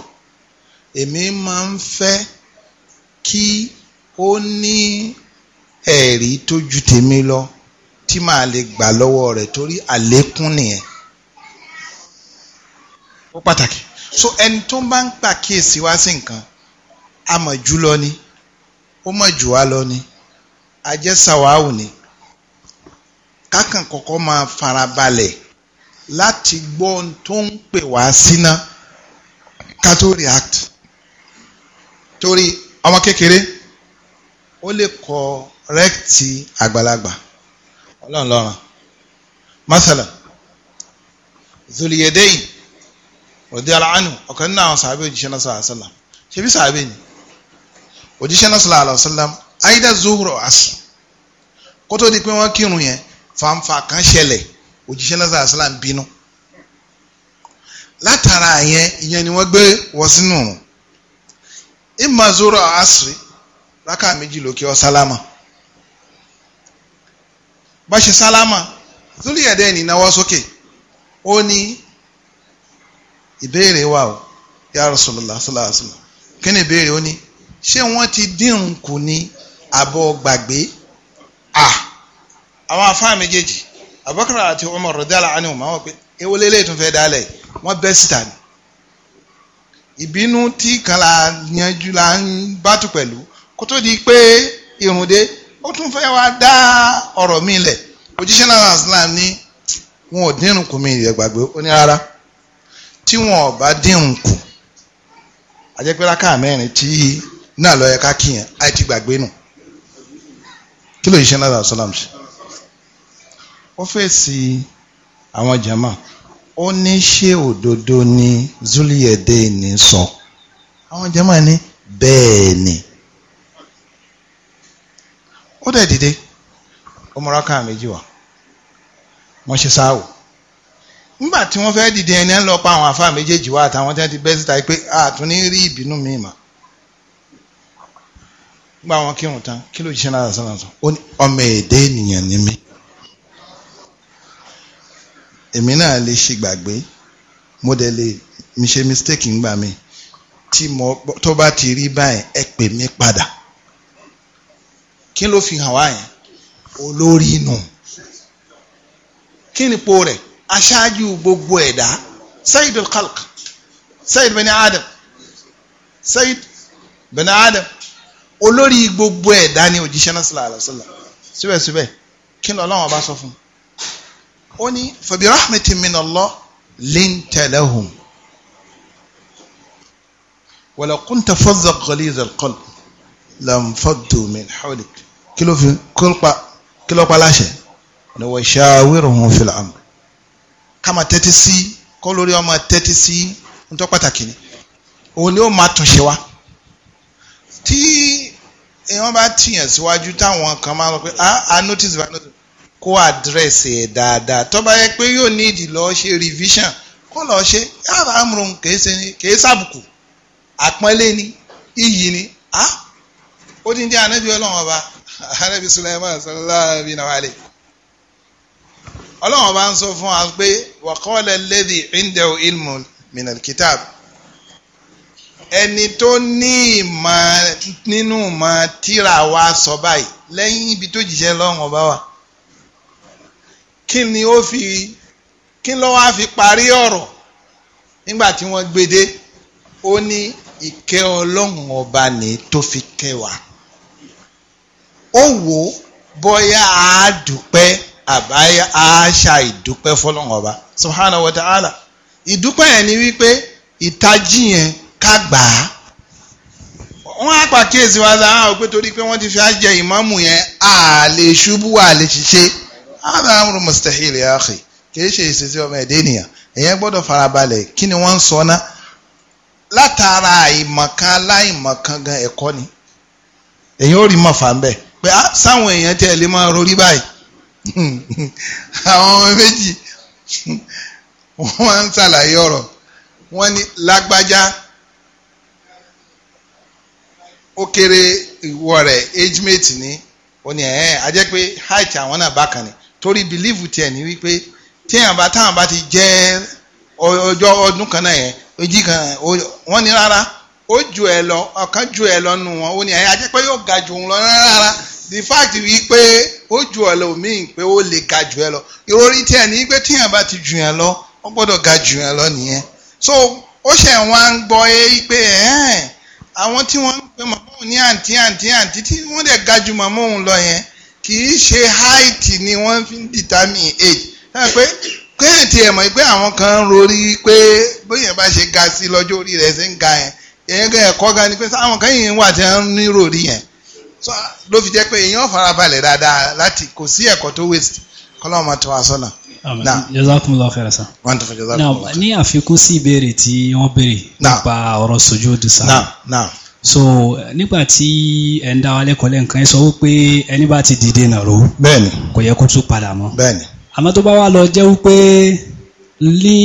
èmi máa ń fẹ́ kí ó ní ẹ̀rí tó ju tèmi lọ tí màá lè gbà lọ́wọ́ rẹ̀ torí àlékún nìyẹn ó pàtàkì so ẹni tó bá ń pàkíyèsí wá sí nǹkan a mọ̀ jù lọ ni ó mọ̀ jù wá lọ ni ajẹ́sàwáwù ni kákàn kọ́kọ́ máa farabalẹ̀ láti gbọ́ ohun tó ń pè wá síná ká tó react torí ọmọ kékeré ó lè correct àgbàlagbà ọlọ́run masala zuliyedeyi rọ̀dí aláàánú ọ̀kan nínú àwọn sàábé òjíṣẹ́ náà sàá sàlám ṣe bí sàábé ni òjíṣẹ́ náà sàlá àlọ́ sàlám aida zuhuro asu kó tó di pé wọ́n kírun yẹn fàǹfà kan ṣẹlẹ̀ òjíṣẹ́ náà sàrà sàlám bínú látara yẹn ìyẹn ni wọ́n gbé wọ́n sínú òun imazoro asiri rákà méjì lókè ọ sálámà bá ṣe sálámà lórí ẹ̀dẹ́ ní náwó sókè ó ní ìbéèrè wa o ya Rasulullah sallallahu alaihi wasallam kí ni ìbéèrè ó ní ṣé wọ́n ti dírun ní àbọ̀ gbàgbé à àwọn afá méjèèjì Abubakar àti Umar radiyallahu anhu máa wọ̀ pé ewo tún fẹ́ dálẹ̀ wọ́n bẹ́ síta ni ìbínú tí kan la yanjú la ń bátù pẹ̀lú kó tó di pé irun dé ó tún fẹ́ wá dá ọ̀rọ̀ mi lẹ̀ òjíṣẹ́ náà Islam ní wọn ò dínrùn kù mí ìyẹ̀gbàgbé ó ní rárá tí wọn ò bá dínrùn kù àjẹpẹ́lá káàmẹ́rin tí náà lọ́ọ́ yẹ ká kíyàn àìtí gbàgbé nù kí ló yìí ṣe náà sọ́làmù ṣe ó fèsì àwọn jama ó ní ṣé òdodo ni zuliyede ni sọ àwọn jama ní bẹ́ẹ̀ ni ó dẹ̀ dìde ó múra ká méjì wá wọ́n ṣe sáwò nígbà tí wọ́n fẹ́ dìde ẹni ń lọ pa àwọn àfa méjèèjì wá àtàwọn tí wọ́n ti bẹ́ síta pé àtún ní rí ìbínú mi mà nígbà wọn kírun tán kí ló jíṣẹ́ náà sọ̀rọ̀ sọ ọmọ èdè ènìyàn ni mí èmi náà lè ṣe gbàgbé mo dẹ̀ lè mi ṣe mistake ńgbà mi tí mo tó bá ti rí báyìí ẹ pè mí padà kí ló fi hàn wá olórí nù kí nípo rẹ̀ aṣáájú gbogbo ẹ̀dá sayyidul khalq sayyid bani adam sayyid bani adam olórí gbogbo ẹ̀dá ni òjíṣẹ́ náà sallallahu alaihi wasallam síbẹ̀síbẹ̀ kí ni ọlọ́run ọba sọ fún un ó ní fabi rahmatin minallah linta lahum wala kunta fadda ghaliza alqalb lam faddu min hawlik kí ló fi kí ló pa láṣẹ ni wa shawiruhum fil amr kama tẹ́tí sí kọ́ lórí ọmọ tẹ́tí sí ntọ́ pàtàkì ni òun ni ó máa tún ṣe tí èèyàn bá tìyàn síwájú táwọn kan máa ń lọ pé ah i notice i notice kó àdírẹ́sì ẹ̀ dáadáa tó bá yẹ pé yóò nídìí lọ ṣe revision kó lọ ṣe yàrá amúrun kèé sàbùkù àpọ́nlé ni iyì ni á ó ti ń jẹ́ anábì ọlọ́run ọba anábì Sulaiman sallallahu alaihi wa sallam ọlọ́run ọba ń sọ fún wa pé wa qala alladhi indahu ilmu minal kitab ẹni tó ní ìmọ̀ nínú ìmọ̀ tíra wa sọ báyìí lẹ́yìn ibi tó jìṣẹ́ lọ́run ọba wa kí ni ó fi kí ló wá fi parí ọ̀rọ̀ nígbà tí wọ́n gbede ó ní ìkẹ́ ọlọ́run ọba ní tó fi kẹ́ wa ó wò ó bóyá a dúpẹ́ àbáyá a ṣa ìdúpẹ́ fọlọ́run ọba subhana wa ta'ala ìdúpẹ́ yẹn ni wípé ìtají yẹn ká gbà á wọ́n á pàkíyèsí wa sáà wọ́n pé torí pé wọ́n ti fi á jẹ yẹn a lè ṣubú a lè ṣiṣẹ́. hada amrun mustahil ya akhi kìí ṣe ìṣesí ọmọ ẹ̀dẹ́ ènìyàn èyàn gbọ́dọ̀ farabalẹ̀ kí ni wọ́n ń sọ ná látara àìmọ̀kan ni èyàn ò rí mọ̀ fà ń bẹ̀ pé rori wọ́n lágbájá ó kéré ìwọ rẹ̀ ni a jẹ́ pé ni torí bìlíìfù tiẹ̀ ní wípé tí èèyàn bá táwọn bá ti jẹ́ ọjọ́ ọdún kan náà yẹn ojì kan wọ́n ní rárá ó ju ẹ lọ ọ̀kan ju ẹ lọ nù wọn ó ní ẹ̀yà jẹ́ pé yóò ga ju òun lọ rárá the fact wípé ó ju ẹ lọ míì pé ó lè ga ju ẹ lọ ìròrí tiẹ̀ ní pé tí èèyàn bá ti ju yẹn lọ ó gbọ́dọ̀ ga ju yẹn lọ nìyẹn so ó ṣe wọn ń gbọ́ ẹ pé àwọn tí wọ́n ń pe màmá òun ní àǹtí àǹtí àǹtí tí wọ́n dẹ̀ ga ju màmá òun lọ yẹn kìí ṣe height ni wọ́n fi ń determine age ẹ pé kéèyàn tiẹ̀ mọ̀ pé àwọn kan rori pé bóyá bá ṣe ga sí lọ́jọ́ orí rẹ̀ ṣe ń ga yẹn èyàn kan ẹ̀kọ́ gan ni pé àwọn kan yìí wà tí wọ́n ní rori yẹn ló fi jẹ́ pé èyàn farabalẹ̀ dáadáa láti kò sí ẹ̀kọ́ tó waste kọ́lọ́mù máa tọ́ wa sọ́nà. jazakumullahu khairan sir. ní àfikún sí ìbéèrè tí wọ́n béèrè nípa ọ̀rọ̀ sujud sir so nígbà tí ẹ ń dá wa lẹ́kọ̀ọ́ lẹ́ǹkan ẹ sọ wípé ẹni bá ti dìde nàró bẹ́ẹ̀ni kò yẹ kó tún padà mọ́ bẹ́ẹ̀ni àmọ́ tó bá wà lọ jẹ́ wípé ní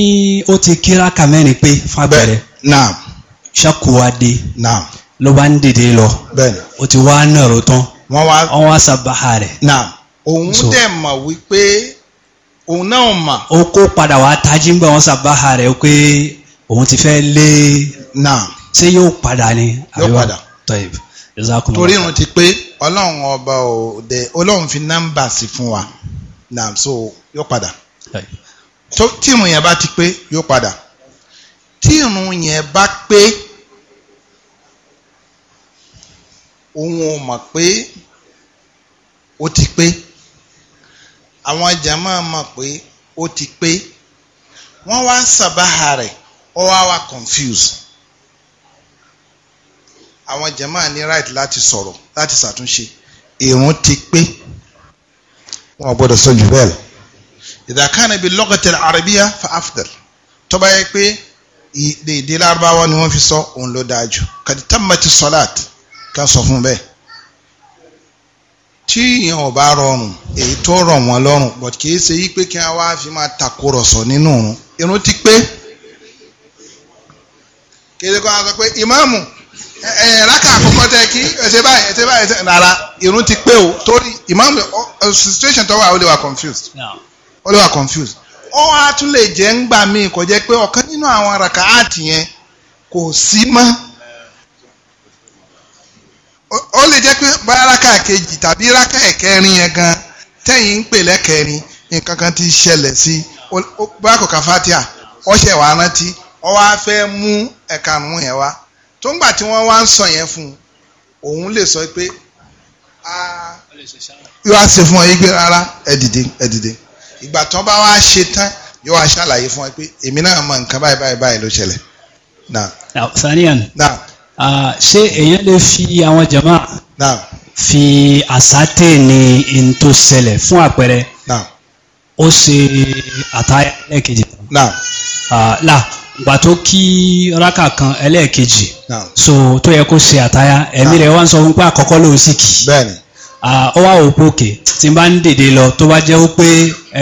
ó ti kíra kàmẹ́rin pé fàbẹ̀rẹ̀ naam ṣàkóhadé naam ló bá ń dìde lọ bẹ́ẹ̀ni ó ti wá nàró tán wọ́n wá wọ́n wá sàbáhà rẹ̀ naam òun dẹ̀ mọ̀ wípé òun náà mọ̀. ó kó padà wá tají ń bá wọn sàbáhà rẹ̀ pé òun ti fẹ́ lé naam ṣé yóò padà ni. yóò padà torí irun ti pé ọlọ́run ọba ò dé ọlọ́run fi nọ́mbà sí fún wa náà so yóò padà tí irun yẹn bá ti pé yóò padà tí irun yẹn bá pé òun ò mọ̀ pé ó ti pé àwọn jàmá mọ̀ pé ó ti pé wọ́n wá sábàá rẹ̀ ó wá wá confused àwọn jàmáà ní right láti sọ̀rọ̀ láti ṣàtúnṣe ìrun ti pé wọn gbọ́dọ̀ sọ jù bẹ́ẹ̀ lọ. ìdàkànnì bíi lọ́kọ̀tẹ̀lẹ̀ àrẹ́bíyà fa afdal tó bá yẹ pé èdè lárúbáwá ni wọ́n fi sọ òun ló dáa jù kàdí tàmmati sọ́láàt ká sọ fún bẹ́ẹ̀. tí ìyẹn ò bá rọrùn èyí tó rọ̀ wọ́n lọ́rùn but kì í ṣe yí pé kí wọ́n wá fi máa takùrọ̀sọ nínú òun ìrun ti pé kí ẹ kọ́ àwọn sọ pé ìmáàmù ẹ̀ẹ́dáka àkọ́kọ́ tẹ kí ẹ̀tẹ́ báyìí ti pé o torí ìmáàmù situation tó wà ó lè wa confused ó lè wa confused ó wá tún lè jẹ́ ńgbà kò jẹ́ pé ọ̀kan nínú àwọn araka áàtì yẹn kò sí mọ́ ó lè jẹ́ pé bá araka kejì tàbí araka ẹ̀kẹrin yẹn gan ń pè lẹ́kẹrin ti ṣẹlẹ̀ sí ọ̀ṣẹ̀ rántí wá fẹ́ mú yẹn tó ń gbà tí wọ́n wá ń sọ yẹn fún un òun lè sọ pé yóò wá ṣe fún ọ yìí pé rárá ẹ dìde ẹ dìde ìgbà tán bá wá ṣe tán yóò wá ṣàlàyé fún ọ pé èmi náà mọ nǹkan báyìí báyìí báyìí ló ṣẹlẹ̀. saniyan ṣé èèyàn lè fi àwọn jama fi àsátè ní n tó ṣẹlẹ̀ fún àpẹẹrẹ ó ṣe àtàyà lẹ́ẹ̀kejì. là ìgbà tó kí rákà kan ẹlẹ́ẹ̀kejì so tó yẹ kó ṣe àtáyá ẹ̀mí rẹ̀ wá ń sọ fún pé àkọ́kọ́ lòun sì kì í ó wá òpó òkè tí n bá ń dèdè lọ tó bá jẹ́ ó pé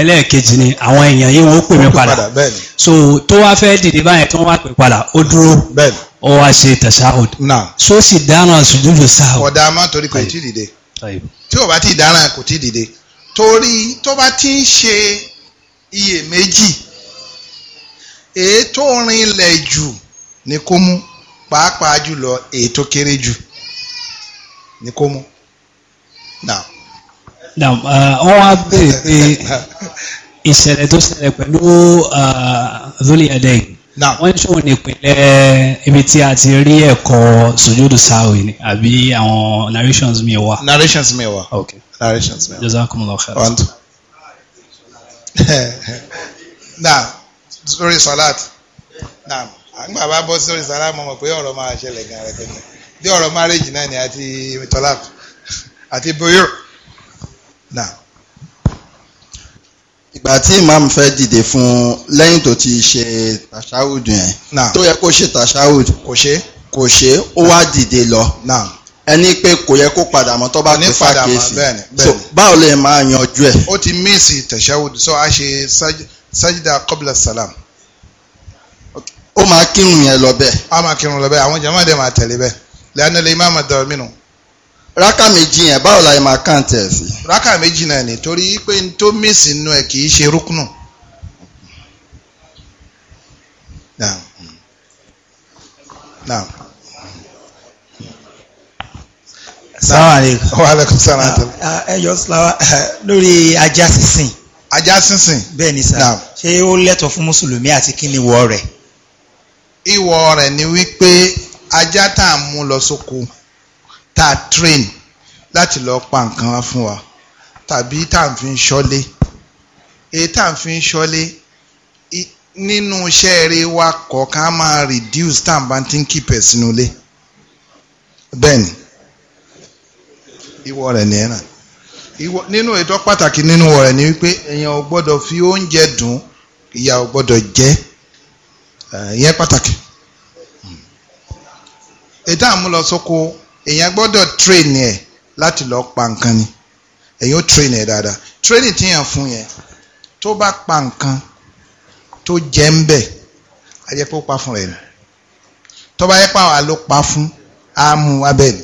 ẹlẹ́ẹ̀kejì ni àwọn èèyàn yìí wọ́n ó pè mí padà so tó wá fẹ́ dèdè báyẹn tó wá pè padà ó dúró ó wá ṣe tashahud so sì dáràn sùdúdù sáà. ọ̀dà má torí kò tí ì dìde tí ò bá tí ì dáràn kò tí ì dìde torí tó bá ti ń ṣe iyèméjì ètò rinlẹ̀ jù ni kó mú pàápàá jùlọ ètò kéré jù ni kó mú. Uh, wọ́n wá béèrè pé ìṣẹ̀lẹ̀ tó ṣẹlẹ̀ pẹ̀lú uh, zoli adeg wọ́n ń ṣòwò nípìnlẹ̀ ibi tí a ti rí ẹ̀kọ́ sojodu sawi ni àbí àwọn narrations mi wà. narrations mi wà. ok narrations mi wà. jazakumullahu khairan. now lórí salat naam àgbà bá bọ́ sórí salat mo mọ̀ pé ọ̀rọ̀ máa ṣẹlẹ̀ gan rẹpẹtẹ bí ọ̀rọ̀ marriage náà ni àti tolak àti boyor naam. ìgbà tí imam fẹ́ dìde fún lẹ́yìn tó ti ṣe tashahud yẹn tó yẹ kó ṣe tashahud kò ṣe kò ṣe ó wá dìde lọ naam ẹni pé kò yẹ kó padà mọ́ tó bá pè fàkíyèsí so báwo lè máa yanjú ẹ. ó ti míìsì tẹ̀síwájú so a ṣe sajida qabla salam. ó máa kírun yẹn lọ bẹ́ẹ̀. a máa kírun lọ bẹ́ẹ̀ àwọn jàmáà dẹ̀ máa tẹ̀lé bẹ́ẹ̀ lẹ́yìn lè má máa dọ̀rọ̀ mínú. rákà méjì yẹn báwo la yẹ máa kàn tẹ̀ sí. rákà méjì náà ni torí pé n tó mísì nínú ẹ̀ kì í ṣe rúkúnù. naam naam. ẹ yọ sọ lórí ajá sísìn ajá sínsìn. bẹ́ẹ̀ ni sà ṣé ó lẹ́tọ̀ọ́ fún mùsùlùmí àti kí ni ìwọ rẹ̀. ìwọ rẹ̀ ni wípé ajá tá a mú lọ sóko tá a train láti lọ pa nǹkan wá fún wa tàbí tá a fi ń ṣọ́lé èyí tá a fi ń ṣọ́lé nínú iṣẹ́ eré wa kọ̀ọ̀kan máa reduce tá a bá ti ń keep ẹ̀ sínú ilé bẹ́ẹ̀ ni ìwọ rẹ̀ ni ẹ̀ nínú ètò pàtàkì nínú ọ̀rẹ́ ni wípé èèyàn ò gbọ́dọ̀ fi oúnjẹ dùn ìyà ò gbọ́dọ̀ jẹ́ ìyẹn pàtàkì. ètò àmúlọ sóko èèyàn gbọ́dọ̀ train ẹ̀ láti lọ pa nǹkan ni èèyàn ó train ẹ̀ dáadáa training ti yàn fún yẹn tó bá pa nǹkan tó jẹ́ ń bẹ̀ á ó pa fún rẹ̀ ni tó bá yẹ pàwọn pa fún á abẹ́ ni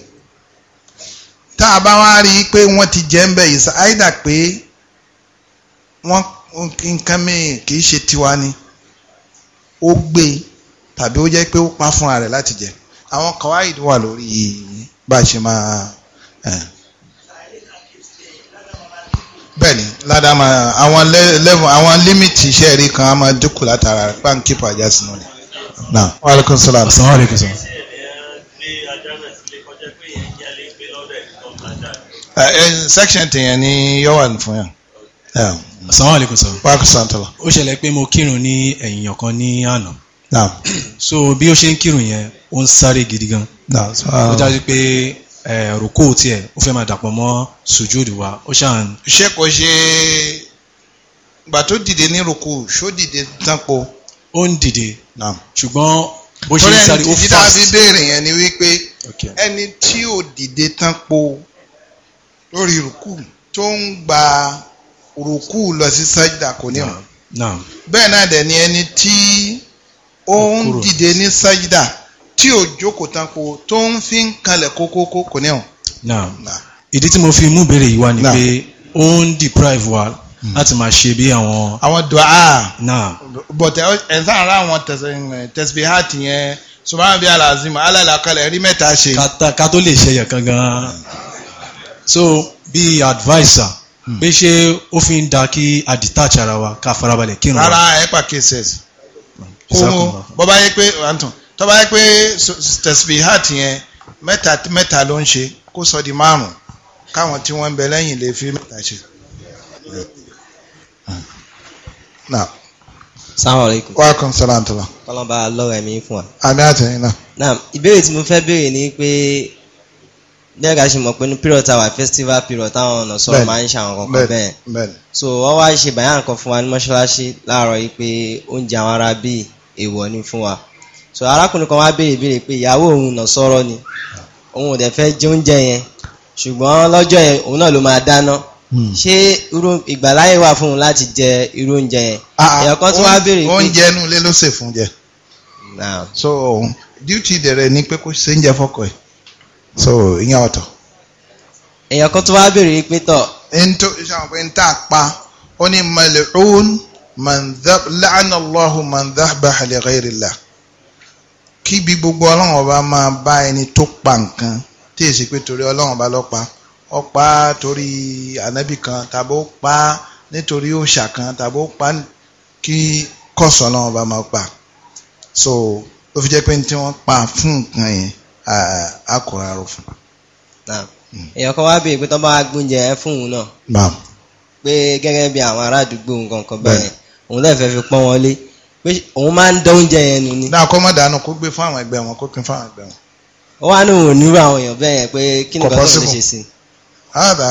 tá a bá wá rí i pé wọ́n ti jẹ́ ń bẹ̀ yìí sá àìdá pé wọ́n nǹkan mìíràn kì í ṣe tiwa ni ó gbé e, tàbí ó jẹ́ pé ó pa fúnra rẹ̀ láti jẹ àwọn kawaii wà lórí bá a ṣe máa bẹ́ẹ̀ni ládàmà àwọn level àwọn límìtì iṣẹ́ rí kan á máa dínkù látara pàǹkì pàjásínú ni. Wa alaikum salaam. Assalamu alaikum. section tèèyàn ni yóò wà fún yàn. assalamu alaikum sir. wa kò sàn tọ́lá. ó ṣẹlẹ̀ pé mo kírun ní ẹ̀yìn ọ̀kan ní àná. so bí ó ṣe ń kírun yẹn ó ń sáré gidi gan. ó dájú pé rúkó tiẹ̀ ó fẹ́ máa dàpọ̀ mọ́ sùjúdù wa ó ṣàn. ṣé kò ṣe gbà tó dìde ní rúkó ṣó dìde tán po. ó ń dìde ṣùgbọ́n bó ṣe ń sáré ó fast. torí ẹni tí dídá fi béèrè yẹn ni wípé ẹni tí ò dìde tán lórí rùkú tó ń gba rùkú lọ sí sájìdà kò ní rùn bẹ́ẹ̀ náà dẹ̀ ni ẹni tí ó ń dìde ní sájìdà tí ò jókòó tán kó tó ń fi ń kalẹ̀ kókókó kò ní rùn. ìdí tí mo fi mú béèrè yìí wá ni pé ó ń deprive wa hmm. láti máa ṣe bí àwọn. àwọn dua. naa. but eh, ẹ̀sán ara àwọn tẹ̀sibíhàtì eh, yẹn subahana bíi alazim alalakala ẹ̀rí mẹ́ta ṣe. ká tó lè ṣe yẹn kan so bí advisor, hmm. pé ṣé ó fi ń da kí a detach ara wa ká farabalẹ̀ kírun. rárá ẹ pa cases kó bó bá yẹ pé anton tó bá yẹ pé tẹsibíhàt yẹn mẹ́ta mẹ́ta ló ń ṣe kó sọ di márùn káwọn tí wọ́n ń bẹ lẹ́yìn lè fi mẹ́ta ṣe. Hmm. Assalamu alaikum. Wa alaikum salaam tala. Kọ́lọ́ba lọ́rọ̀ ẹ̀mí fún wa. Adé àtẹ̀yìn náà. ìbéèrè tí mo fẹ́ béèrè ni pé bẹ́ẹ̀ ká ṣe mọ̀ pé ní period tower festival period táwọn ọ̀nà sọ̀rọ̀ máa ń ṣe àwọn kankan bẹ́ẹ̀ so wọ́n wá ṣe bàyà kan fún wa ní mọ́ṣáláṣí láàárọ̀ yìí pé oúnjẹ àwọn ará bíi èèwọ̀ ni fún wa so arákùnrin kan wá béèrè béèrè pé ìyàwó òun nà sọ̀rọ̀ ni òun ò dẹ̀ fẹ́ jẹ oúnjẹ yẹn ṣùgbọ́n lọ́jọ́ yẹn òun náà ló máa dáná hmm. ṣé irú ìgbàláyè wà fún un láti jẹ irú oúnjẹ yẹn èèyàn ah, ah, kan tún wá béèrè pé oúnjẹ inú ilé ló sè fún jẹ so duty dẹrẹ ni pé kó ṣe oúnjẹ fọkọ ẹ so ìyẹn ọ̀tọ̀. èèyàn kan tó wá béèrè pé tọ. ntò ìṣàn pé ntà pa ó ní mal'un la'ana Allahu man dhabaha li ghayri Allah kíbi gbogbo ọlọ́run ọba máa bá ẹni tó pa nǹkan tí èsì pé torí ọlọ́run ọba ló pa ó pa torí ànábì kan tàbí ó pa nítorí òòṣà kan tàbí ó pa kí kọ̀sán ọlọ́run ọba máa pa so ó fi jẹ́ pé tí wọ́n pa fún nǹkan yẹn akọ̀rọ̀ àrò fún un. Hmm. èèyàn kan wá bèè pé tó bá gbóúnjẹ fún òun náà pé gẹ́gẹ́ bí àwọn ará àdúgbò nǹkan kan bẹ́ẹ̀ òun lè fẹ́ fi pọ́n wọn lé pé òun máa ń dán oúnjẹ yẹn nù ni. náà kó má dànù kó gbé fún àwọn ẹgbẹ́ wọn kó pín fún àwọn ẹgbẹ́ wọn. ó wá ní òun nírú àwọn èèyàn bẹ́ẹ̀ pé kí ni bàtà lè ṣe sí i. àdà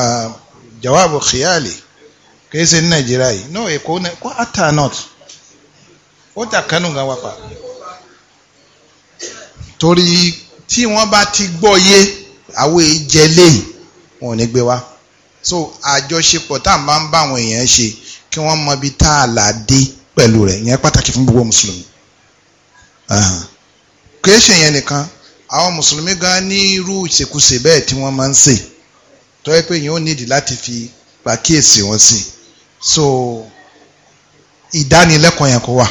jawabu khiyali kìí ṣe ní nàìjíríà yìí no èkó kó ata not ó ta kánú gan wapa torí tí wọ́n bá ti gbọ́ yé àwọn èjẹ léyìn wọn ò ní gbé wá so àjọṣepọ̀ tá à ń bá ń bá àwọn èèyàn ṣe kí wọ́n mọ ibi tá a là dé pẹ̀lú rẹ̀ ìyẹn pàtàkì fún gbogbo mùsùlùmí kì í ṣe yẹn nìkan àwọn mùsùlùmí gan ní irú ìṣekúṣe bẹ́ẹ̀ tí wọ́n máa ń ṣe tó yẹ pé yẹn nídìí láti fi pàkíyèsí wọn sí so ìdánilẹ́kọ̀ọ́ yẹn kó wà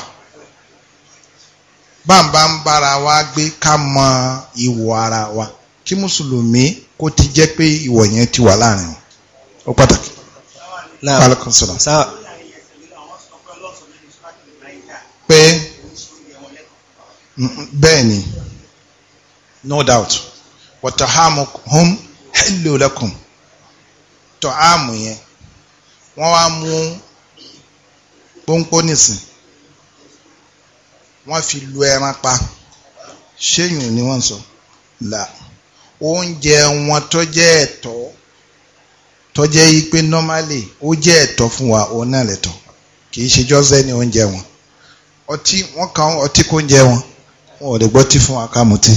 bàbá ń bára wa gbé ká mọ ìwọ ara wa kí mùsùlùmí kó ti jẹ́ pé ìwọ yẹn ti wà láàrin ó pàtàkì. pé mm, mm, bẹ́ẹ̀ ni no doubt watahamuhum hello lakum tọ́ àmù yẹn wọ́n wá mú pọ́npọ́n nìsín wọ́n fi lu ẹran pa ṣéyùn ni wọ́n sọ là oúnjẹ wọn tó jẹ́ ẹ̀tọ́ tó jẹ́ yí pé normally ó jẹ́ ẹ̀tọ́ fún wa òun náà lẹ̀tọ́ kì í ṣe jọ́sẹ́ ní oúnjẹ wọn ọtí wọ́n ka ọtí kó oúnjẹ wọn wọn ò lè gbọ́ tí fún wa ká mutí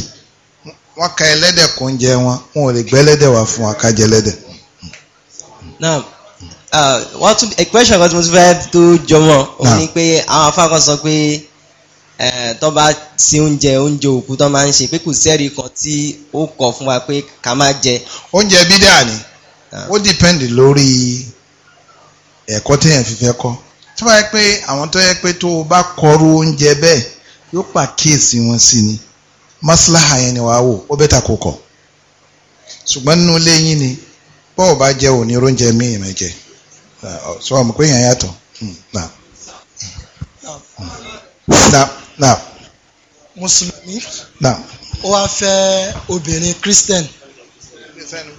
wọ́n ka ẹlẹ́dẹ̀ kó oúnjẹ wọn wọn ò lè gbẹ́ ẹlẹ́dẹ̀ wá fún wa ká jẹ ẹlẹ́dẹ̀. now uh, one two kan tó jọmọ́ òun ni pé àwọn afáàkàn sọ pé tó bá sí oúnjẹ oúnjẹ òkú tó máa ń ṣe pé kò sẹ́rí kan tí ó kọ̀ fún wa pé ká má jẹ. oúnjẹ bídà ni ah. ó dìpẹ́ndì lórí ẹ̀kọ́ téèyàn fi fẹ́ kọ́ tó bá yẹ pé àwọn tó yẹ pé tó o bá kọrú oúnjẹ bẹ́ẹ̀ yóò pàkíyèsí wọn sí ni maslaha yẹn ni wàá wò ó bẹ́ẹ̀ ta kò kọ̀ ṣùgbọ́n nínú ilé yín ni bọ́ọ̀ bá jẹ́ òní oúnjẹ míì rẹ̀ jẹ ah, sọ àmọ́ pé yẹn yàtọ̀. Hmm, Now. Hmm. Hmm. Now. Mùsùlùmí. Now. Ó wá fẹ́ obìnrin Christian.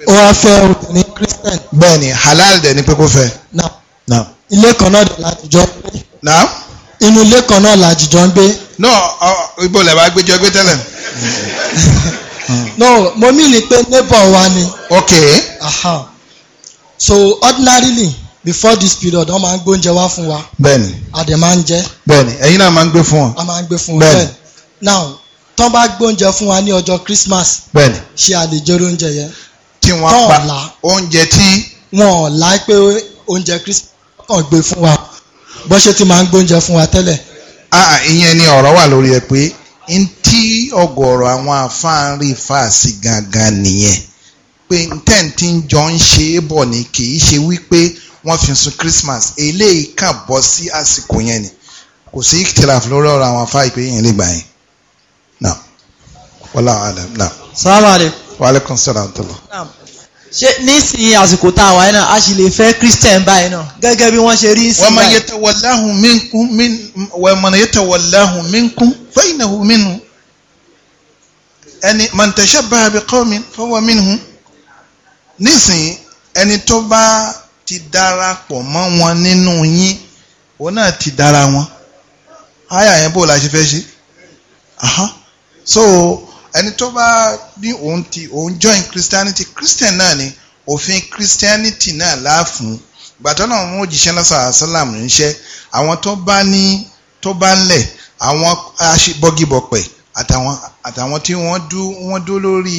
Ó wá fẹ́ obìnrin Christian. Bẹ́ẹ̀ni, halal dẹ̀ ni pé kó fẹ́. Now. Now. Ilé kan náà dẹ̀ látijọ́ pé. Now. Inú ilé kan náà làjìjọ́ ń gbé. No, ibo lẹ̀ bá gbéjọ gbé tẹ́lẹ̀. No, mo mí ni pé neighbor wa ni. Okay. Aha. So ordinarily before this period wọ́n máa ń gbóúnjẹ wá fún wa. bẹ́ẹ̀ni àdè máa ń jẹ. bẹ́ẹ̀ni ẹ̀yin náà máa ń gbé fún wọn. a máa ń gbé fún wọn bẹ́ẹ̀ni now tán bá gbóúnjẹ fún wa ní ọjọ́ Christmas. bẹ́ẹ̀ni ṣe àlejòrò oúnjẹ yẹn. tí wọ́n pa oúnjẹ tí. wọn ò láì pé oúnjẹ Christmas kàn gbé fún wa bó ṣe ti máa ń gbóúnjẹ fún wa tẹ́lẹ̀. ah ìyẹn ni ọ̀rọ̀ wà lórí ẹ pé n tí ọ̀gọ̀rọ̀ àwọn afáàrí fàásì gangan nìyẹn pé ntẹ́ǹtì jọ ń ṣe é bọ̀ ni kì í ṣe wípé wọ́n fi sun Christmas eléyìí kàn bọ́ sí àsìkò yẹn ni kò sí ìtìláfù lórí ọ̀rọ̀ àwọn afá ìpè yẹn lè gbà yẹn na wọ́n làwọn àlẹ́ náà. salaam aleykum. wa aleykum salaam tọ́lọ̀. ṣé nísìnyí àsìkò tá a wáyé náà a sì lè fẹ́ Christian báyìí náà gẹ́gẹ́ bí wọ́n ṣe rí sí i. waman yatawallahu minkum min waman yatawallahu minkum fainahu minhum ẹni man tashabbaha biqawmin fahuwa minhum nísìnyí ẹni tó bá ti darapọ̀ mọ́ wọn nínú yín òun náà ti dára wọn àyà yẹn bò la ṣe fẹ́ ṣe aha so ẹni tó bá ní òun ti òun join christianity christian náà ni òfin christianity náà láàfún gbàtọ́ náà wọn ò jíṣẹ́ lọ́sàn àṣàlám níṣẹ́ àwọn tó bá ní tó bá ń lẹ̀ àwọn aṣebọ́gibọ̀pẹ̀ àtàwọn àtàwọn tí wọ́n dú lórí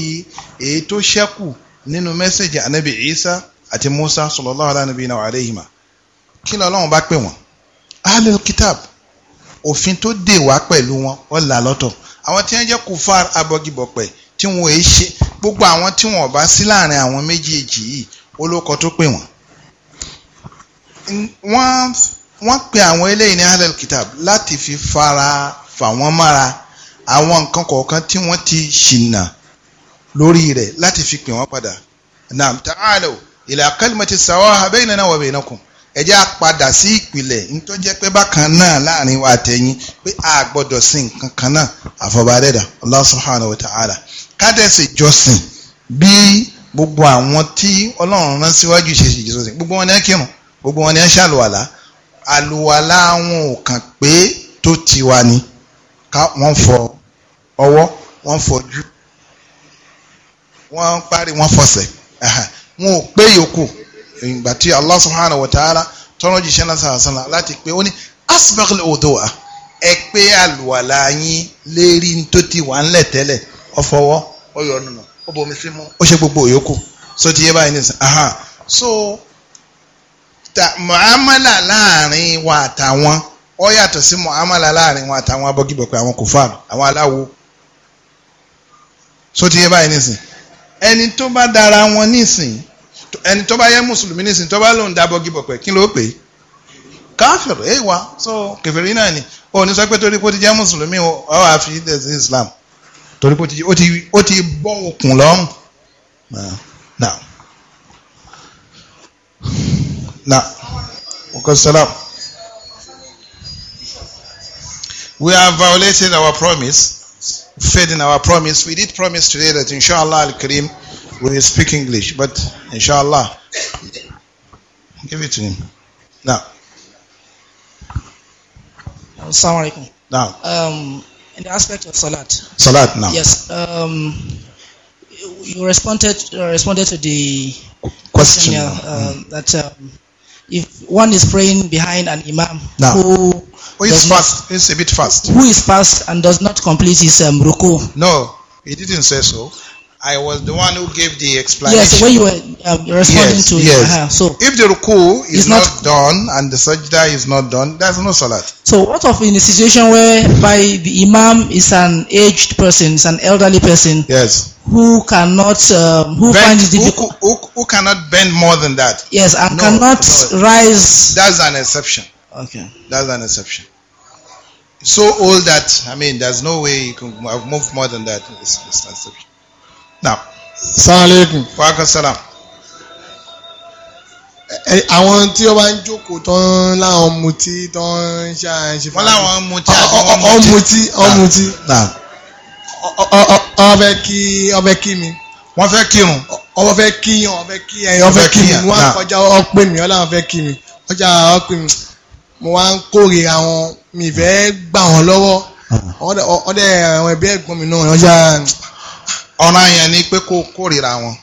èyí tó ṣẹ́kù nínú mẹ́sẹ̀gì ànábì Isa àti Musa sallallahu ala nabiyina wa alayhima kí ni Ọlọ́run bá pè wọ́n ahlul kitab òfin tó dè wá pẹ̀lú wọn ó là lọ́tọ̀ àwọn tí wọ́n jẹ́ kufar abọ́gibọ̀pẹ̀ tí wọ́n èé ṣe gbogbo àwọn tí wọ́n bá sí láàrin àwọn méjèèjì yìí olóko tó pè wọ́n. wọ́n pe àwọn eléyìí ní ahlul kitab láti fi fara fà wọ́n mára àwọn nǹkan kọ̀ọ̀kan tí wọ́n ti ṣìnà lórí rẹ̀ láti fi pè wọ́n padà. naam ta'alaw ìlà kalimati sawaha baynana wa baynakum ẹ jẹ́ a padà sí ìpìlẹ̀ nítorí jẹ́ pé bákan náà láàrin wa àtẹ̀yìn pé a gbọ́dọ̀ sí nǹkan kan náà àfọ̀bàdẹ́dà Allah subhanahu wa ta'ala kádẹ́sì jọ́sìn bí gbogbo àwọn tí ọlọ́run rán síwájú ṣe ṣe jọ́sìn gbogbo wọn ní kírun gbogbo wọn ní ṣàlùwàlá àlùwàlá wọn ò kàn pé tó ti wà ní ká wọ́n fọ ọwọ́ wọ́n fọjú wọ́n parí wọ́n fọsẹ̀ wọn ò pé yòókù ìgbà tí Allah subhanahu wa ta'ala tọ́nà jíṣẹ́ náà sàásánà láti pé ó ní asibakil odoa ẹ pé àlùwàlà yín lérí tó ti wà ńlẹ̀ tẹ́lẹ̀ ọfọwọ́ ó nùnà ó bomi sí ó ṣe gbogbo yòókù so ti yé báyìí nìsín aha so mu'amala láàrin wa àtàwọn ó yàtọ̀ sí mu'amala láàrin wa àtàwọn abọ́gibọ̀pẹ̀ àwọn kò fà àwọn aláwo so ti ẹni tó bá dára wọn nísìn ẹni tó bá yẹ mùsùlùmí nísìn tó bá lòun dábọ́ gíbọ̀ pẹ̀ kí ló pè é káfíìrì èyí eh, wá so kẹfìrí náà ni ó ní sọ pé torí pé ó ti jẹ́ mùsùlùmí ọ wà fi ẹ̀sìn Islam torí pé ó ti bọ́ òkun lọ́rùn. Now. Now. Okay, salam. We have violated our promise. faith in our promise. We did promise today that inshallah al-Karim we will speak English, but inshallah, give it to him. Now. Uh, Assalamu alaikum. Now. Um, in the aspect of Salat. Salat now. Yes. Um, you responded uh, responded to the question uh, mm. that um, if one is praying behind an imam now. who who is fast? Not, a bit fast. Who is fast and does not complete his um, ruku? No, he didn't say so. I was the one who gave the explanation. Yes, when you were uh, responding yes, to Yes. Uh-huh. So if the ruku is not, not, done and the sajda is not done, there's no salat. So what of in a situation where by the imam is an aged person, is an elderly person? Yes. Who cannot um, who bend, finds it who, who, who, cannot bend more than that? Yes, and no, cannot no. rise. That's an exception. Okay. That's an exception. So old that, I mean, there's no way you can have moved more than that. It's, it's an exception. Now. Assalamualaikum. Wa alaikum salam. Eh, eh, àwọn tí ó bá ń jókòó tán láwọn mutí tán ń ṣe àìṣe fún mi. wọ́n láwọn mutí àti wọ́n mutí. ọ mutí ọ ọbẹ̀ kí ọbẹ̀ kí mi. wọ́n fẹ́ kírun. ọwọ́ fẹ́ kíyàn ọbẹ̀ kí ẹ̀yìn ọbẹ̀ kí mi wọ́n á kọjá ọpẹ́ mi ọlọ́run fẹ́ kí mi ọjà ọpẹ́ mi mo wá ń kórìíra wọn mi fẹ́ gbà wọn lọ́wọ́ ah. ọdẹ àwọn ẹbí ẹ̀gbọ́n mi náà yọjá. ọ̀ràn yẹn ni pé kó kórìíra wọn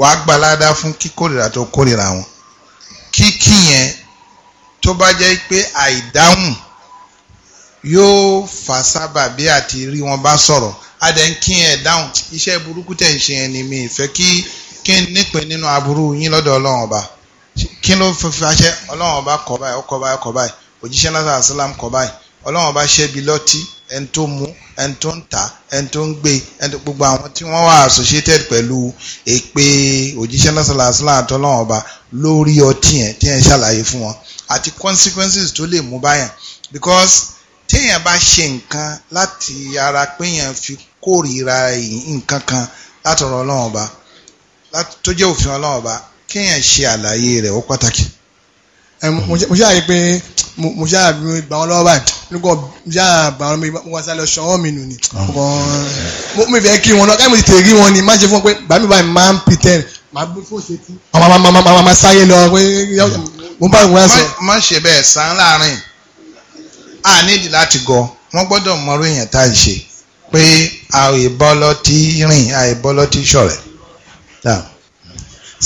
wàá gbalada fún kíkórìíra tó kórìíra wọn kíkì yẹn tó bá jẹ́ pé àìdáhùn yóò fà sábà bí àti rí wọn bá sọ̀rọ̀ adẹ́nkí ẹ̀ dáhùn iṣẹ́ burúkú tẹ̀ ń ṣe ẹni mi ìfẹ́ kí kí n nípìn nínú aburú yín lọ́dọ̀ ọlọ́run ọba kí ló fàṣẹ ọlọ́run ọba kọ báyìí ọkọ báyìí ọkọ báyìí òjíṣẹ́ náà sàlám kọ báyìí ọlọ́run ọba ṣẹ́bi lọ́tí ẹni tó mú ẹni tó ń tà ẹni tó ń gbé ẹni tó gbogbo àwọn tí wọ́n wà associated pẹ̀lú èpè òjíṣẹ́ náà sàlám àtọ́lọ́run ọba lórí ọtí yẹn tí yẹn ṣàlàyé fún wọn àti consequences tó lè mú báyàn because téèyàn bá ṣe nǹkan láti ara péyàn fi kórìíra nǹkan kan látọ̀rọ̀ ọlọ́run ọba tó jẹ́ òfin ọlọ́run ọba kéèyàn ṣe àlàyé rẹ̀ ó pàtàkì mo ṣáà rí pé mo ṣáà gbà wọn lọ́wọ́ báyìí nígbà mo ṣáà gbà wọn mi wá sálẹ̀ ṣọwọ́ mi nù ni oh. mo mi fẹ́ kí wọn lọ káyọ̀ mo ti tèrè rí wọn ni má ṣe fún wọn pé bàmí báyìí máa ń pitẹ́rì máa gbé fòṣe tí máa sáyé lọ pé mo bá wọn sọ. má ṣe bẹ́ẹ̀ sàn láàrin a nídìí láti gọ wọ́n gbọ́dọ̀ mọ̀rú pé àìbọ́lọ́ ti rìn àìbọ́lọ́ ti ṣọ̀rẹ́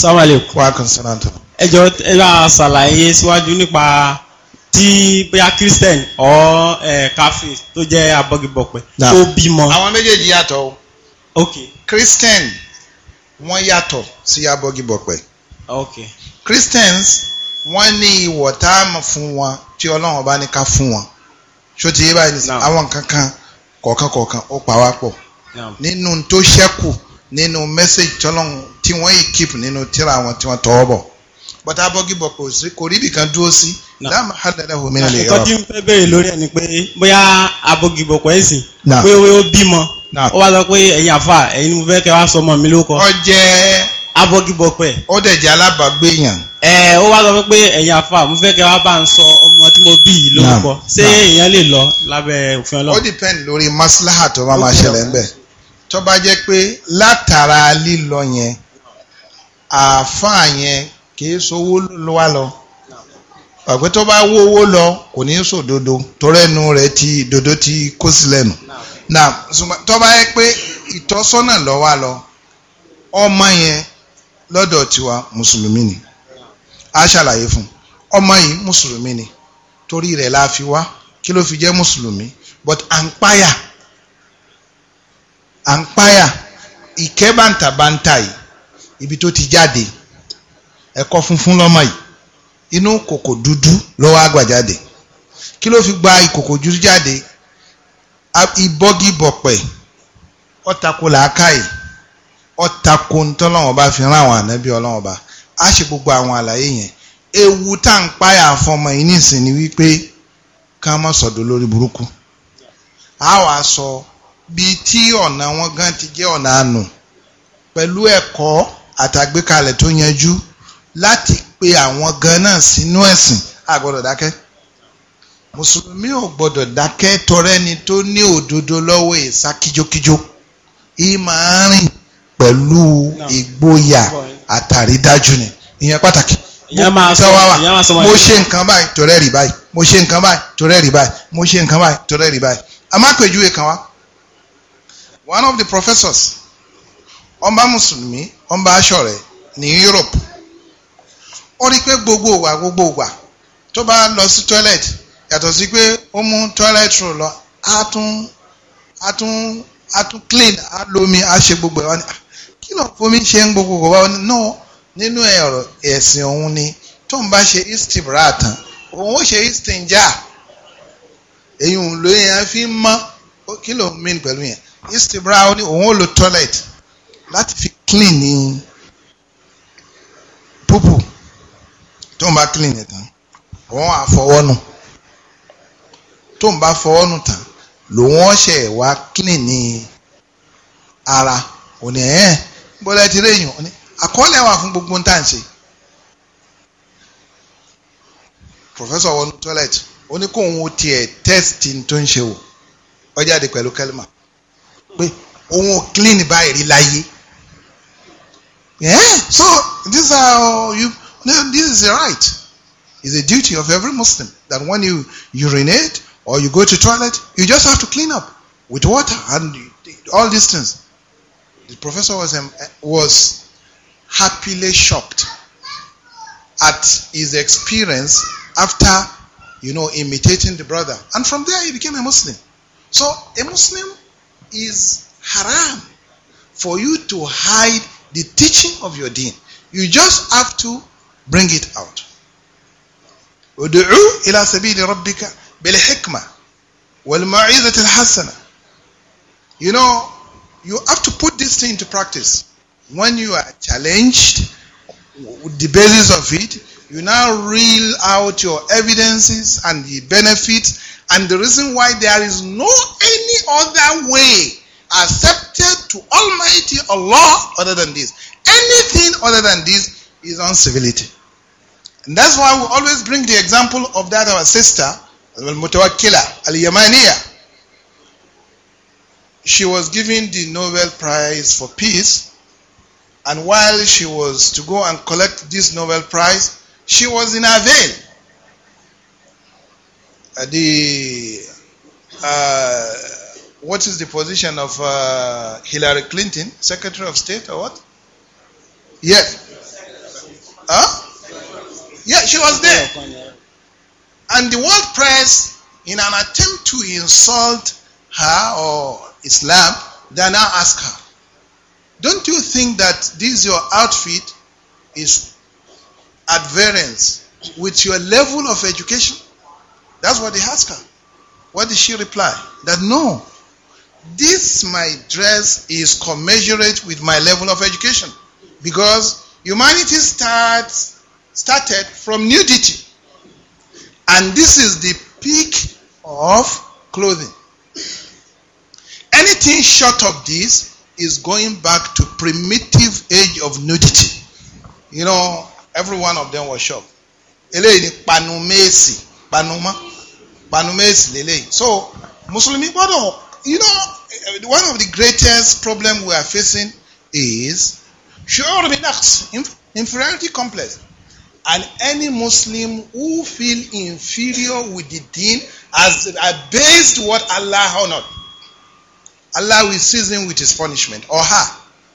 sáwàlẹ̀ kó akọ̀sọ̀rántọ̀. ẹ jọ ẹ bá ṣàlàyé síwájú nípa tí bóyá christian or kafir tó jẹ́ abọ́gibọ̀pẹ̀ tó bímọ. àwọn méjèèjì yàtọ̀ o. ok. christian wọ́n yàtọ̀ sí abọ́gibọ̀pẹ̀. ok. christians wọ́n ní ìwọ̀ tá a mọ̀ fún wọn tí ọlọ́run bá ní ká fún wọn ṣó ti yé báyìí nìyí àwọn kankan kọ̀ọ̀kan kọ̀ọ̀kan ó pa wá pọ̀ nínú tó ṣẹ́kù nínú mẹ́sẹ̀gì tọ́lọ́hún tí wọ́n yìí kíp nínú tíra wọn tí wọ́n tọwọ́ bọ̀ bọ́tà bọ́gìbọ̀ kò sí kò rí ibìkan dúró sí láàmú hàdàdà omi lè yọrọ. àkókò tí fẹ́ bẹ̀rẹ̀ lórí ẹ̀ ni pé bóyá abọ́gìbọ̀ kọ́ ẹ̀sìn pé ó bímọ ó wá sọ pé ẹ̀yin àfa ẹ̀yin ni mo fẹ́ kẹ́ wá sọ ọmọ mi ló kọ. ó jẹ́ abọ́gìbọ̀ pẹ̀. ó dẹ̀ jẹ́ alábàágbé yàn. ẹ ó wá sọ pé ẹ̀yin àfa mo fẹ́ kẹ́ wá bá ń sọ ọmọ tí mo bí yìí lórúkọ ṣé èèyàn lè lọ lábẹ́ òfin ọlọ́run. ó tó bá jẹ́ pé látara lílọ yẹn àáfàá yẹn kìí sowó ló wá lọ àgbẹ̀ tó bá wó lọ kò ní sòdodo torẹ́nu rẹ̀ ti dodo ti kó sílẹ̀ nù na tó bá yẹ pé ìtọ́sọ́nà lọ wá lọ ọmọ yẹn lọ́dọ̀ tiwa mùsùlùmí ni a ṣàlàyé fún ọmọ yìí mùsùlùmí ni torí rẹ̀ la fi wá kí ló fi jẹ́ mùsùlùmí but à à ń páyà ìkẹ́ bàǹtàbàǹtà yìí ibi tó ti jáde ẹ̀kọ́ funfun lọ́mọ yìí inú kòkò dúdú ló wá gbà jáde kí ló fi gba ìkòkò dúdú jáde ìbọ́gi bọ̀pẹ̀ ọ̀tako làákàyè ọ̀tako ntọ́lọ́wọ́n bá fi rán àwọn ànábì ọlọ́wọ́n bá a ṣe gbogbo àwọn àlàyé yẹn ewu tá à ń páyà fọmọ yìí nísìnyí wípé ká má sọ̀dọ̀ lórí burúkú a wàá sọ. So, bí tí ọ̀nà wọn gan ti jẹ́ ọ̀nà àánú pẹ̀lú ẹ̀kọ́ àtàgbékalẹ̀ tó yanjú láti pe àwọn gan náà sínú ẹ̀sìn a gbọ́dọ̀ dákẹ́ mùsùlùmí ò gbọ́dọ̀ dákẹ́ tọrẹ́ni tó ní òdodo lọ́wọ́ ìsá kíjókíjó ìmọ̀ rìn pẹ̀lú ìgboyà àtàrídájú ni ìyẹn pàtàkì mo ṣe nǹkan báyìí tọrẹ́ rí báyìí mo ṣe nǹkan báyìí tọrẹ́ rí báyìí mo ṣe nǹkan báyìí tọrẹ́ rí báyìí a má pèjúwe kan wá one of the professors ọba mùsùlùmí ọba aṣọ rẹ ní Europe ó rí pé gbogbo wa gbogbo wa tó bá lọ sí toilet yàtọ̀ sí pé ó mú toilet roll lọ á tún á tún á tún clean á lomi á ṣe gbogbo ẹ̀ wá ní ah, kí ló fomi ṣe ń gbogbo wa ní no nínú ẹ̀rọ ẹ̀sìn òun ni tó ń bá ṣe istibra tán òun ó ṣe istinja èyí ń lo yẹn fi mọ́ kí ló mean pẹ̀lú yẹn istibra ó ní òun ò lo toilet láti fi clean ní púpù tó ń bá clean ẹ̀ tán òun á fọwọ́ nù tó ń bá fọwọ́ nù tán lòun ọ̀ṣẹ̀ wá clean ní ara òní ẹ̀ bọ́lá ti réyìn òní àkọọ́lẹ̀ wà fún gbogbo ń tà ń ṣe professor wọnú toilet ó ní kóun ó tiẹ̀ test tó ń ṣe wò ó pẹ̀lú kẹlímà. pé òun clean báyìí rí láyé yeah so are you no this is right it's a duty of every Muslim that when you urinate or you go to toilet you just have to clean up with water and all these things the professor was was happily shocked at his experience after you know imitating the brother and from there he became a Muslim so a Muslim is haram for you to hide the teaching of your deen. You just have to bring it out. ادعو إلى سبيل ربك بالحكمة والموعظة الحسنة. You know, you have to put this thing into practice. When you are challenged, with the basis of it, you now reel out your evidences and the benefits and the reason why there is no any other way accepted to Almighty Allah other than this. Anything other than this is uncivility. And that's why we always bring the example of that our sister, Al Mutawakkila, Al Yamaniya. She was given the Nobel Prize for Peace, and while she was to go and collect this Nobel Prize, she was in her veil the uh, what is the position of uh, Hillary Clinton, Secretary of State or what? Yes. Huh? Yeah, she was there. And the world press, in an attempt to insult her or Islam, they now ask her, Don't you think that this your outfit is at variance with your level of education? That's what they asked her. What did she reply? That no, this my dress is commensurate with my level of education because humanity starts started from nudity and this is the peak of clothing anything short of this is going back to primitive age of nudity you know every one of them was shocked eléyìí ni panu panu mọ́ panu méjì so mùsùlùmí gbọ́dọ̀ you know one of the greatest problem we are facing is sure relax inferiority complex and any Muslim who feel inferior with the deen has abased what Allah honored Allah will season with his punishment or her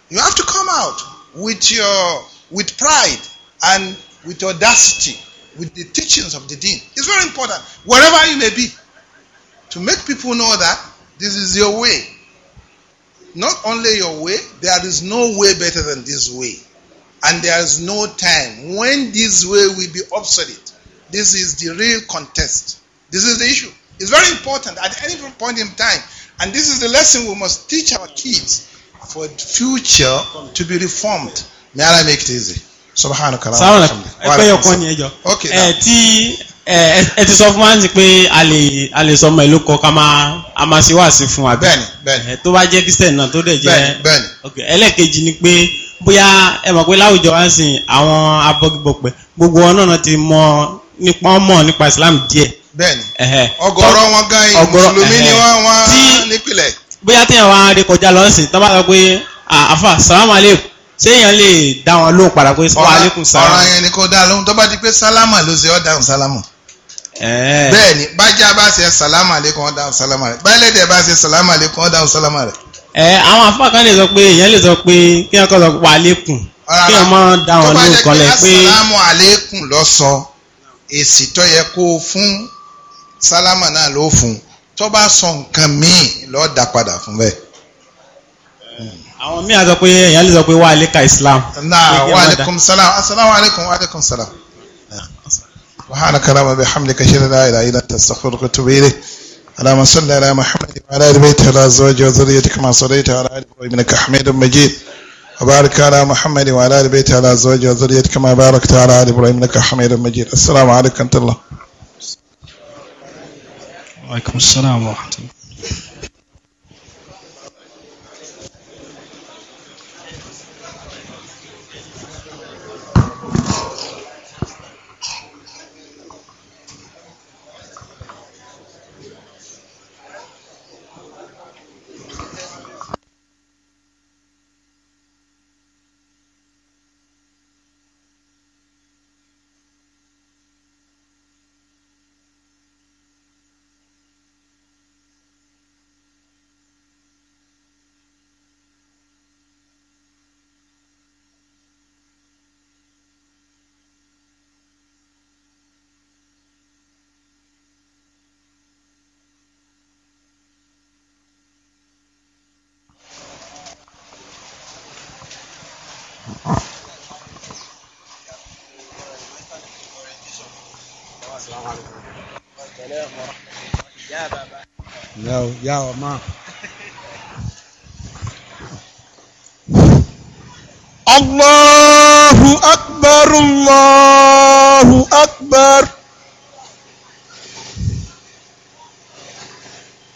you have to come out with your with pride and with audacity with the teachings of the deen. It's very important, wherever you may be, to make people know that this is your way. Not only your way, there is no way better than this way. And there is no time when this way will be obsolete. This is the real contest. This is the issue. It's very important at any point in time. And this is the lesson we must teach our kids for the future to be reformed. May Allah make it easy subahana kala ẹgbẹ́ yọkan ni ẹjọ́ ẹ ti ẹ ti sọ fún wa ní pé a lè a lè sọ ọmọ ìlú kọ ká máa a máa ṣe wáàsí fún wa bẹ́ẹ̀ni bẹ́ẹ̀ni tó bá jẹ́ kristian náà tó dẹ̀ jẹ́ bẹ́ẹ̀ni bẹ́ẹ̀ni ẹlẹ́ẹ̀kejì ni pé bóyá ẹ mọ̀ pé láwùjọ wa ń sìn àwọn abọ́gibọ̀pẹ̀ gbogbo ọ̀nà náà ti mọ nípa ọmọ nípa Islam díẹ̀ bẹ́ẹ̀ni ọ̀gọ̀rọ̀ wọn gan mùsùlùmí ni wọn wọn nípìnlẹ̀. bóyá téèyàn wá rékọjá lọ́sìn tó bá sọ pé àfà sàlámù aleykum séèyàn lè dá wọn lóhùn padà pé wa alaikum salaam. ọ̀ràn yẹn ni kò dá lóhùn tó bá di pé sálámà ló ṣe ọ́ dáhùn sálámà. bẹ́ẹ̀ ni bájá bá ṣe sàlámà alaikum ọ́ dáhùn sálámà rẹ̀ báyìlẹ́dẹ̀ bá ṣe sàlámà alaikum ọ́ dáhùn sálámà rẹ̀. ẹ àwọn afọ kan lè sọ pé èèyàn lè sọ pé kí wọn kọ sọ wa alaikum kí wọn mọ dá wọn lóhùn kọlẹ pé. tó bá jẹ́ pé assalamu alaikum lọ sọ àwọn míì àzọ pé èèyàn lè sọ pé wà aleka islam. náà wà aleykum salaam asalaamu aleykum wa aleykum salaam. wàhálà kalama bi hamdi kashir la ilaha illa anta astaghfiruka wa atubu ilayk. اللهم صل على محمد وعلى ال بيته وعلى ازواجه وذريته كما صليت على ال ابراهيم انك حميد مجيد وبارك على محمد وعلى ال بيته وعلى ازواجه وذريته كما باركت على ال ابراهيم انك حميد مجيد السلام عليكم ورحمه الله وعليكم السلام ورحمه الله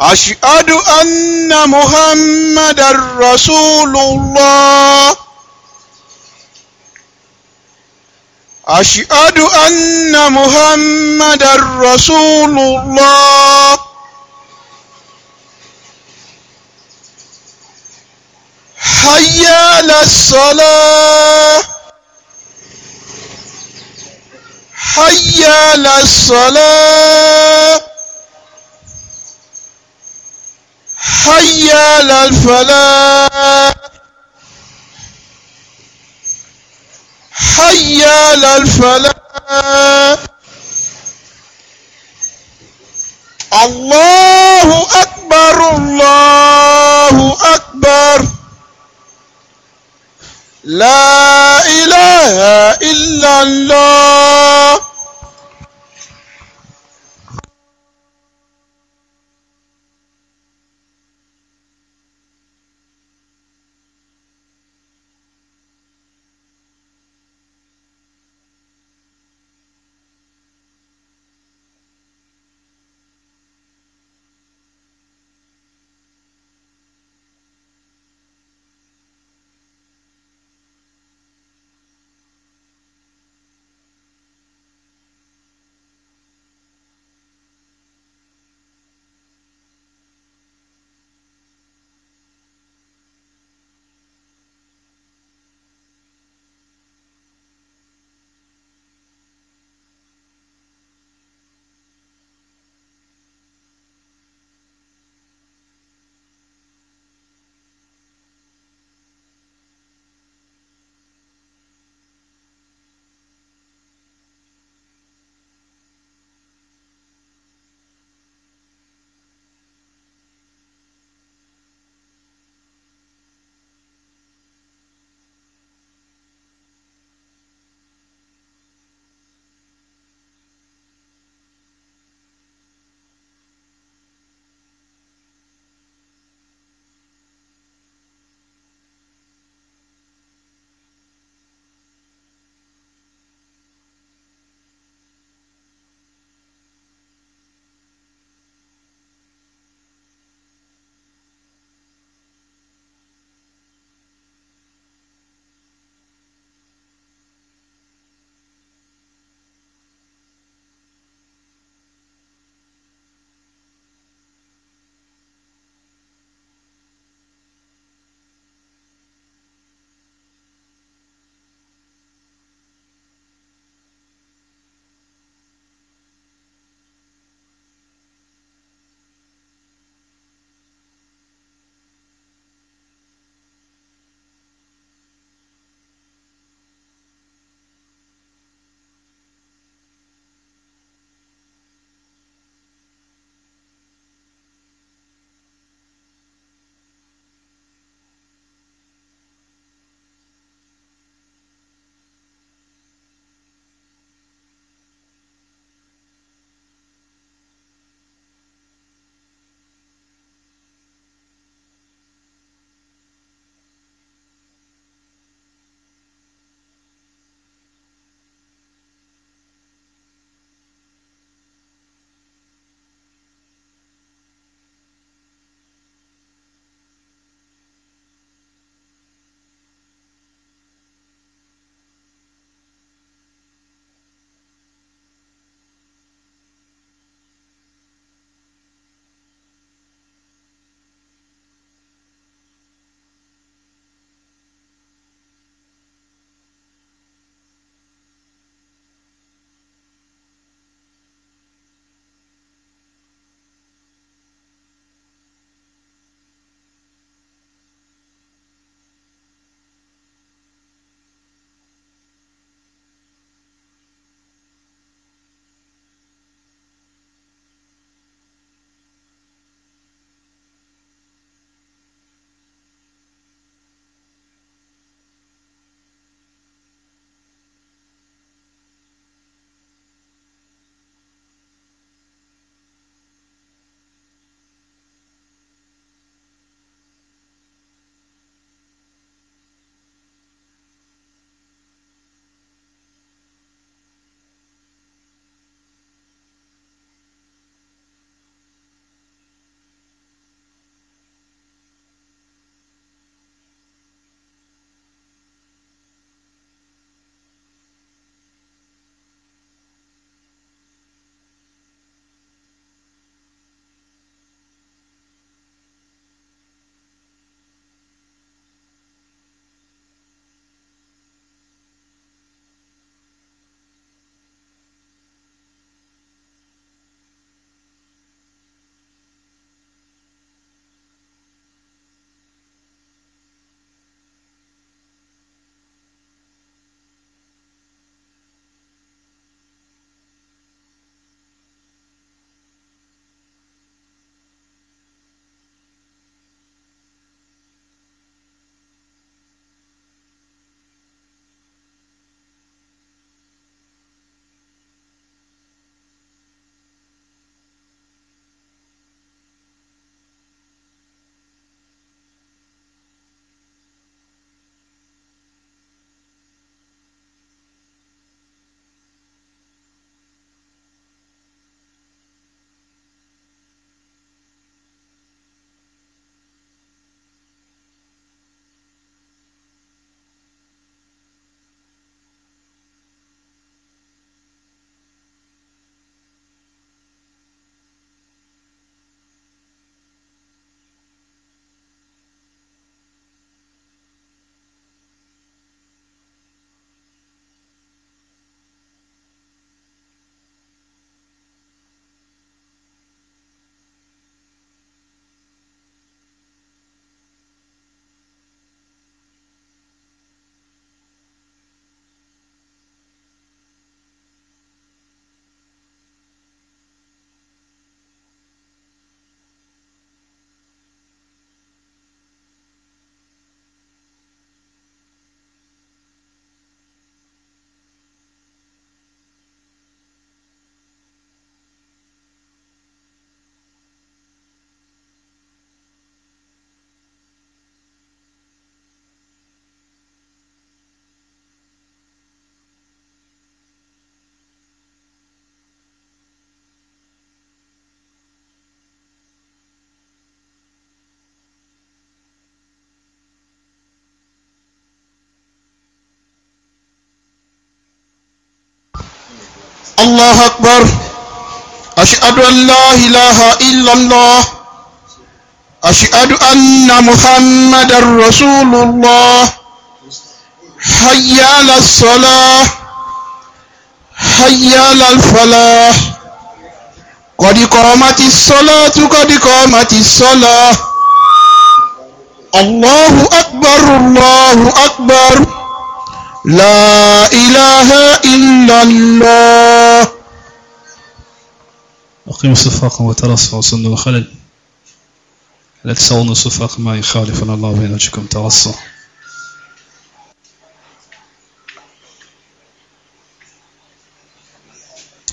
أشهد أن محمد رسول الله أشهد أن محمد رسول الله حي على الصلاة حي على الصلاة حي على الفلاح حي على الفلاح الله أكبر الله أكبر لا إله إلا الله الله أكبر أشهد أن لا إله إلا الله أشهد أن محمد رسول الله حي على الصلاة حي على الفلاح قد قامت الصلاة قد قامت الصلاة الله أكبر الله أكبر لا إله إلا الله أقيم صفاق وترصع وصند وخلل لا تسعون صفاق ما يخالفنا الله بين وجهكم ترصع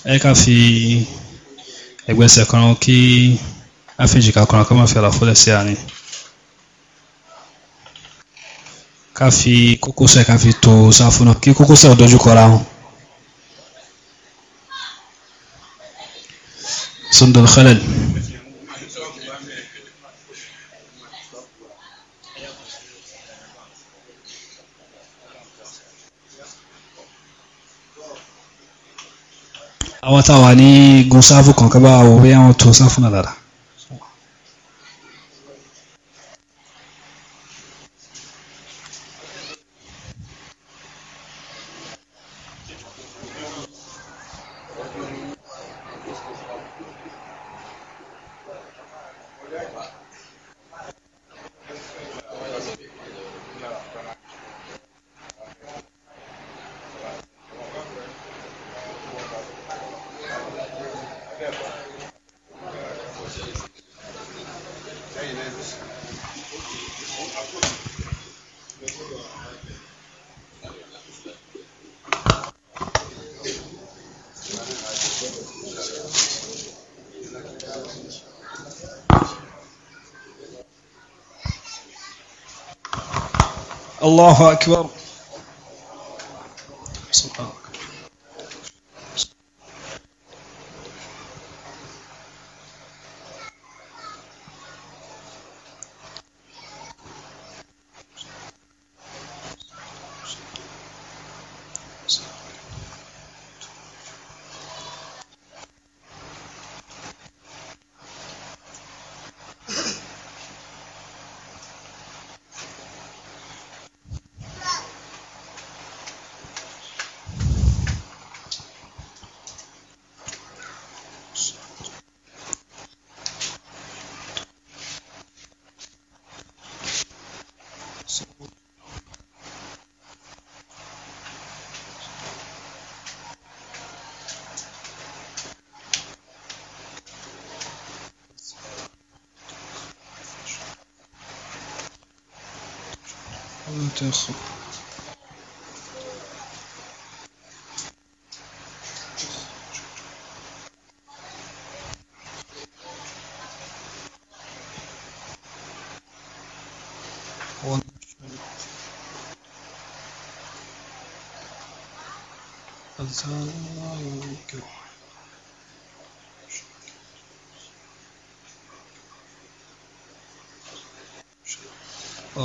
أيك في أقول سيكون أوكي أفنجي كاكونا كما في الأخوة سياني يعني. ká fi kókósẹ̀ ká fi tò sáfù náà kí kókósẹ̀ ò dojú kọra wọn. sundul khalal. àwọn táwa ní gun sáfù kan ká bí àwọn tó sáfù náà dáadáa. 吧。الله أكبر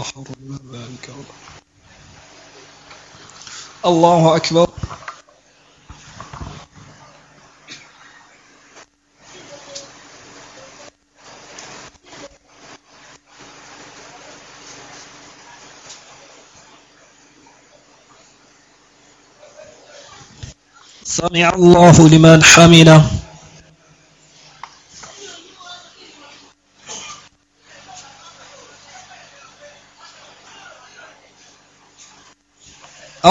ما حرم ما الله الله أكبر سمع الله لمن حمله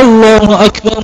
الله أكبر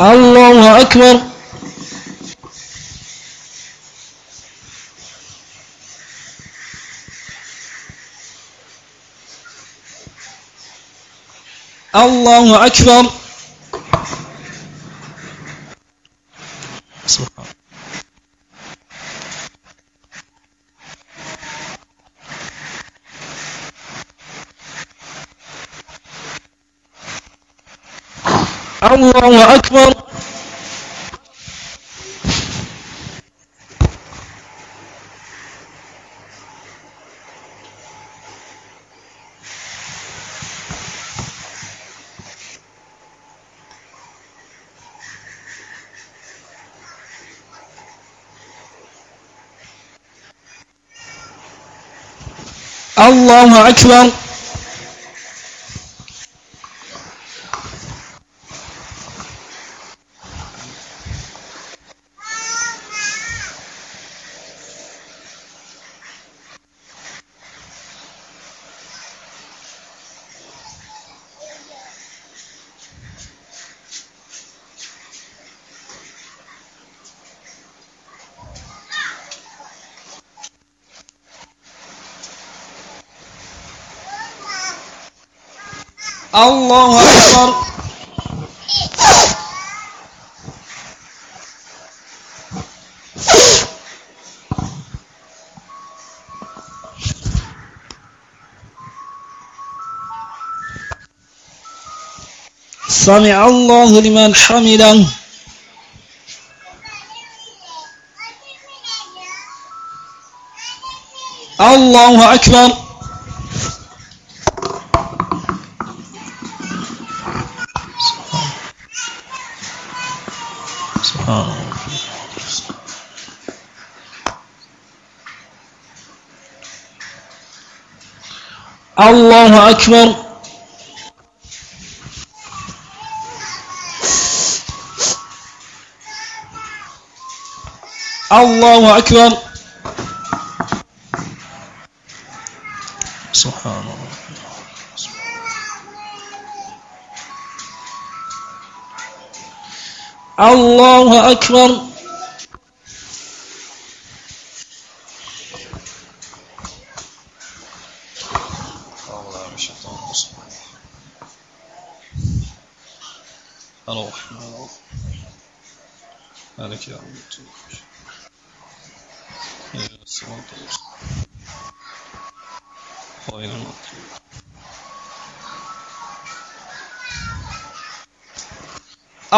الله أكبر الله أكبر الله أكبر الله أكبر سمع الله لمن حمده الله أكبر سبحان الله الله أكبر الله أكبر سبحان الله الله أكبر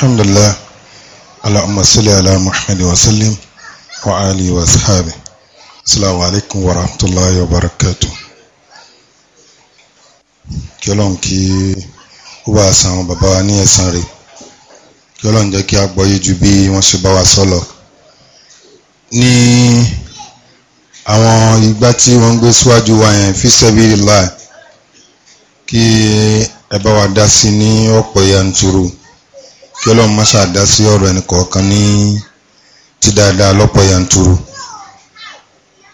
الحمد لله اللهم صل على محمد وسلم وعلي وأصحابه السلام عليكم ورحمة الله وبركاته kí ọlọ́run kí ó bá san àwọn bàbá wa ní ẹ̀san rẹ̀ kí ọlọ́run jẹ́ kí a gbọ́yé ju bí wọ́n ṣe bá wa sọ ní àwọn ìgbà tí wọ́n ń gbé síwájú wa yẹn fi sabilillah kí ẹ bá wa dá sí ní ọ̀pọ̀ yanturu kí ọlọ́run má ṣàdá sí ọ̀rọ̀ ẹnì kọ̀ọ̀kan ní ti dáadáa lọ́pọ̀ yanturu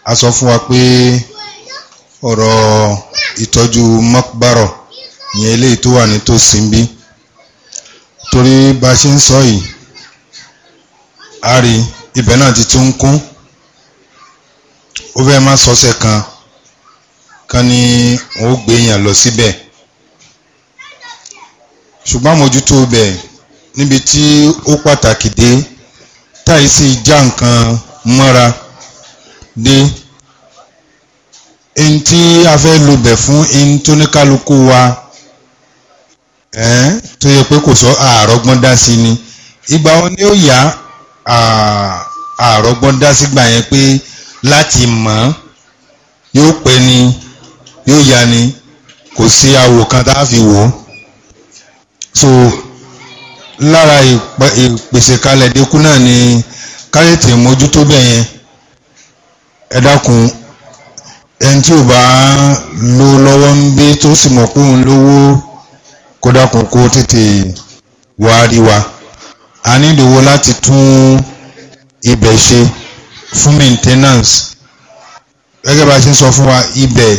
a sọ fún wa pé ọ̀rọ̀ ìtọ́jú mọ́kbárọ̀ ìyẹn eléyìí tó wà nítòsí ń bí torí bá a ṣe ń sọ yìí a rí ibẹ̀ náà ti tún kún ó fẹ́ má sọ́sẹ̀ kan kan ní òun gbé yàn lọ síbẹ̀ ṣùgbọ́n àmójútó bẹ́ẹ̀ níbi tí ó pàtàkì dé táì sì já nǹkan mọ́ra dé ẹni tí a fẹ́ lo bẹ̀ fún ẹni tó ní kálukú wa tó yẹ pé kò sọ àrọ́gbọ́n dá sí ni ìgbà wọn ni ó yá àrọ́gbọ́n dá sígbà yẹn pé láti mọ̀ yóò pẹ́ ni yóò yá ni kò sí awò kan tá a fi wò ó so lára ìpèsè kalẹ̀ dínkù náà ni káyọ̀tì mójútó bẹ́ẹ̀ yẹn ẹ dákun ẹni tí ò bá lo lọ́wọ́ ń gbé tó sì mọ̀ pé òun lówó kó dákun kó tètè wá rí wa a ní ìdòwò láti tún ibẹ̀ ṣe fún maintenance gẹ́gẹ́ bá a ṣe ń sọ fún wa ibẹ̀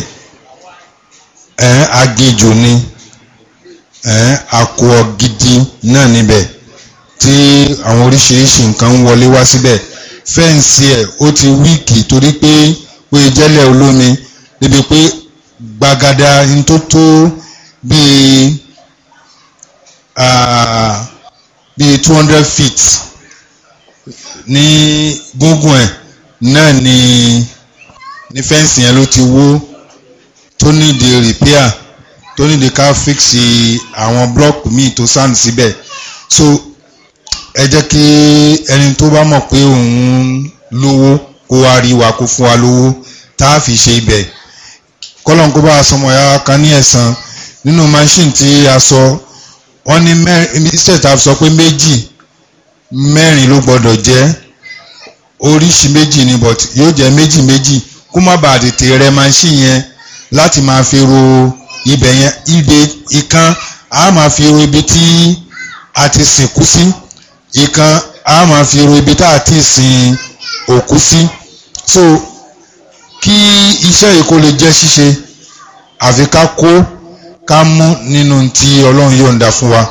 ẹ̀ aginjù ni àkọ́ gidi náà níbẹ̀ tí àwọn oríṣiríṣi nǹkan ń wọlé wá síbẹ̀ fẹ́ǹsì ẹ̀ ó ti wíìkì torí pé pé jẹ́lẹ̀ olómi débi pé gbagada ní tó tó bíi bíi two hundred feet ní gúngùn ẹ̀ náà ni ní fẹ́ǹsì yẹn ló ti wó tó nídìí rìpíà tó ní de ká fíksì àwọn búlọ́ọ̀kù míì tó sàn síbẹ̀ so ẹ jẹ́ kí ẹni tó bá mọ̀ pé òun lówó kó wá rí wa kó fún wa lówó tá a fi ṣe ibẹ̀ kọ́lọ́n bá a sọmọ ya kan ní ẹ̀sán nínú machine tí a sọ wọ́n ní mẹ́rin minister ta sọ pé méjì mẹ́rin ló gbọ́dọ̀ jẹ́ oríṣi méjì ni but yóò jẹ́ méjì méjì kó má bàa tètè rẹ machine yẹn láti máa fi ro ibẹ̀ yẹn ibẹ̀ ìkan a máa fi ro ibi tí a ti sìnkú sí ìkan a máa fi ro ibi tá a ti sin òkú sí so kí iṣẹ́ yìí kó lè jẹ́ ṣíṣe àfi ká kó ká mú nínú tí ọlọ́run yọ̀ǹda fún wa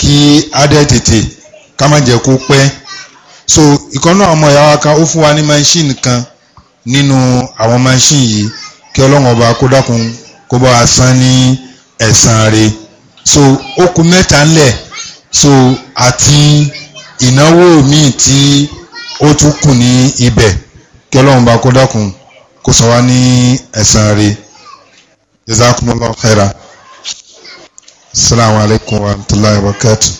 kí á dẹ̀ tètè ká má jẹ́ kó pẹ́ so ìkan náà ọmọ ìyá wa kan ó fún wa ní machine kan nínú àwọn machine yìí kí ọlọ́run ọba kó dákun kó bá wa san ní ẹ̀san rẹ̀ so ó kù mẹ́ta ńlẹ̀ so àti ìnáwó míì tí ó tún kù ní ibẹ̀ kí ọlọ́run bá kó dákun kó san wá ní ẹ̀san rẹ̀ jazakumullahu khaira assalamu alaikum wa rahmatullahi wa barakatuh.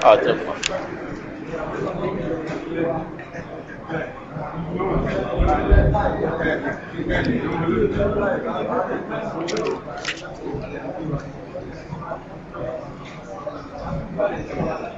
Ah, Thank you.